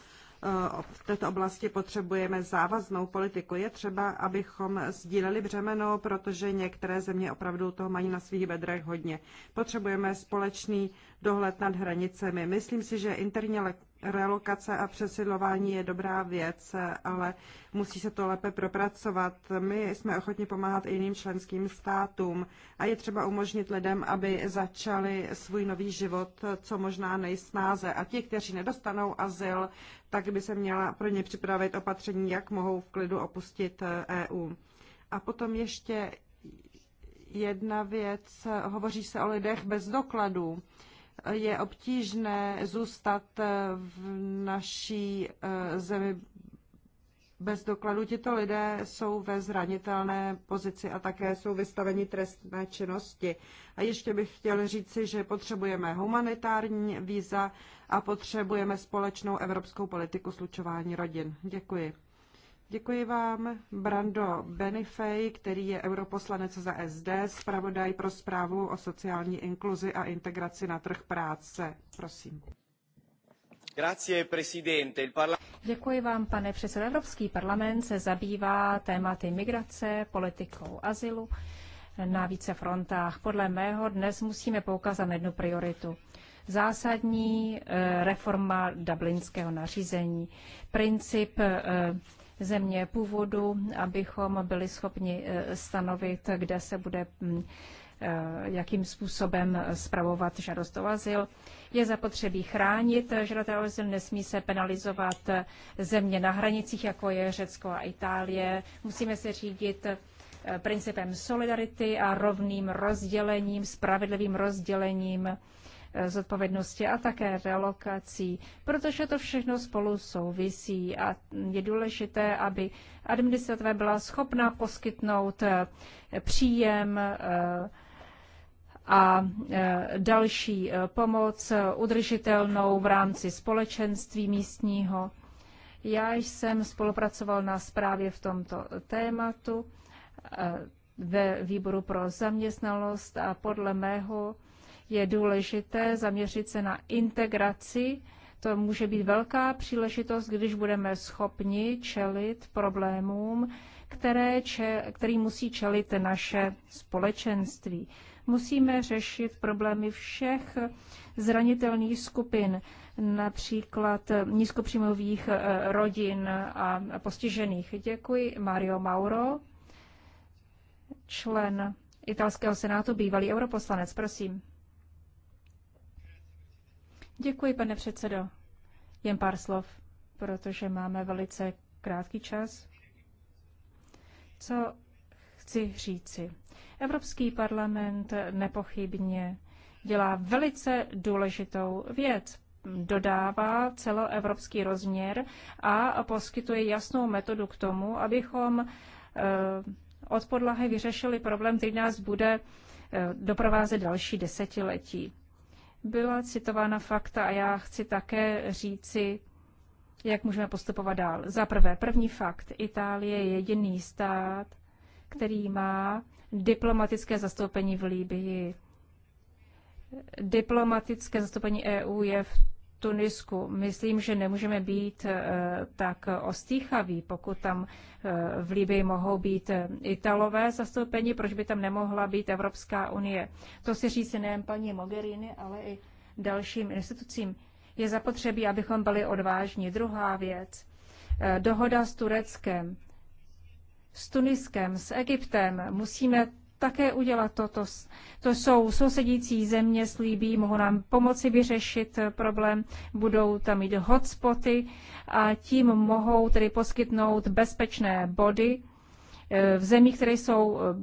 v této oblasti potřebujeme závaznou politiku. Je třeba, abychom sdíleli břemeno, protože některé země opravdu toho mají na svých bedrech hodně. Potřebujeme společný dohled nad hranicemi. Myslím si, že interní relokace a přesidlování je dobrá věc, ale musí se to lépe propracovat. My jsme ochotni pomáhat i jiným členským státům a je třeba umožnit lidem, aby začali svůj nový život co možná nejsnáze. A ti, kteří nedostanou azyl, tak by se měla pro ně připravit opatření, jak mohou v klidu opustit EU. A potom ještě jedna věc, hovoří se o lidech bez dokladů je obtížné zůstat v naší eh, zemi bez dokladu. Tito lidé jsou ve zranitelné pozici a také jsou vystaveni trestné činnosti. A ještě bych chtěl říci, že potřebujeme humanitární víza a potřebujeme společnou evropskou politiku slučování rodin. Děkuji. Děkuji vám. Brando Benifej, který je europoslanec za SD, zpravodaj pro zprávu o sociální inkluzi a integraci na trh práce. Prosím. Děkuji vám, pane předsedo. Evropský parlament se zabývá tématy migrace, politikou azylu na více frontách. Podle mého dnes musíme poukázat na jednu prioritu zásadní eh, reforma dublinského nařízení. Princip eh, země původu, abychom byli schopni eh, stanovit, kde se bude mm, eh, jakým způsobem spravovat žádost o azyl. Je zapotřebí chránit žadatel o azyl, nesmí se penalizovat eh, země na hranicích, jako je Řecko a Itálie. Musíme se řídit principem solidarity a rovným rozdělením, spravedlivým rozdělením zodpovědnosti a také relokací, protože to všechno spolu souvisí a je důležité, aby administrativa byla schopna poskytnout eh, příjem eh, a eh, další pomoc udržitelnou v rámci společenství místního. Já jsem spolupracoval na zprávě v tomto tématu ve výboru pro zaměstnanost a podle mého je důležité zaměřit se na integraci. To může být velká příležitost, když budeme schopni čelit problémům, které če, který musí čelit naše společenství. Musíme řešit problémy všech zranitelných skupin, například nízkopříjmových eh, rodin a postižených. Děkuji Mario Mauro, člen italského senátu, bývalý europoslanec. Prosím. Děkuji, pane předsedo. Jen pár slov, protože máme velice krátký čas. Co chci říci? Evropský parlament nepochybně dělá velice důležitou věc. Dodává celoevropský rozměr a poskytuje jasnou metodu k tomu, abychom eh, od podlahy vyřešili problém, který nás bude eh, doprovázet další desetiletí byla citována fakta a já chci také říci, jak můžeme postupovat dál. Za prvé, první fakt. Itálie je jediný stát, který má diplomatické zastoupení v Líbii. Diplomatické zastoupení EU je v Tunisku. Myslím, že nemůžeme být eh, tak ostýchaví, pokud tam eh, v Libii mohou být eh, Italové zastoupení, proč by tam nemohla být Evropská unie. To si říci nejen paní Mogherini, ale i dalším institucím. Je zapotřebí, abychom byli odvážní. Druhá věc. Dohoda s Tureckem, s Tuniskem, s Egyptem. Musíme také udělat toto. To jsou sousedící země Slíbí, mohou nám pomoci vyřešit problém, budou tam mít hotspoty a tím mohou tedy poskytnout bezpečné body eh, v zemích, které jsou eh,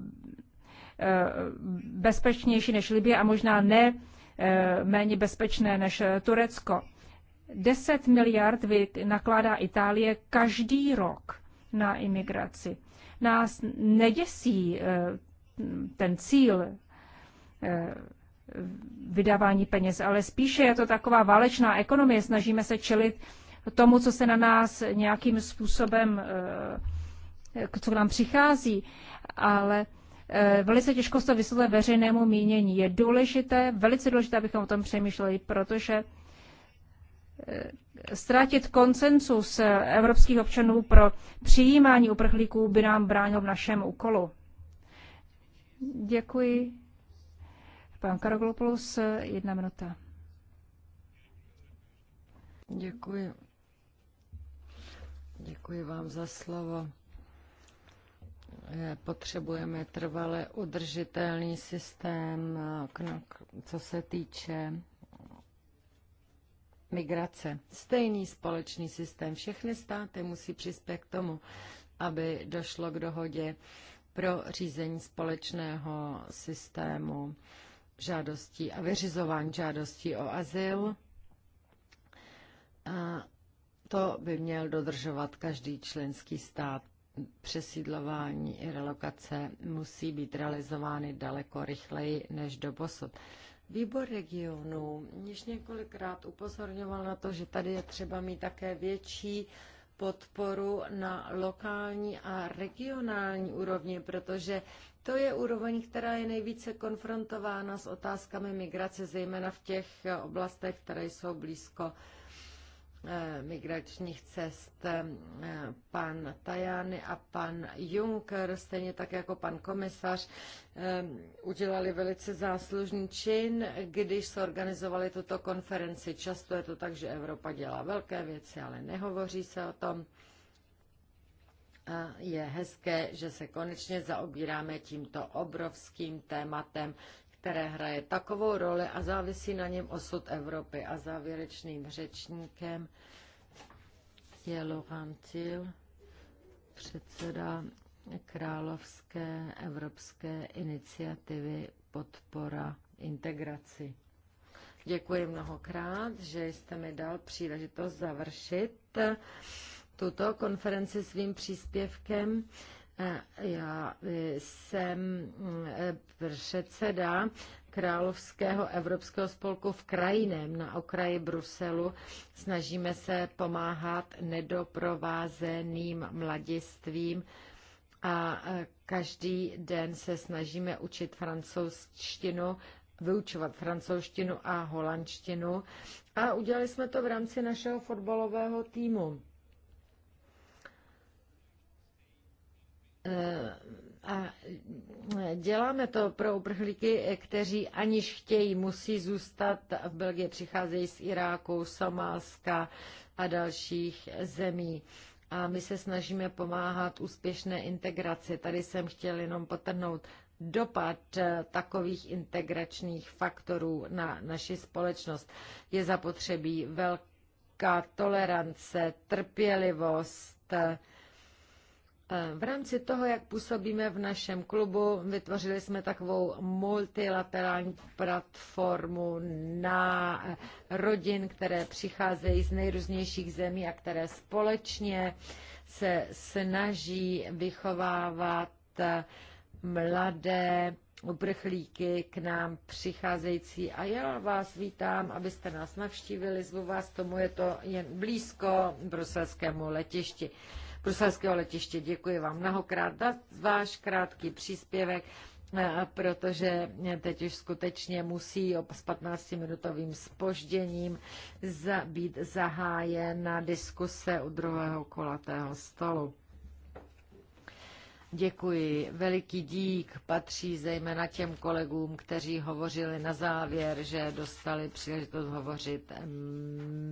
bezpečnější než Libie a možná ne eh, méně bezpečné než Turecko. 10 miliard nakládá Itálie každý rok na imigraci. Nás neděsí ten cíl eh, vydávání peněz, ale spíše je to taková válečná ekonomie. Snažíme se čelit tomu, co se na nás nějakým způsobem, eh, co nám přichází, ale eh, velice těžko se vysvětluje veřejnému mínění. Je důležité, velice důležité, abychom o tom přemýšleli, protože ztratit koncensus evropských občanů pro přijímání uprchlíků by nám bránil v našem úkolu. Děkuji. Pán Karoglopoulos, jedna minuta. Děkuji. Děkuji vám za slovo. Potřebujeme trvale udržitelný systém, co se týče migrace. Stejný společný systém. Všechny státy musí přispět k tomu, aby došlo k dohodě pro řízení společného systému žádostí a vyřizování žádostí o azyl. A to by měl dodržovat každý členský stát. Přesídlování i relokace musí být realizovány daleko rychleji než do posud. Výbor regionů již několikrát upozorňoval na to, že tady je třeba mít také větší podporu na lokální a regionální úrovni, protože to je úroveň, která je nejvíce konfrontována s otázkami migrace, zejména v těch oblastech, které jsou blízko Eh, migračních cest eh, pan Tajany a pan Juncker, stejně tak jako pan komisař, eh, udělali velice záslužný čin, když se organizovali tuto konferenci. Často je to tak, že Evropa dělá velké věci, ale nehovoří se o tom. je hezké, že se konečně zaobíráme tímto obrovským tématem, které hraje takovou roli a závisí na něm osud Evropy. A závěrečným řečníkem je Laurent Thiel, předseda Královské evropské iniciativy Podpora integraci. Děkuji mnohokrát, že jste mi dal příležitost završit tuto konferenci svým příspěvkem. Já eh, jsem eh, předseda Královského evropského spolku v krajiném na okraji Bruselu. Snažíme se pomáhat nedoprovázeným mladistvím a eh, každý den se snažíme učit francouzštinu, vyučovat francouzštinu a holandštinu. A udělali jsme to v rámci našeho fotbalového týmu. Eh, a eh, děláme to pro uprchlíky, kteří aniž chtějí, musí zůstat v Belgii, přicházejí z Iráku, Somálska a dalších zemí. A my se snažíme pomáhat úspěšné integraci. Tady jsem chtěl jenom potrhnout dopad eh, takových integračních faktorů na naši společnost. Je zapotřebí velká tolerance, trpělivost, E, v rámci toho, jak působíme v našem klubu, vytvořili jsme takovou multilaterální platformu na e, rodin, které přicházejí z nejrůznějších zemí a které společně se snaží vychovávat e, mladé uprchlíky k nám přicházející. A já vás vítám, abyste nás navštívili, zvu vás, tomu je to jen blízko bruselskému letišti bruselského letiště. Děkuji vám mnohokrát za váš krátký příspěvek eh, protože teď už skutečně musí s 15-minutovým spožděním být zahájena diskuse u druhého kolatého stolu. Děkuji. Veliký dík patří zejména těm kolegům, kteří hovořili na závěr, že dostali příležitost hovořit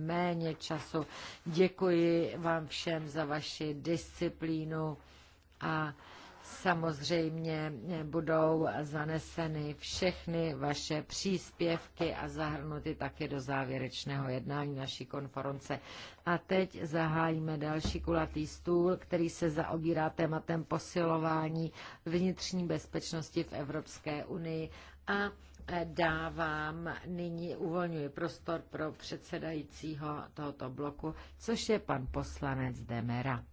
méně času. Děkuji vám všem za vaši disciplínu a Samozřejmě budou zaneseny všechny vaše příspěvky a zahrnuty také do závěrečného jednání naší konference. A teď zahájíme další kulatý stůl, který se zaobírá tématem posilování vnitřní bezpečnosti v Evropské unii a dávám nyní, uvolňuji prostor pro předsedajícího tohoto bloku, což je pan poslanec Demera.